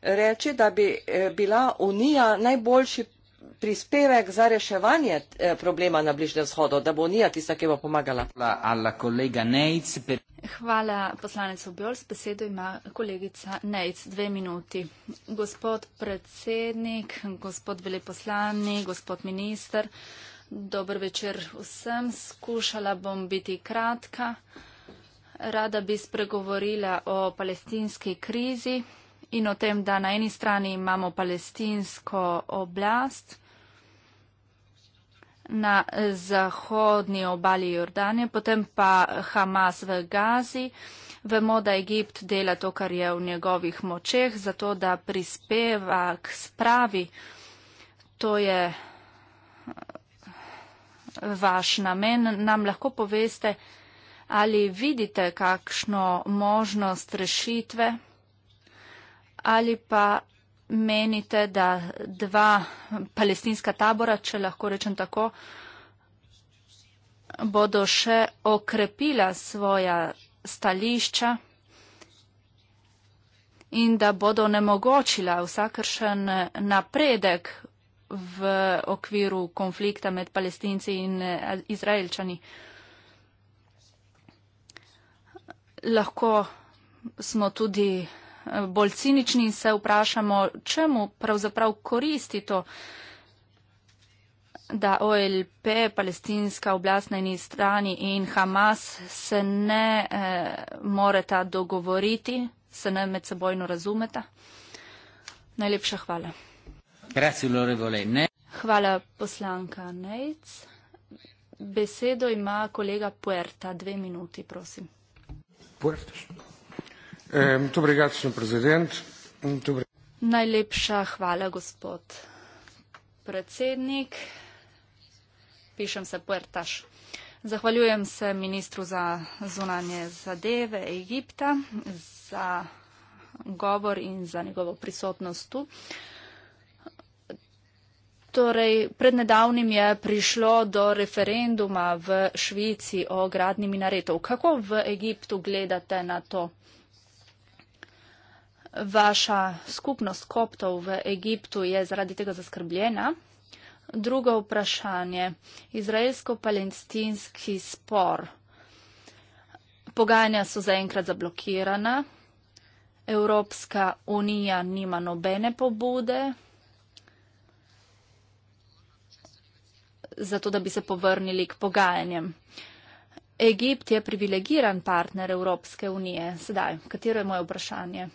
reči, da bi eh, bila Unija najboljši prispevek za reševanje eh, problema na Bližnem vzhodu, da bo Unija tista, ki bo pomagala. Hvala poslanec Objols. Besedo ima kolegica Nejc. Dve minuti. Gospod predsednik, gospod veliposlani, gospod minister, dober večer vsem. Skušala bom biti kratka. Rada bi spregovorila o palestinski krizi in o tem, da na eni strani imamo palestinsko oblast, na zahodni obali Jordanije, potem pa Hamas v Gazi. Vemo, da Egipt dela to, kar je v njegovih močeh, zato da prispeva k spravi. To je vaš namen. Nam lahko poveste, ali vidite kakšno možnost rešitve? ali pa menite, da dva palestinska tabora, če lahko rečem tako, bodo še okrepila svoja stališča in da bodo nemogočila vsakršen napredek v okviru konflikta med palestinci in eh, izraelčani. Lahko smo tudi bolj cinični in se vprašamo, čemu pravzaprav koristi to, da OLP, palestinska oblast na eni strani in Hamas se ne eh, moreta dogovoriti, se ne med sebojno razumeta. Najlepša hvala. Hvala poslanka Nejc. Besedo ima kolega Puerta. Dve minuti, prosim. Puerta. Eh, muito obrigado, Sr. Presidente. Muito obrigado. Najlepša hvala, gospod predsednik. Pišem se Puertaš. Zahvaljujem se ministru za zunanje zadeve Egipta za govor in za njegovo prisotnost tu. Torej, pred nedavnim je prišlo do referenduma v Švici o gradni minaretov. Kako v Egiptu gledate na to? Vaša skupnost koptov v Egiptu je zaradi tega zaskrbljena. Drugo vprašanje. Izraelsko-palestinski spor. Pogajanja so zaenkrat zablokirana. Evropska unija nima nobene pobude za to, da bi se povrnili k pogajanjem. Egipt je privilegiran partner Evropske unije. Sedaj, katero je moje vprašanje?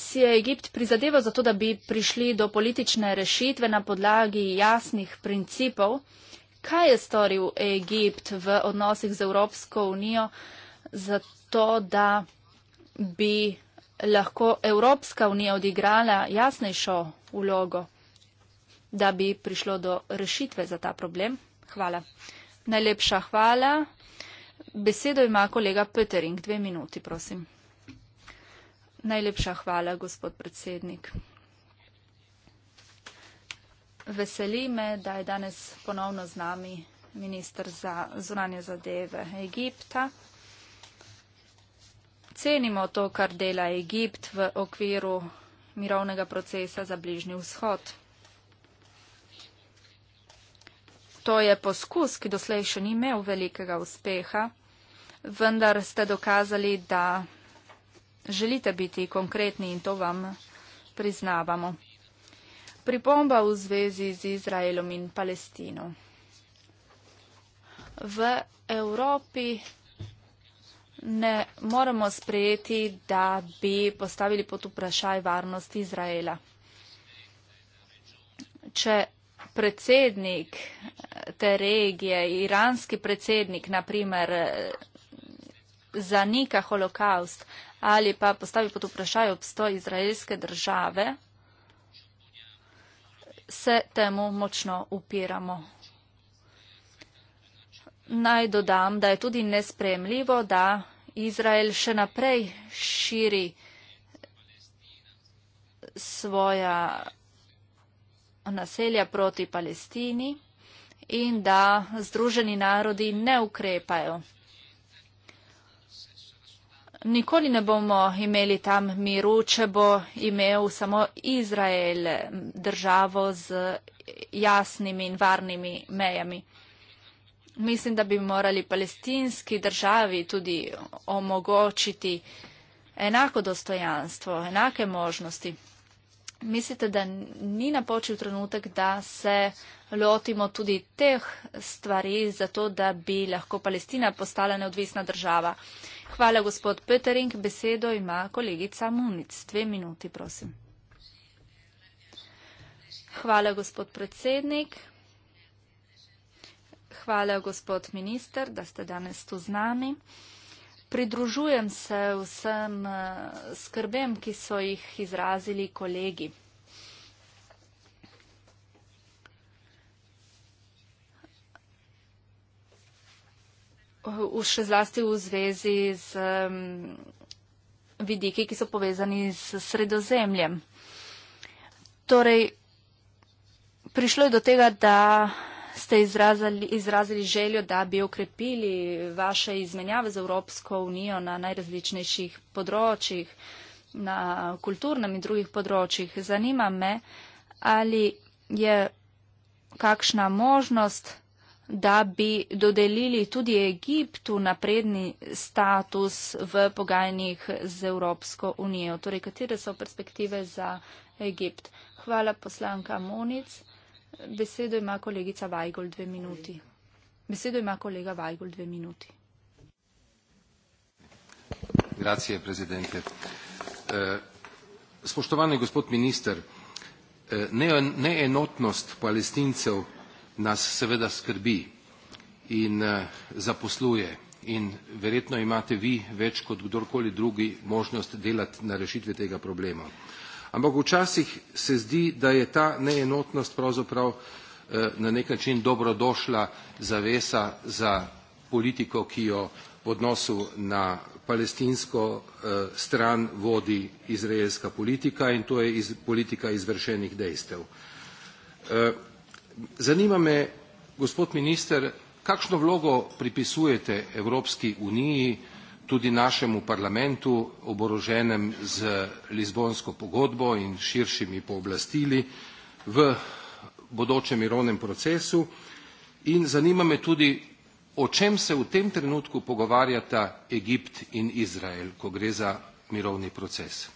si je Egipt prizadeval za to, da bi prišli do politične rešitve na podlagi jasnih principov. Kaj je storil Egipt v odnosih z Evropsko unijo za to, da bi lahko Evropska unija odigrala jasnejšo vlogo, da bi prišlo do rešitve za ta problem? Hvala. Najlepša hvala. Besedo ima kolega Petering. Dve minuti, prosim. Najlepša hvala, gospod predsednik. Veseli me, da je danes ponovno z nami ministr za zunanje zadeve Egipta. Cenimo to, kar dela Egipt v okviru mirovnega procesa za bližnji vzhod. To je poskus, ki doslej še ni imel velikega uspeha, vendar ste dokazali, da Želite biti konkretni in to vam priznavamo. Pripomba v zvezi z Izraelom in Palestino. V Evropi ne moremo sprejeti, da bi postavili pod vprašaj varnost Izraela. Če predsednik eh, te regije, iranski predsednik, naprimer, eh, zanika holokaust, ali pa postavi pod vprašaj obstoj izraelske države, se temu močno upiramo. Naj dodam, da je tudi nespremljivo, da Izrael še naprej širi svoja naselja proti Palestini in da združeni narodi ne ukrepajo. Nikoli ne bomo imeli tam miru, če bo imel samo Izrael državo z jasnimi in varnimi mejami. Mislim, da bi morali palestinski državi tudi omogočiti enako dostojanstvo, enake možnosti. Mislite, da ni napočil trenutek, da se lotimo tudi teh stvari, zato da bi lahko Palestina postala neodvisna država? Uh, Hvala, gospod Petering. Besedo ima kolegica Munic. Dve minuti, prosim. Hvala, gospod predsednik. Hvala, gospod minister, da ste danes tu z nami. Pridružujem se vsem eh, skrbem, ki so jih izrazili kolegi. v, še zlasti v zvezi z um, vidiki, ki so povezani s sredozemljem. Torej, prišlo je do tega, da ste izrazili, izrazili željo, da bi okrepili vaše izmenjave z Evropsko unijo na najrazličnejših področjih, na kulturnem in drugih področjih. Zanima me, ali je kakšna možnost, da bi dodelili tudi Egiptu napredni status v pogajanjih z Evropsko unijo. Torej, katere so perspektive za Egipt? Hvala poslanka Monic. Besedo ima kolegica Vajgol dve minuti. Besedo ima kolega Vajgol dve minuti. Grazie, prezidente. Eh, spoštovani gospod minister, eh, neenotnost palestincev nas seveda skrbi in eh, zaposluje in verjetno imate vi več kot kdorkoli drugi možnost delati na rešitvi tega problema. Ampak včasih se zdi, da je ta neenotnost pravzaprav eh, na nek način dobrodošla zavesa za politiko, ki jo v odnosu na palestinsko eh, stran vodi izraelska politika in to je iz politika izvršenih dejstev. Zanima me, gospod minister, kakšno vlogo pripisujete Evropski uniji, tudi našemu parlamentu, oboroženem z Lizbonsko pogodbo in širšimi pooblastili v bodočem mirovnem procesu? In zanima me tudi, o čem se v tem trenutku pogovarjata Egipt in Izrael, ko gre za mirovni proces?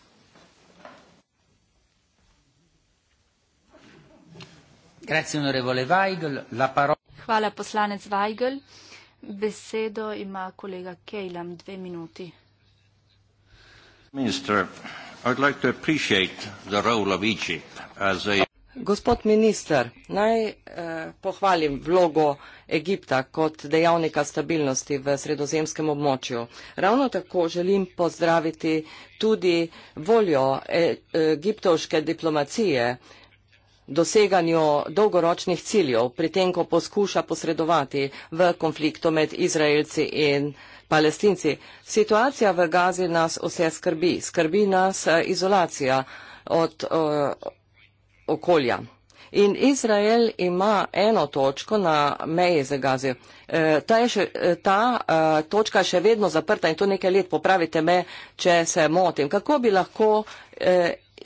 Hvala, poslanec Weigl. Besedo ima kolega Kejlam, dve minuti. Gospod minister, naj eh, pohvalim vlogo Egipta kot dejavnika stabilnosti v sredozemskem območju. Ravno tako želim pozdraviti tudi voljo e-, egiptovške diplomacije, eh, doseganju dolgoročnih ciljev, pri tem, ko poskuša posredovati v konfliktu med Izraelci in Palestinci. Situacija v Gazi nas vse skrbi. Skrbi nas eh, izolacija od o, eh, okolja. In Izrael ima eno točko na meji z Gazi. Eh, ta, je še, ta točka je še vedno zaprta in to nekaj let. Popravite me, če se motim. Kako bi lahko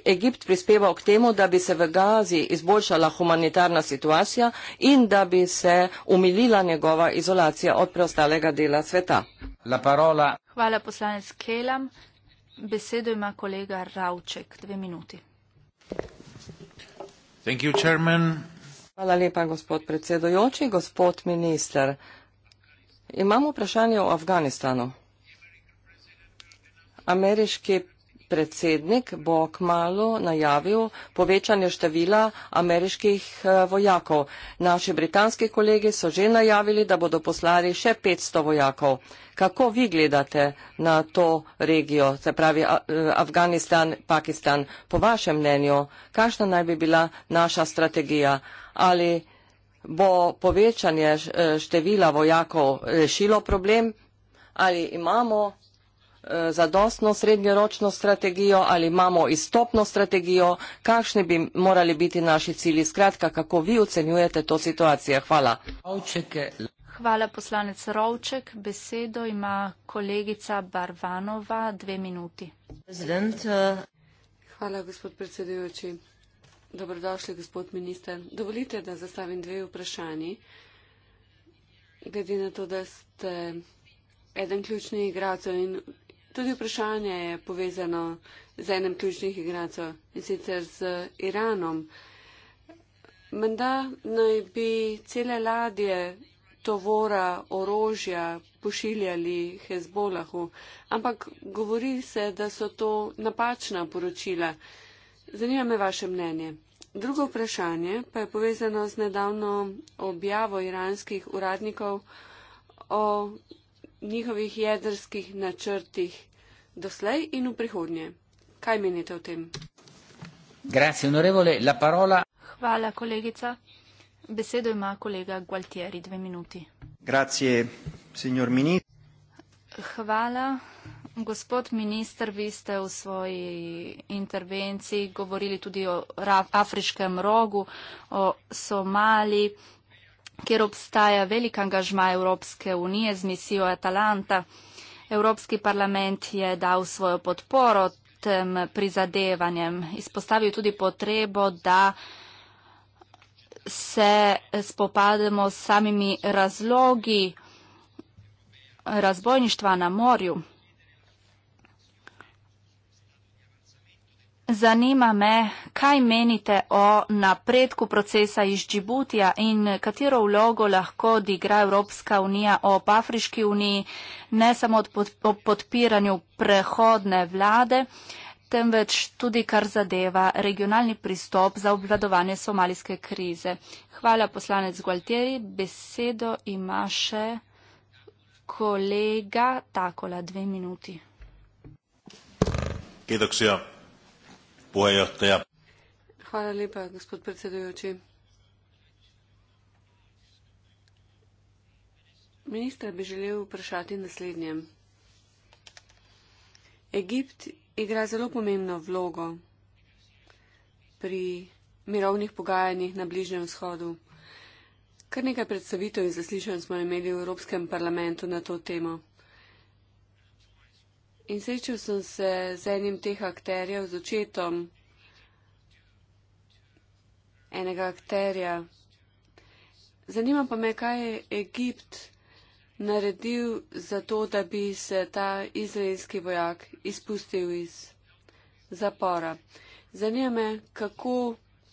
Egipt prispeval k temu, da bi se v Gazi izboljšala humanitarna situacija in da bi se umilila njegova izolacija od preostalega dela sveta. Hvala poslanec Kelam. Besedo ima kolega Ravček. Dve minuti. You, Hvala lepa, gospod predsedojoči. Gospod minister, imamo vprašanje o Afganistanu. Ameriški predsednik bo kmalo najavil povečanje števila ameriških eh, vojakov. Naši britanski kolegi so že najavili, da bodo poslali še 500 vojakov. Kako vi gledate na to regijo, se pravi eh, Afganistan, Pakistan, po vašem mnenju, kakšna naj bi bila naša strategija? Ali bo povečanje eh, števila vojakov rešilo problem? Ali imamo Eh, zadostno srednjeročno strategijo ali imamo izstopno strategijo, kakšni bi morali biti naši cilji. Skratka, kako vi ocenjujete to situacijo? Hvala. Hvala poslanec Rovček. Besedo ima kolegica Barvanova, dve minuti. Eh. Hvala, gospod predsedujoči. Dobrodošli, gospod minister. Dovolite, da zastavim dve vprašanji. Glede na to, da ste eden ključnih igralcev in tudi vprašanje je povezano z enem ključnih igracov in sicer z Iranom. Menda naj bi cele ladje tovora, orožja pošiljali Hezbolahu, ampak govori se, da so to napačna poročila. Zanima me vaše mnenje. Drugo vprašanje pa je povezano z nedavno objavo iranskih uradnikov o njihovih jedrskih načrtih doslej in v prihodnje. Kaj menite o tem? Grazie, onorevole, la parola. Hvala, kolegica. Besedo ima kolega Gualtieri, dve minuti. Grazie, signor ministro. Hvala. Gospod minister, vi ste v svoji intervenciji govorili tudi o afriškem rogu, o Somaliji kjer obstaja velik angažma Evropske unije z misijo Atalanta. Evropski parlament je dal svojo podporo tem prizadevanjem. Izpostavil tudi potrebo, da se spopademo s samimi razlogi razbojništva na morju. Zanima me, kaj menite o napredku procesa iz Džibutija in katero vlogo lahko odigra Evropska unija ob Afriški uniji, ne samo od podpiranju prehodne vlade, temveč tudi kar zadeva regionalni pristop za obvladovanje somalijske krize. Hvala poslanec Gualtieri, besedo ima še kolega Takola, dve minuti. Kedoksija. UEJT-ja. Hvala lepa, gospod predsedujoči. Ministra bi želel vprašati naslednje. Egipt igra zelo pomembno vlogo pri mirovnih pogajanjih na Bližnjem vzhodu. Kar nekaj predstavitev in zaslišanj smo imeli v Evropskem parlamentu na to temo. In srečal sem se z enim teh akterjev, z očetom enega akterja. Zanima pa me, kaj je Egipt naredil za to, da bi se ta izraelski vojak izpustil iz zapora. Zanima me, kako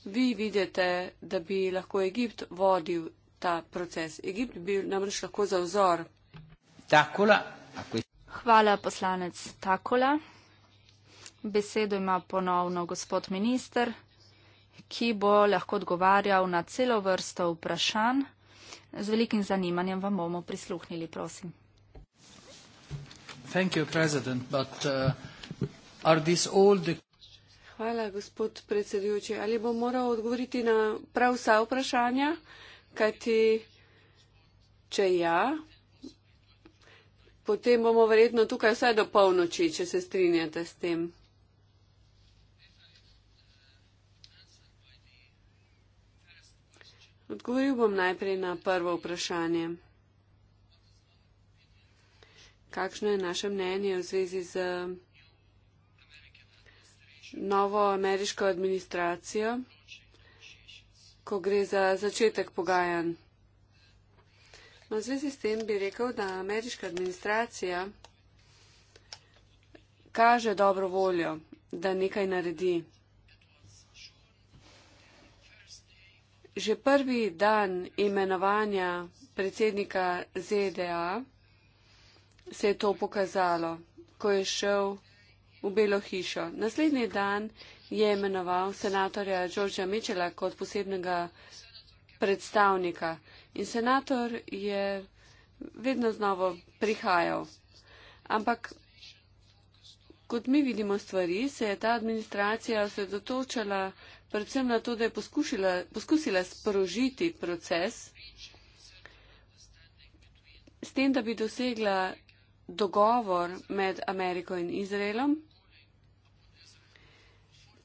vi vidite, da bi lahko Egipt vodil ta proces. Egipt bi bil namreč lahko za vzor. Tako, Hvala, poslanec Takola. Besedo ima ponovno gospod minister, ki bo lahko odgovarjal na celo vrsto vprašanj. Z velikim zanimanjem vam bomo prisluhnili, prosim. You, but, uh, the... Hvala, gospod predsedujoči. Ali bom moral odgovoriti na prav vsa vprašanja? Kajti, če ja, potem bomo verjetno tukaj vse do polnoči, če se strinjate s tem. Odgovoril bom najprej na prvo vprašanje. Kakšno je naše mnenje v zvezi z novo ameriško administracijo, ko gre za začetek pogajanj? No, v zvezi s tem bi rekel, da ameriška administracija kaže dobro voljo, da nekaj naredi. Že prvi dan imenovanja predsednika ZDA se je to pokazalo, ko je šel v Belo hišo. Naslednji dan je imenoval senatorja Georgea Mitchella kot posebnega predstavnika. In senator je vedno znova prihajal. Ampak, kot mi vidimo stvari, se je ta administracija osredotočala predvsem na to, da je poskušila, poskusila sprožiti proces s tem, da bi dosegla dogovor med Ameriko in Izraelom.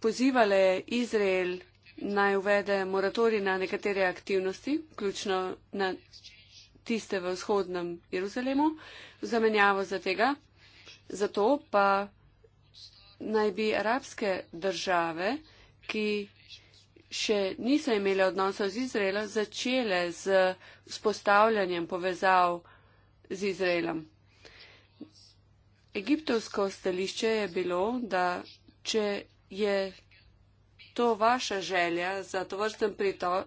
Pozivale je Izrael naj uvede moratorij na nekatere aktivnosti, vključno na tiste v vzhodnem Jeruzalemu, v zamenjavo za tega. Zato pa naj bi arabske države, ki še niso imele odnosov z Izraelom, začele z vzpostavljanjem povezav z Izraelom. Egiptovsko stališče je bilo, da če je to vaša želja za tovrsten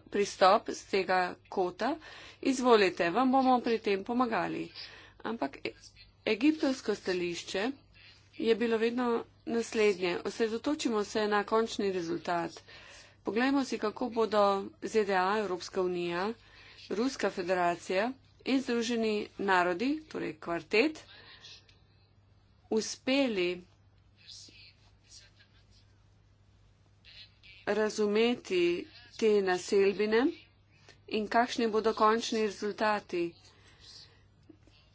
pristop z tega kota, izvolite, vam bomo pri tem pomagali. Ampak e-, egiptovsko stališče je bilo vedno naslednje. Osredotočimo se na končni rezultat. Poglejmo si, kako bodo ZDA, Evropska unija, Ruska federacija in Združeni narodi, torej kvartet, uspeli razumeti te naselbine in kakšni bodo končni rezultati.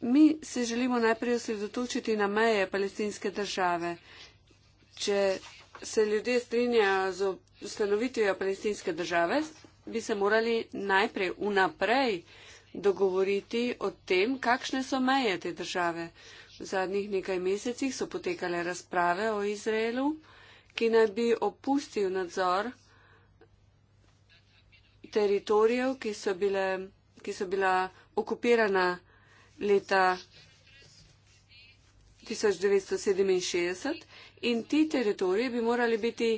Mi se želimo najprej osredotočiti na meje palestinske države. Če se ljudje strinjajo z ustanovitvijo palestinske države, bi se morali najprej unaprej dogovoriti o tem, kakšne so meje te države. V zadnjih nekaj mesecih so potekale razprave o Izraelu ki naj bi opustil nadzor teritorijev, ki so, bile, ki so bila okupirana leta 1967 in ti teritoriji bi morali biti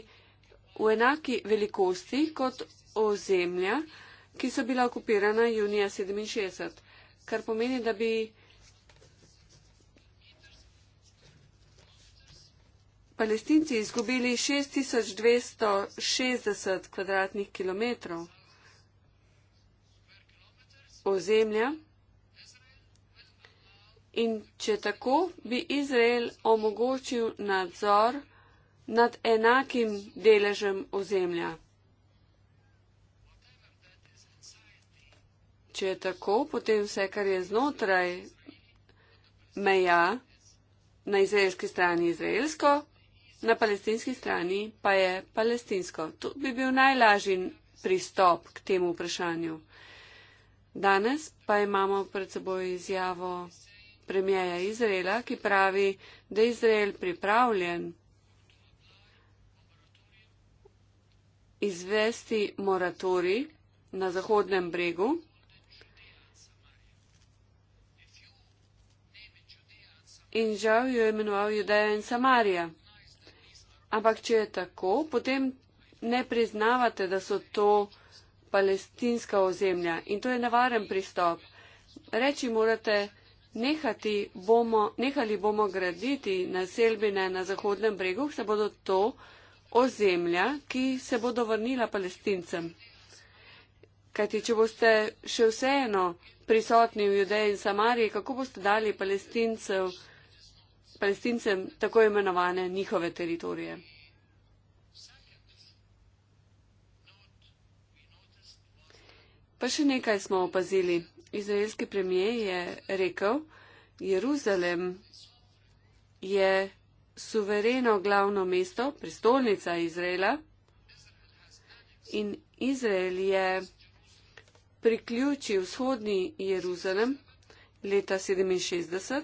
v enaki velikosti kot ozemlja, ki so bila okupirana junija 1967, kar pomeni, da bi palestinci izgubili 6260 kvadratnih kilometrov ozemlja in če tako bi Izrael omogočil nadzor nad enakim deležem ozemlja. Če je tako, potem vse, kar je znotraj meja na izraelski strani izraelsko, Na palestinski strani pa je palestinsko. To bi bil najlažji pristop k temu vprašanju. Danes pa imamo pred seboj izjavo premijeja Izraela, ki pravi, da je Izrael pripravljen izvesti moratori na Zahodnem bregu. In žal jo je imenoval Judeja in Samarija. Ampak, če je tako, potem ne priznavate, da so to palestinska ozemlja in to je nevaren pristop. Reči morate, bomo, nehali bomo graditi naselbine na Zahodnem bregu, se bodo to ozemlja, ki se bodo vrnila palestincem. Kajti, če boste še vseeno prisotni v Judeji in Samariji, kako boste dali palestincev? palestincem tako imenovane njihove teritorije. Pa še nekaj smo opazili. Izraelski premijer je rekel, Jeruzalem je suvereno glavno mesto, prestolnica Izraela in Izrael je priključil vzhodni Jeruzalem leta 67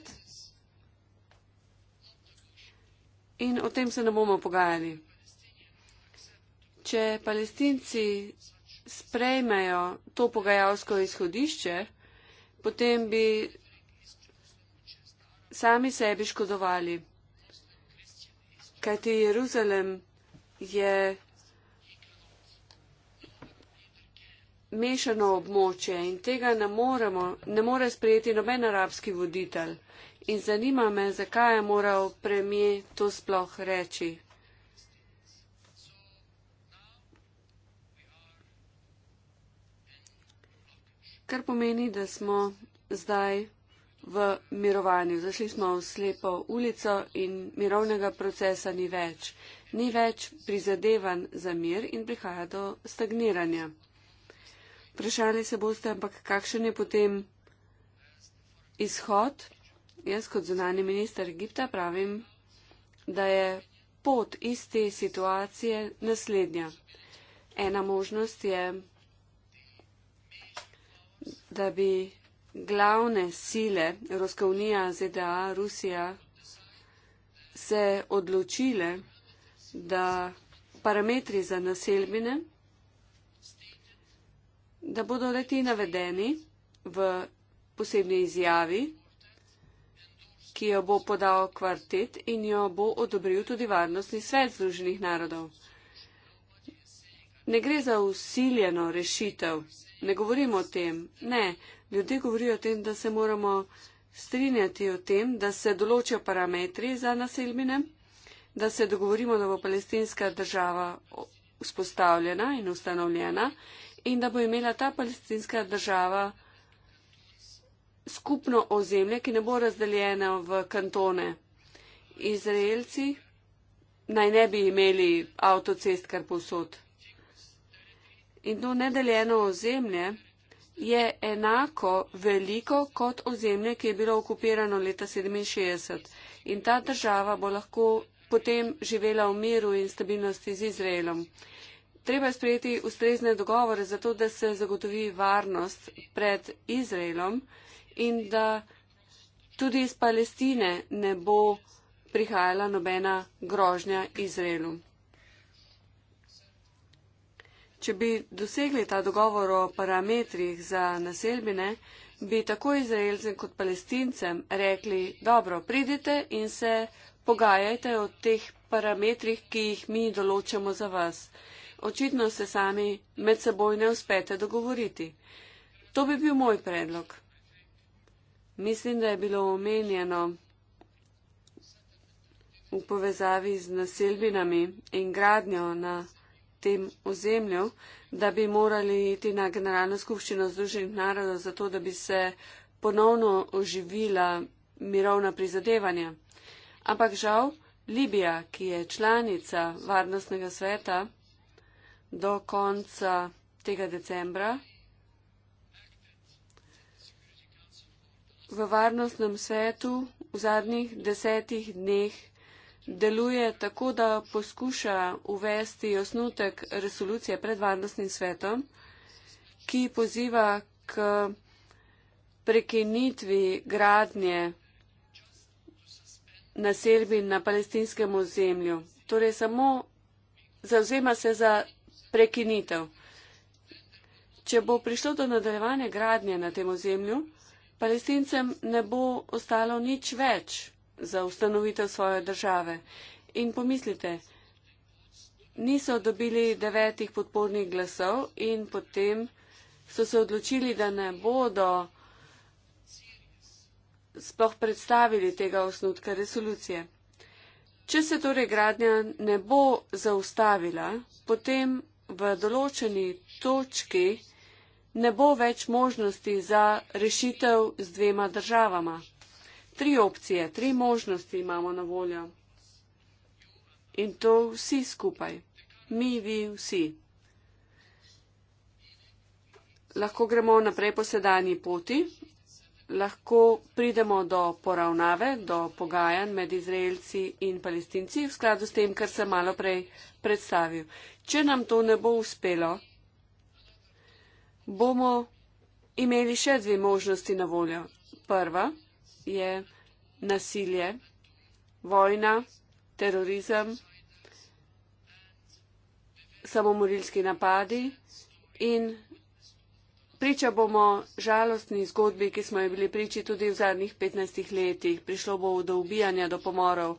in o tem se ne bomo pogajali. Če palestinci sprejmejo to pogajalsko izhodišče, potem bi sami sebi škodovali. Kajti Jeruzalem je mešano območje in tega ne, moremo, ne more sprejeti noben arabski voditelj in zanima me, zakaj je moral premije to sploh reči. Kar pomeni, da smo zdaj v mirovanju. Zašli smo v slepo ulico in mirovnega procesa ni več. Ni več prizadevan za mir in prihaja do stagniranja. Vprašali se boste, ampak kakšen je potem izhod? jaz kot zunani minister Egipta pravim, da je pot iz te situacije naslednja. Ena možnost je, da bi glavne sile Evropska unija, ZDA, Rusija se odločile, da parametri za naselbine, da bodo leti navedeni v posebni izjavi ki jo bo podal kvartet in jo bo odobril tudi Varnostni svet Združenih narodov. Ne gre za usiljeno rešitev, ne govorimo o tem, ne, ljudje govorijo o tem, da se moramo strinjati o tem, da se določijo parametri za naselbine, da se dogovorimo, da bo palestinska država vzpostavljena in ustanovljena in da bo imela ta palestinska država skupno ozemlje, ki ne bo razdeljeno v kantone. Izraelci naj ne bi imeli avtocest kar povsod. In to nedeljeno ozemlje je enako veliko kot ozemlje, ki je bilo okupirano leta 67. In ta država bo lahko potem živela v miru in stabilnosti z Izraelom. Treba je sprejeti ustrezne dogovore, zato da se zagotovi varnost pred Izraelom in da tudi iz Palestine ne bo prihajala nobena grožnja Izraelu. Če bi dosegli ta dogovor o parametrih za naselbine, bi tako Izraelcem kot Palestincem rekli, dobro, pridite in se pogajajte o teh parametrih, ki jih mi določamo za vas. Očitno se sami med seboj ne uspete dogovoriti. To bi bil moj predlog. Mislim, da je bilo omenjeno v povezavi z naselbinami in gradnjo na tem ozemlju, da bi morali iti na Generalno skupščino Združenih narodov zato, da bi se ponovno oživila mirovna prizadevanja. Ampak žal, Libija, ki je članica Varnostnega sveta do konca tega decembra v varnostnem svetu v zadnjih desetih dneh deluje tako, da poskuša uvesti osnutek resolucije pred varnostnim svetom, ki poziva k prekinitvi gradnje naselbin na palestinskem ozemlju. Torej samo zauzema se za prekinitev. Če bo prišlo do nadaljevanja gradnje na tem ozemlju, palestincem ne bo ostalo nič več za ustanovitev svoje države. In pomislite, niso dobili devetih podpornih glasov in potem so se odločili, da ne bodo sploh predstavili tega osnutka resolucije. Če se torej gradnja ne bo zaustavila, potem v določeni točki ne bo več možnosti za rešitev z dvema državama. Tri opcije, tri možnosti imamo na voljo. In to vsi skupaj. Mi, vi, vsi. Lahko gremo naprej po sedanji poti, lahko pridemo do poravnave, do pogajanj med Izraelci in Palestinci v skladu s tem, kar sem malo prej predstavil. Če nam to ne bo uspelo, bomo imeli še dve možnosti na voljo. Prva je nasilje, vojna, terorizem, samomorilski napadi in priča bomo žalostni zgodbi, ki smo jo bili priči tudi v zadnjih 15 letih. Prišlo bo do ubijanja, do pomorov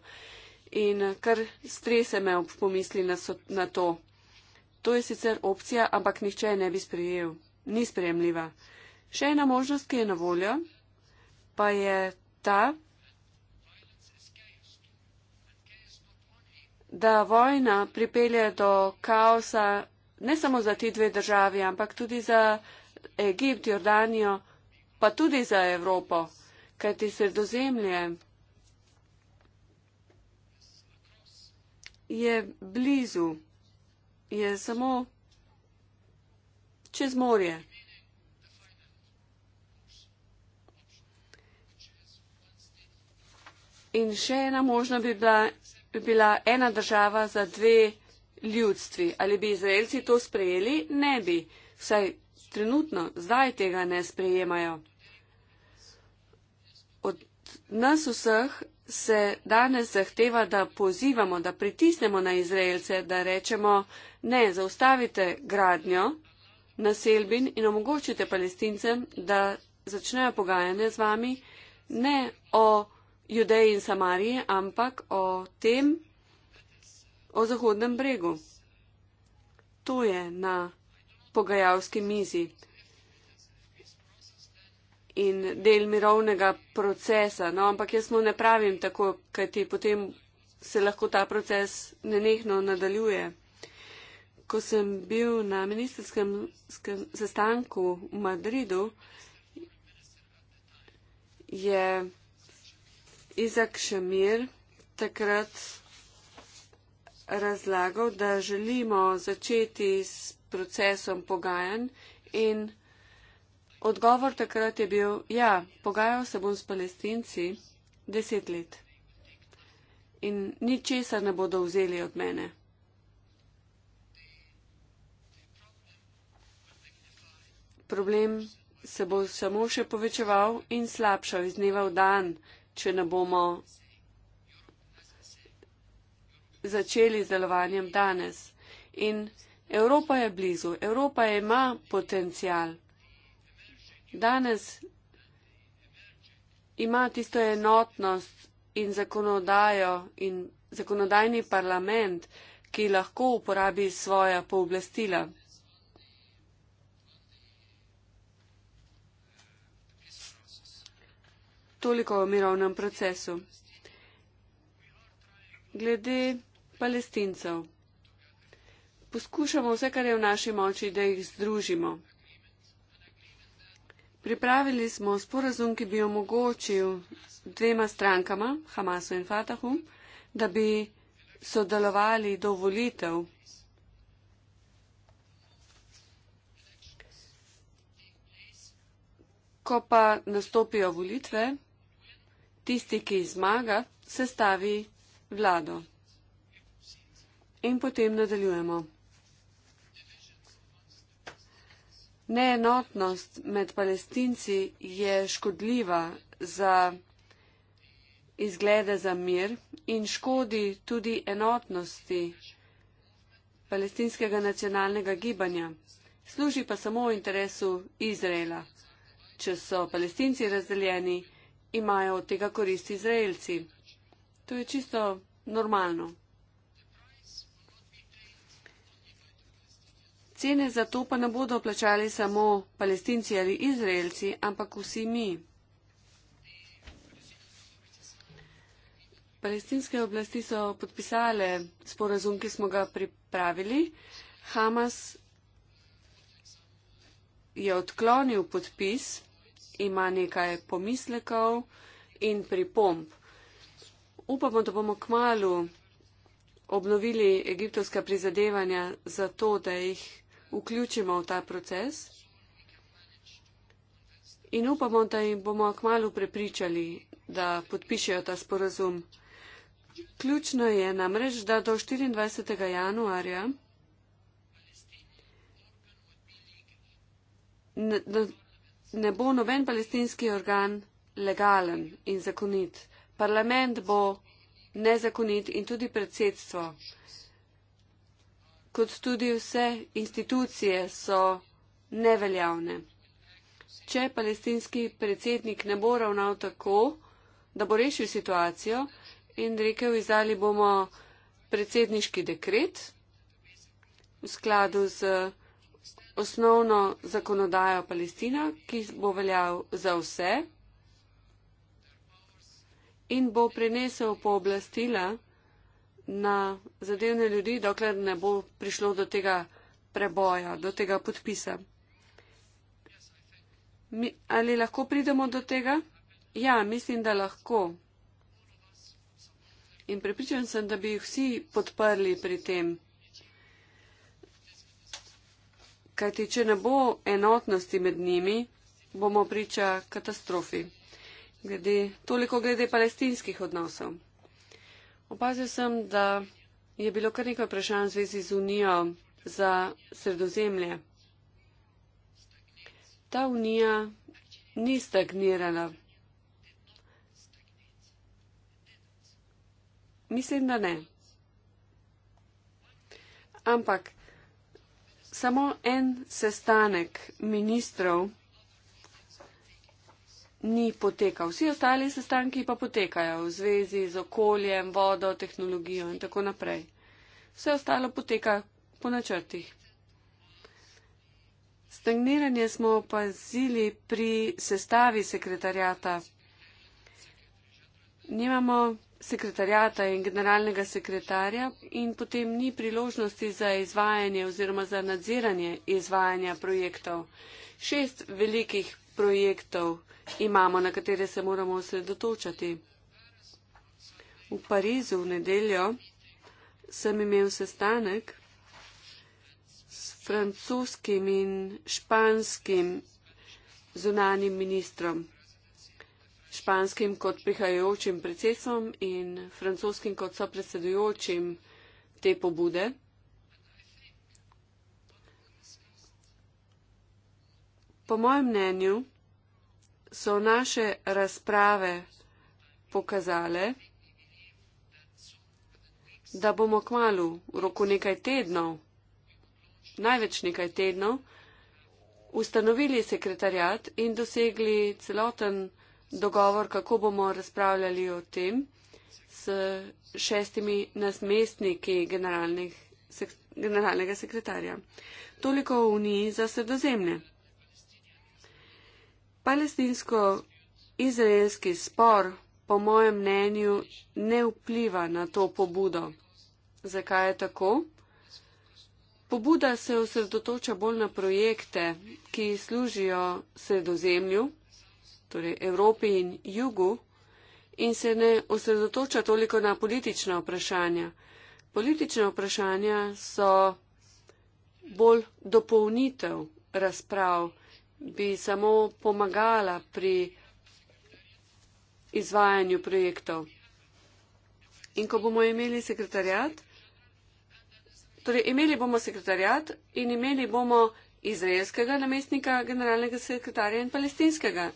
in kar strese me ob pomisli na to. To je sicer opcija, ampak nihče ne bi sprejel ni spremljiva. Še ena možnost, ki je na voljo, pa je ta, da vojna pripelje do kaosa ne samo za ti dve državi, ampak tudi za Egipt, Jordanijo, pa tudi za Evropo, kajti sredozemlje je blizu, je samo čez morje. In še ena možna bi bila, bi bila ena država za dve ljudstvi. Ali bi Izraelci to sprejeli? Ne bi. Vsaj trenutno, zdaj tega ne sprejemajo. Od nas vseh se danes zahteva, da pozivamo, da pritisnemo na Izraelce, da rečemo ne, zaustavite gradnjo naselbin in omogočite palestincem, da začnejo pogajanje z vami ne o Judeji in Samariji, ampak o tem, o Zahodnem bregu. To je na pogajalski mizi. In del mirovnega procesa. No, ampak jaz mu ne pravim tako, kajti potem se lahko ta proces nenehno nadaljuje ko sem bil na ministerskem sestanku v Madridu, je Izak Šemir takrat razlagal, da želimo začeti s procesom pogajanj in odgovor takrat je bil, ja, pogajal se bom s palestinci deset let in ničesar ne bodo vzeli od mene. problem se bo samo še povečeval in slabšal iz dneva v dan, če ne bomo začeli z delovanjem danes. In Evropa je blizu, Evropa ima potencial. Danes ima tisto enotnost in zakonodajo in zakonodajni parlament, ki lahko uporabi svoja pooblastila. Toliko o mirovnem procesu. Glede palestincev. Poskušamo vse, kar je v naši moči, da jih združimo. Pripravili smo sporazum, ki bi omogočil dvema strankama, Hamasu in Fatahu, da bi sodelovali do volitev. Ko pa nastopijo volitve, tisti, ki zmaga, sestavi vlado. In potem nadaljujemo. Neenotnost med palestinci je škodljiva za izglede za mir in škodi tudi enotnosti palestinskega nacionalnega gibanja. Služi pa samo v interesu Izraela. Če so palestinci razdeljeni, imajo od tega koristi Izraelci. To je čisto normalno. Cene za to pa ne bodo plačali samo palestinci ali Izraelci, ampak vsi mi. Palestinske oblasti so podpisale sporazum, ki smo ga pripravili. Hamas je odklonil podpis ima nekaj pomislekov in pripomb. Upamo, da bomo kmalo obnovili egiptovska prizadevanja za to, da jih vključimo v ta proces. In upamo, da jim bomo kmalo prepričali, da podpišejo ta sporazum. Ključno je namreč, da do 24. januarja ne bo noben palestinski organ legalen in zakonit. Parlament bo nezakonit in tudi predsedstvo, kot tudi vse institucije so neveljavne. Če palestinski predsednik ne bo ravnal tako, da bo rešil situacijo in rekel, izdali bomo predsedniški dekret v skladu z osnovno zakonodajo Palestina, ki bo veljal za vse in bo prinesel pooblastila na zadevne ljudi, dokler ne bo prišlo do tega preboja, do tega podpisa. Mi, ali lahko pridemo do tega? Ja, mislim, da lahko. In prepričan sem, da bi jih vsi podprli pri tem. kajti če ne bo enotnosti med njimi, bomo priča katastrofi. Glede, toliko glede palestinskih odnosov. Opazil sem, da je bilo kar nekaj vprašanj v zvezi z Unijo za sredozemlje. Ta Unija ni stagnirala. Mislim, da ne. Ampak samo en sestanek ministrov ni potekal. Vsi ostali sestanki pa potekajo v zvezi z okoljem, vodo, tehnologijo in tako naprej. Vse ostalo poteka po načrtih. Stagniranje smo opazili pri sestavi sekretarjata. Nimamo sekretarjata in generalnega sekretarja in potem ni priložnosti za izvajanje oziroma za nadziranje izvajanja projektov. Šest velikih projektov imamo, na katere se moramo osredotočati. V Parizu v nedeljo sem imel sestanek s francoskim in španskim zunanim ministrom španskim kot prihajajočim predsedstvom in francoskim kot sopredsedujočim te pobude. Po mojem mnenju so naše razprave pokazale, da bomo k malu v roku nekaj tednov, največ nekaj tednov, ustanovili sekretarjat in dosegli celoten dogovor, kako bomo razpravljali o tem s šestimi nasmestniki generalnih, sek, generalnega sekretarja. Toliko v Uniji za sredozemlje. Palestinsko-izraelski spor, po mojem mnenju, ne vpliva na to pobudo. Zakaj je tako? Pobuda se osredotoča bolj na projekte, ki služijo sredozemlju, torej Evropi in jugu, in se ne osredotoča toliko na politična vprašanja. Politična vprašanja so bolj dopolnitev razprav, bi samo pomagala pri izvajanju projektov. In ko bomo imeli sekretarjat, torej imeli bomo sekretarjat in imeli bomo izraelskega namestnika generalnega sekretarja in palestinskega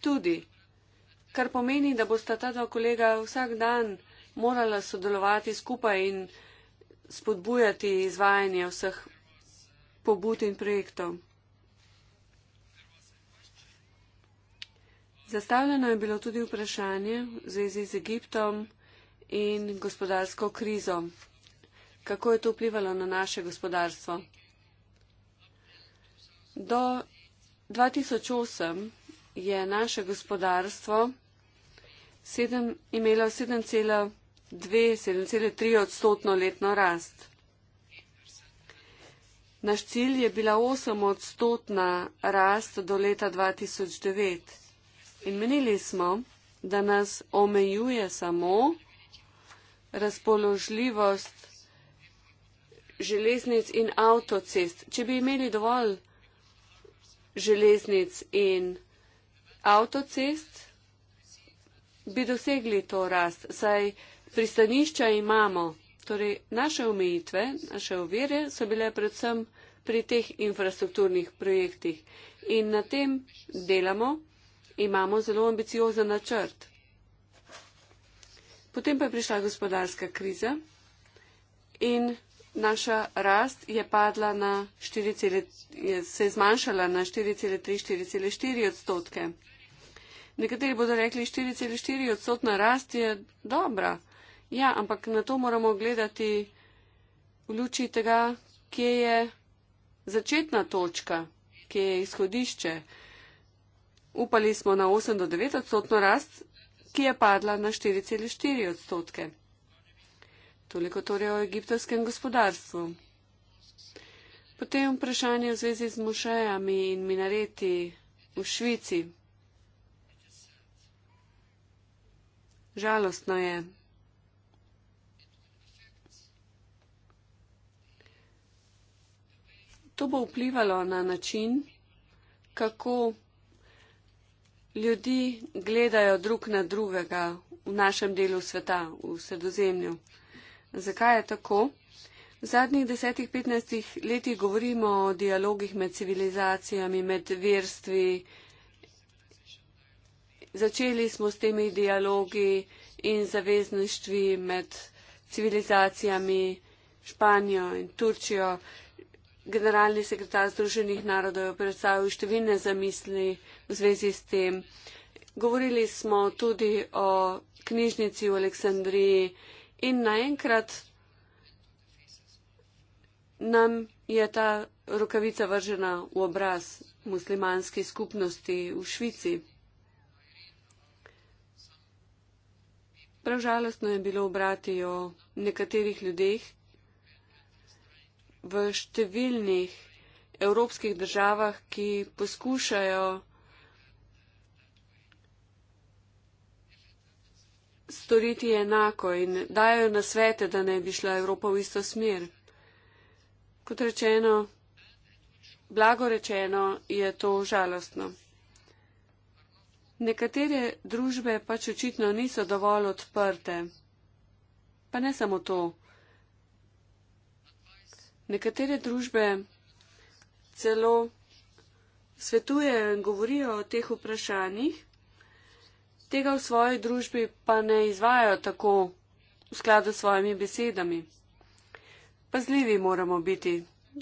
tudi, kar pomeni, da bosta ta dva kolega vsak dan morala sodelovati skupaj in spodbujati izvajanje vseh pobud in projektov. Zastavljeno je bilo tudi vprašanje v zvezi z Egiptom in gospodarsko krizo. Kako je to vplivalo na naše gospodarstvo? Do 2008 je naše gospodarstvo sedem, imelo 7,2-7,3 odstotno letno rast. Naš cilj je bila 8 odstotna rast do leta 2009. In menili smo, da nas omejuje samo razpoložljivost železnic in avtocest. Če bi imeli dovolj železnic in avtocest, avtocest, bi dosegli to rast, saj pristanišča imamo. Torej, naše omejitve, naše ovire so bile predvsem pri teh infrastrukturnih projektih. In na tem delamo, imamo zelo ambiciozen načrt. Potem pa je prišla gospodarska kriza in naša rast je padla na 4, je, se je zmanjšala na 4,3-4,4 odstotke. Nekateri bodo rekli, 4,4 odstotna rast je dobra. Ja, ampak na to moramo gledati v luči tega, kje je začetna točka, kje je izhodišče. Upali smo na 8 do 9 odstotno rast, ki je padla na 4,4 odstotke. Toliko torej o egiptovskem gospodarstvu. Potem vprašanje v zvezi z mošejami in minareti v Švici. Žalostno je. To bo vplivalo na način, kako ljudi gledajo drug na drugega v našem delu sveta, v sredozemlju. Zakaj je tako? V zadnjih desetih, petnajstih letih govorimo o dialogih med civilizacijami, med verstvi, Začeli smo s temi dialogi in zavezništvi med civilizacijami Španijo in Turčijo. Generalni sekretar Združenih narodov je predstavil številne zamisli v zvezi s tem. Govorili smo tudi o knjižnici v Aleksandriji in naenkrat nam je ta rokavica vržena v obraz muslimanski skupnosti v Švici. Prav žalostno je bilo obrati o nekaterih ljudeh v številnih evropskih državah, ki poskušajo storiti enako in dajo na svete, da ne bi šla Evropa v isto smer. Kot rečeno, blago rečeno, je to žalostno. Nekatere družbe pač očitno niso dovolj odprte. Pa ne samo to. Nekatere družbe celo svetujejo in govorijo o teh vprašanjih, tega v svoji družbi pa ne izvajo tako v skladu s svojimi besedami. Pazljivi moramo biti,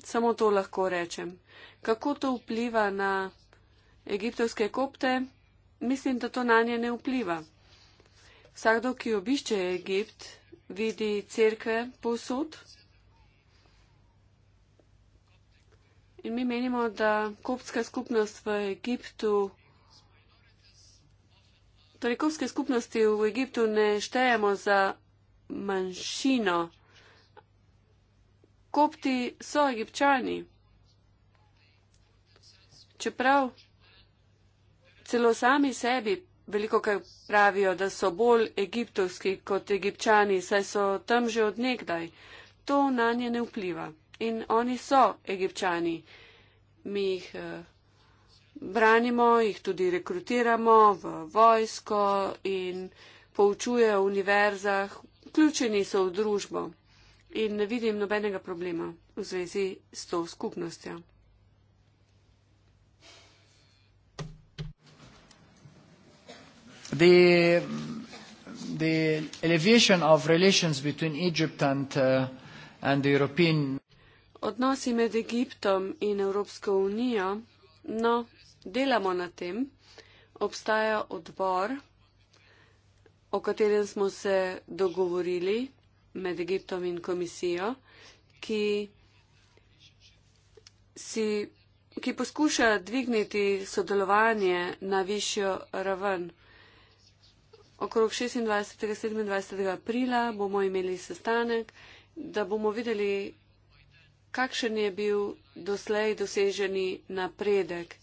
samo to lahko rečem. Kako to vpliva na egiptovske kopte? mislim, da to na nje ne vpliva. Vsakdo, ki obišče Egipt, vidi crkve povsod. In mi menimo, da kopska skupnost v Egiptu, torej kopske skupnosti v Egiptu ne štejemo za manjšino. Kopti so egipčani. Čeprav Celo sami sebi veliko kaj pravijo, da so bolj egiptovski kot egipčani, saj so tam že odnegdaj. To na nje ne vpliva. In oni so egipčani. Mi jih eh, branimo, jih tudi rekrutiramo v vojsko in poučujejo v univerzah, vključeni so v družbo. In ne vidim nobenega problema v zvezi s to skupnostjo. the the elevation of relations between Egypt and uh, and the European Odnosi med Egiptom in Evropsko unijo, no, delamo na tem. Obstaja odbor, o katerem smo se dogovorili med Egiptom in komisijo, ki, si, ki poskuša dvigniti sodelovanje na višjo raven okrog 26. in 27. aprila bomo imeli sestanek, da bomo videli, kakšen je bil doslej doseženi napredek.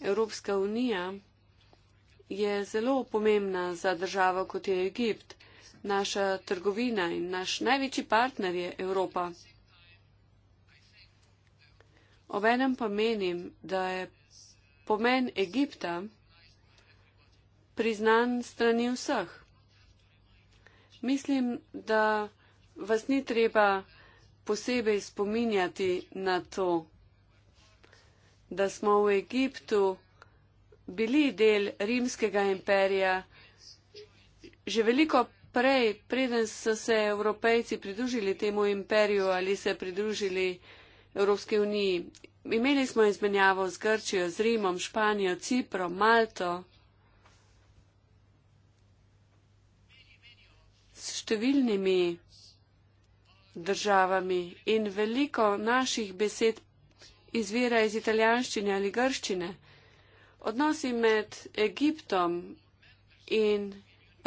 Evropska unija je zelo pomembna za državo, kot je Egipt. Naša trgovina in naš največji partner je Evropa. Ovenem pa menim, da je pomen Egipta, priznan strani vseh. Mislim, da vas ni treba posebej spominjati na to, da smo v Egiptu bili del rimskega imperija že veliko prej, preden so se evropejci pridružili temu imperiju ali se pridružili Evropske unije. Imeli smo izmenjavo z Grčijo, z Rimom, Španijo, Ciprom, Malto. s številnimi državami in veliko naših besed izvira iz italijanščine ali grščine. Odnosi med Egiptom in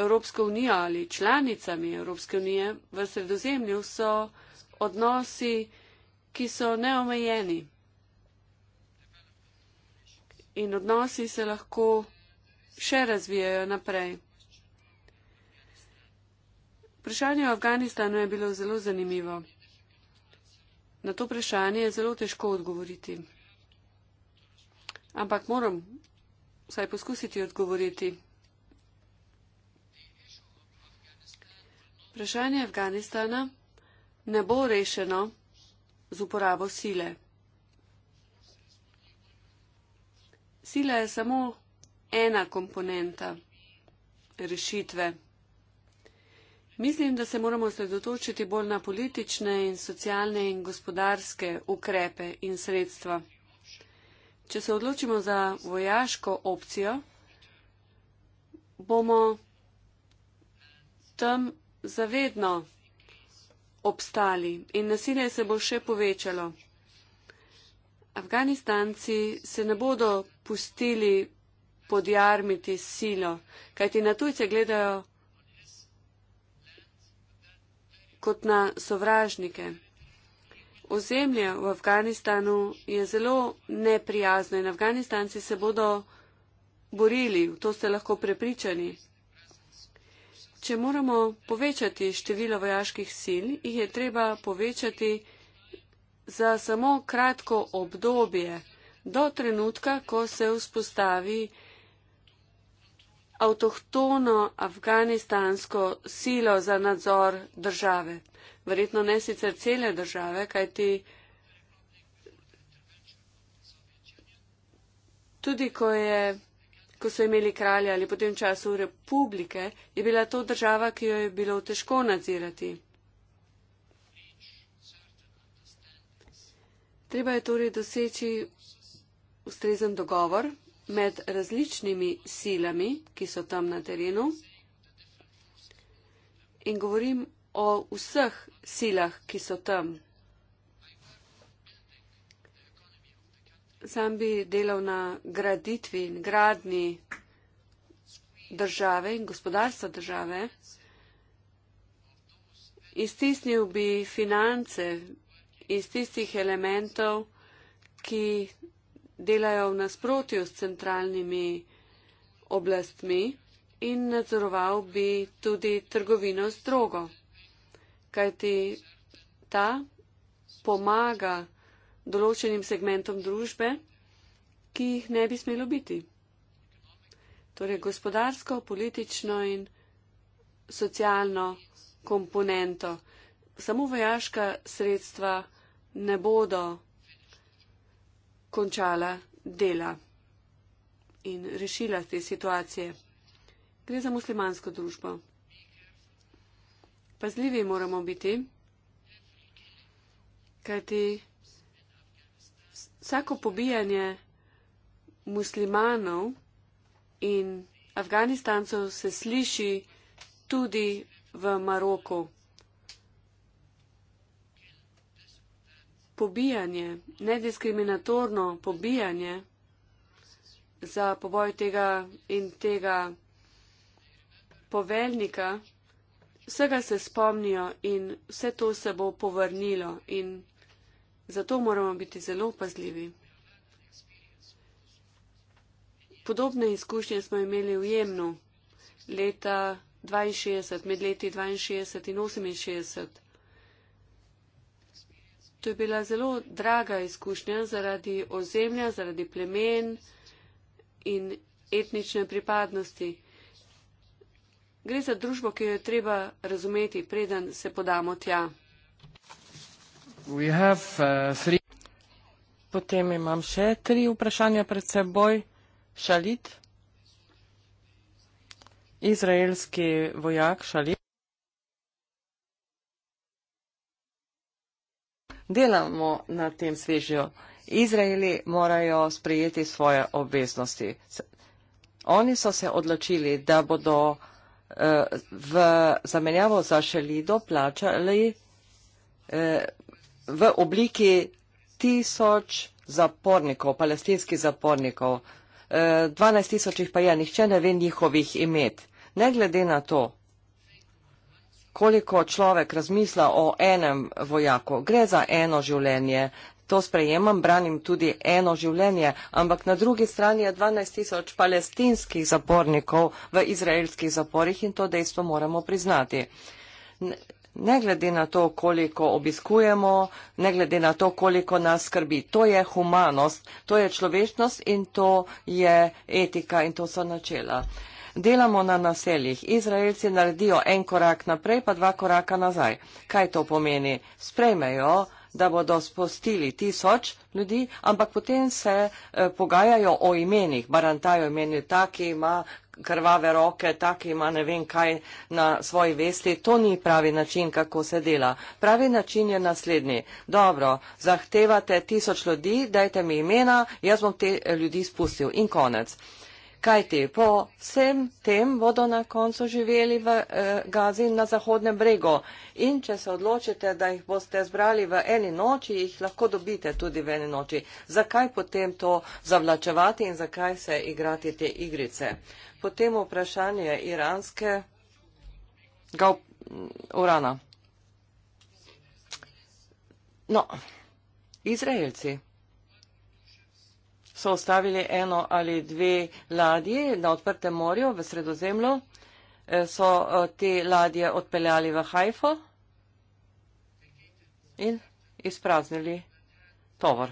Evropsko unijo ali članicami Evropske unije v sredozemlju so odnosi, ki so neomejeni. In odnosi se lahko še razvijajo naprej. Vprašanje o Afganistanu je bilo zelo zanimivo. Na to vprašanje je zelo težko odgovoriti. Ampak moram vsaj poskusiti odgovoriti. Vprašanje Afganistana ne bo rešeno z uporabo sile. Sila je samo ena komponenta rešitve. Mislim, da se moramo sredotočiti bolj na politične in socialne in gospodarske ukrepe in sredstva. Če se odločimo za vojaško opcijo, bomo tam zavedno obstali in nasilje se bo še povečalo. Afganistanci se ne bodo pustili podjarmiti silo, kajti na tujce gledajo kot na sovražnike. Ozemlje v Afganistanu je zelo neprijazno in Afganistanci se bodo borili, v to ste lahko prepričani. Če moramo povečati število vojaških sil, jih je treba povečati za samo kratko obdobje, do trenutka, ko se vzpostavi avtohtono afganistansko silo za nadzor države. Verjetno ne sicer cele države, kajti tudi ko, je, ko so imeli kralje ali potem času republike, je bila to država, ki jo je bilo težko nadzirati. Treba je torej doseči ustrezen dogovor med različnimi silami, ki so tam na terenu. In govorim o vseh silah, ki so tam. Sam bi delal na graditvi in gradni države in gospodarstva države. Istisnil bi finance iz tistih elementov, ki delajo v nasprotju s centralnimi oblastmi in nadzoroval bi tudi trgovino z drogo, kajti ta pomaga določenim segmentom družbe, ki jih ne bi smelo biti. Torej gospodarsko, politično in socialno komponento. Samo vojaška sredstva ne bodo končala dela in rešila te situacije. Gre za muslimansko družbo. Pazljivi moramo biti, kajti vsako pobijanje muslimanov in afganistancev se sliši tudi v Maroku. pobijanje, nediskriminatorno pobijanje za poboj tega in tega poveljnika, vsega se spomnijo in vse to se bo povrnilo in zato moramo biti zelo pazljivi. Podobne izkušnje smo imeli v Jemnu leta 62, med leti 62 in 68. To je bila zelo draga izkušnja zaradi ozemlja, zaradi plemen in etnične pripadnosti. Gre za družbo, ki jo je treba razumeti, preden se podamo tja. Uh, Potem imam še tri vprašanja pred seboj. Šalit. Izraelski vojak Šalit. delamo na tem svežju. Izraeli morajo sprejeti svoje obveznosti. Oni so se odločili, da bodo eh, v zamenjavo za šelido plačali eh, v obliki tisoč zapornikov, palestinskih zapornikov. Eh, 12 tisočih pa je, nihče ne ve njihovih imet. Ne glede na to, koliko človek razmisla o enem vojaku. Gre za eno življenje. To sprejemam, branim tudi eno življenje, ampak na drugi strani je 12 tisoč palestinskih zapornikov v izraelskih zaporih in to dejstvo moramo priznati. Ne glede na to, koliko obiskujemo, ne glede na to, koliko nas skrbi. To je humanost, to je človečnost in to je etika in to so načela. Uh, Delamo na naseljih. Izraelci naredijo en korak naprej, pa dva koraka nazaj. Kaj to pomeni? Sprejmejo, da bodo spustili tisoč ljudi, ampak potem se eh, pogajajo o imenih. Barantajo imeni, ta, ki ima krvave roke, ta, ki ima ne vem kaj na svoji vesti. To ni pravi način, kako se dela. Pravi način je naslednji. Dobro, zahtevate tisoč ljudi, dajte mi imena, jaz bom te eh, ljudi spustil. In konec. Eh, Kaj ti po vsem tem bodo na koncu živeli v eh, Gazi in na Zahodnem bregu? In če se odločite, da jih boste zbrali v eni noči, jih lahko dobite tudi v eni noči. Zakaj potem to zavlačevati in zakaj se igrati te igrice? Potem vprašanje iranske gal, mm, urana. No, Izraelci so ustavili eno ali dve ladje na odprtem morju v sredozemlju, e, so e, te ladje odpeljali v Haifo in izpraznili tovor.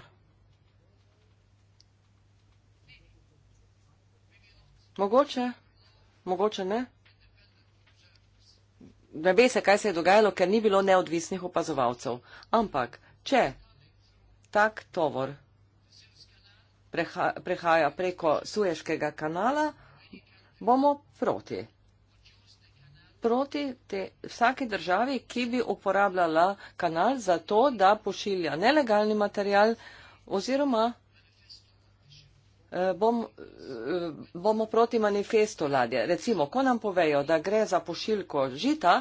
Mogoče, mogoče ne. Ne ve se, kaj se je dogajalo, ker ni bilo neodvisnih opazovalcev. Ampak, če tak tovor preha, prehaja preko Suješkega kanala, bomo proti. Proti te, vsake državi, ki bi uporabljala kanal za to, da pošilja nelegalni material oziroma eh, Bom, eh, bomo proti manifestu ladje. Recimo, ko nam povejo, da gre za pošiljko žita,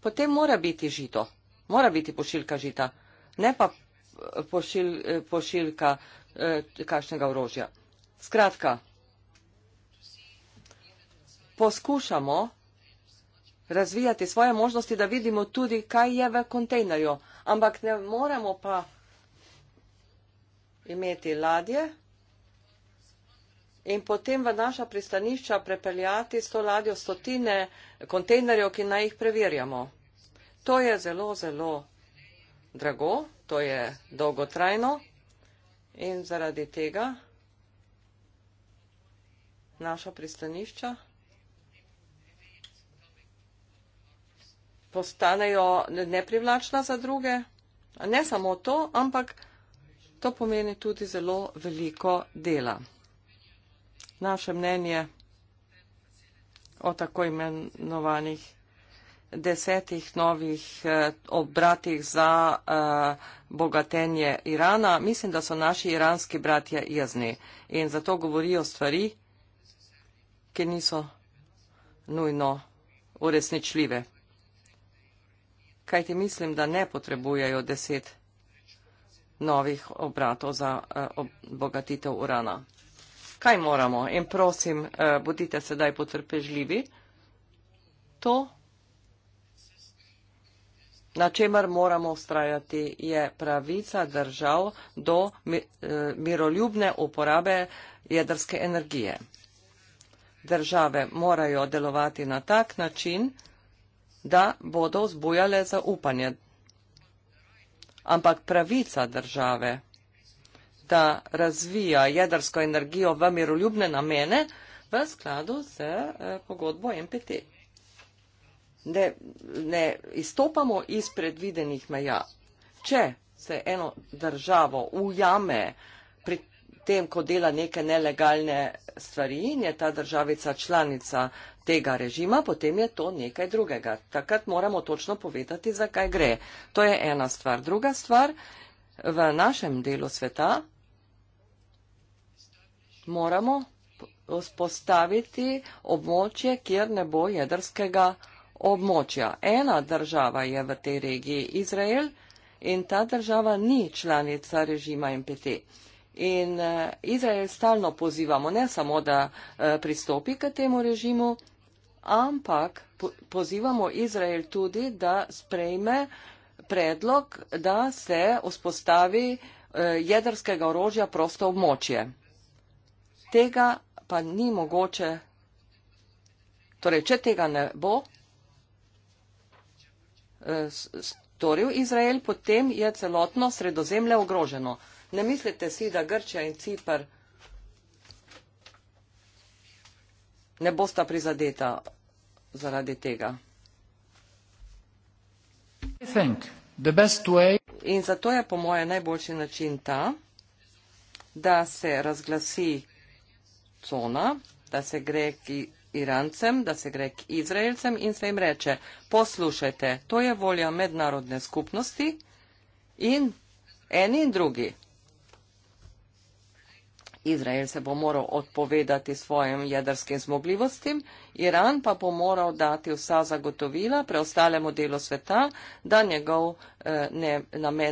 potem mora biti žito. Mora biti pošiljka žita. Ne pa pošil, eh, pošiljka eh, kakšnega orožja. Skratka, poskušamo razvijati svoje možnosti, da vidimo tudi, kaj je v kontejnerju, ampak ne moremo pa imeti ladje in potem v naša pristanišča prepeljati s to ladjo stotine kontejnerjev, ki naj jih preverjamo. To je zelo, zelo drago to je dolgotrajno in zaradi tega naša pristanišča postanejo neprivlačna za druge. Ne samo to, ampak to pomeni tudi zelo veliko dela. Naše mnenje o tako imenovanih desetih novih eh, obratih za eh, bogatenje Irana. Mislim, da so naši iranski bratje jezni in zato govorijo stvari, ki niso nujno uresničljive. Kajti mislim, da ne potrebujejo deset novih obratov za eh, bogatitev Urana. Kaj moramo? In prosim, budite sedaj potrpežljivi. To moramo. Na čemer moramo ustrajati je pravica držav do eh, miroljubne uporabe jedrske energije. Države morajo delovati na tak način, da bodo vzbujale zaupanje. Ampak pravica države, da razvija jedrsko energijo v miroljubne namene, v skladu z eh, pogodbo MPT ne, ne izstopamo iz predvidenih meja. Če se eno državo ujame pri tem, ko dela neke nelegalne stvari in je ta državica članica tega režima, potem je to nekaj drugega. Takrat moramo točno povedati, zakaj gre. To je ena stvar. Druga stvar, v našem delu sveta moramo vzpostaviti območje, kjer ne bo jedrskega območja. Ena država je v tej regiji Izrael in ta država ni članica režima MPT. In eh, Izrael stalno pozivamo ne samo, da eh, pristopi k temu režimu, ampak pozivamo Izrael tudi, da sprejme predlog, da se vzpostavi eh, jedrskega orožja prosto območje. Tega pa ni mogoče, torej, če tega ne bo, Eh, storil Izrael, potem je celotno sredozemlje ogroženo. Ne mislite si, da Grčija in Cipr ne bosta prizadeta zaradi tega. In zato je po moje najboljši način ta, da se razglasi cona, da se gre, ki Irancem, da se gre k Izraelcem in se jim reče, poslušajte, to je volja mednarodne skupnosti in eni in drugi. Izrael se bo moral odpovedati svojim jedrskim zmogljivostim, Iran pa bo moral dati vsa zagotovila preostalemu delu sveta, da njegov eh, ne, namen.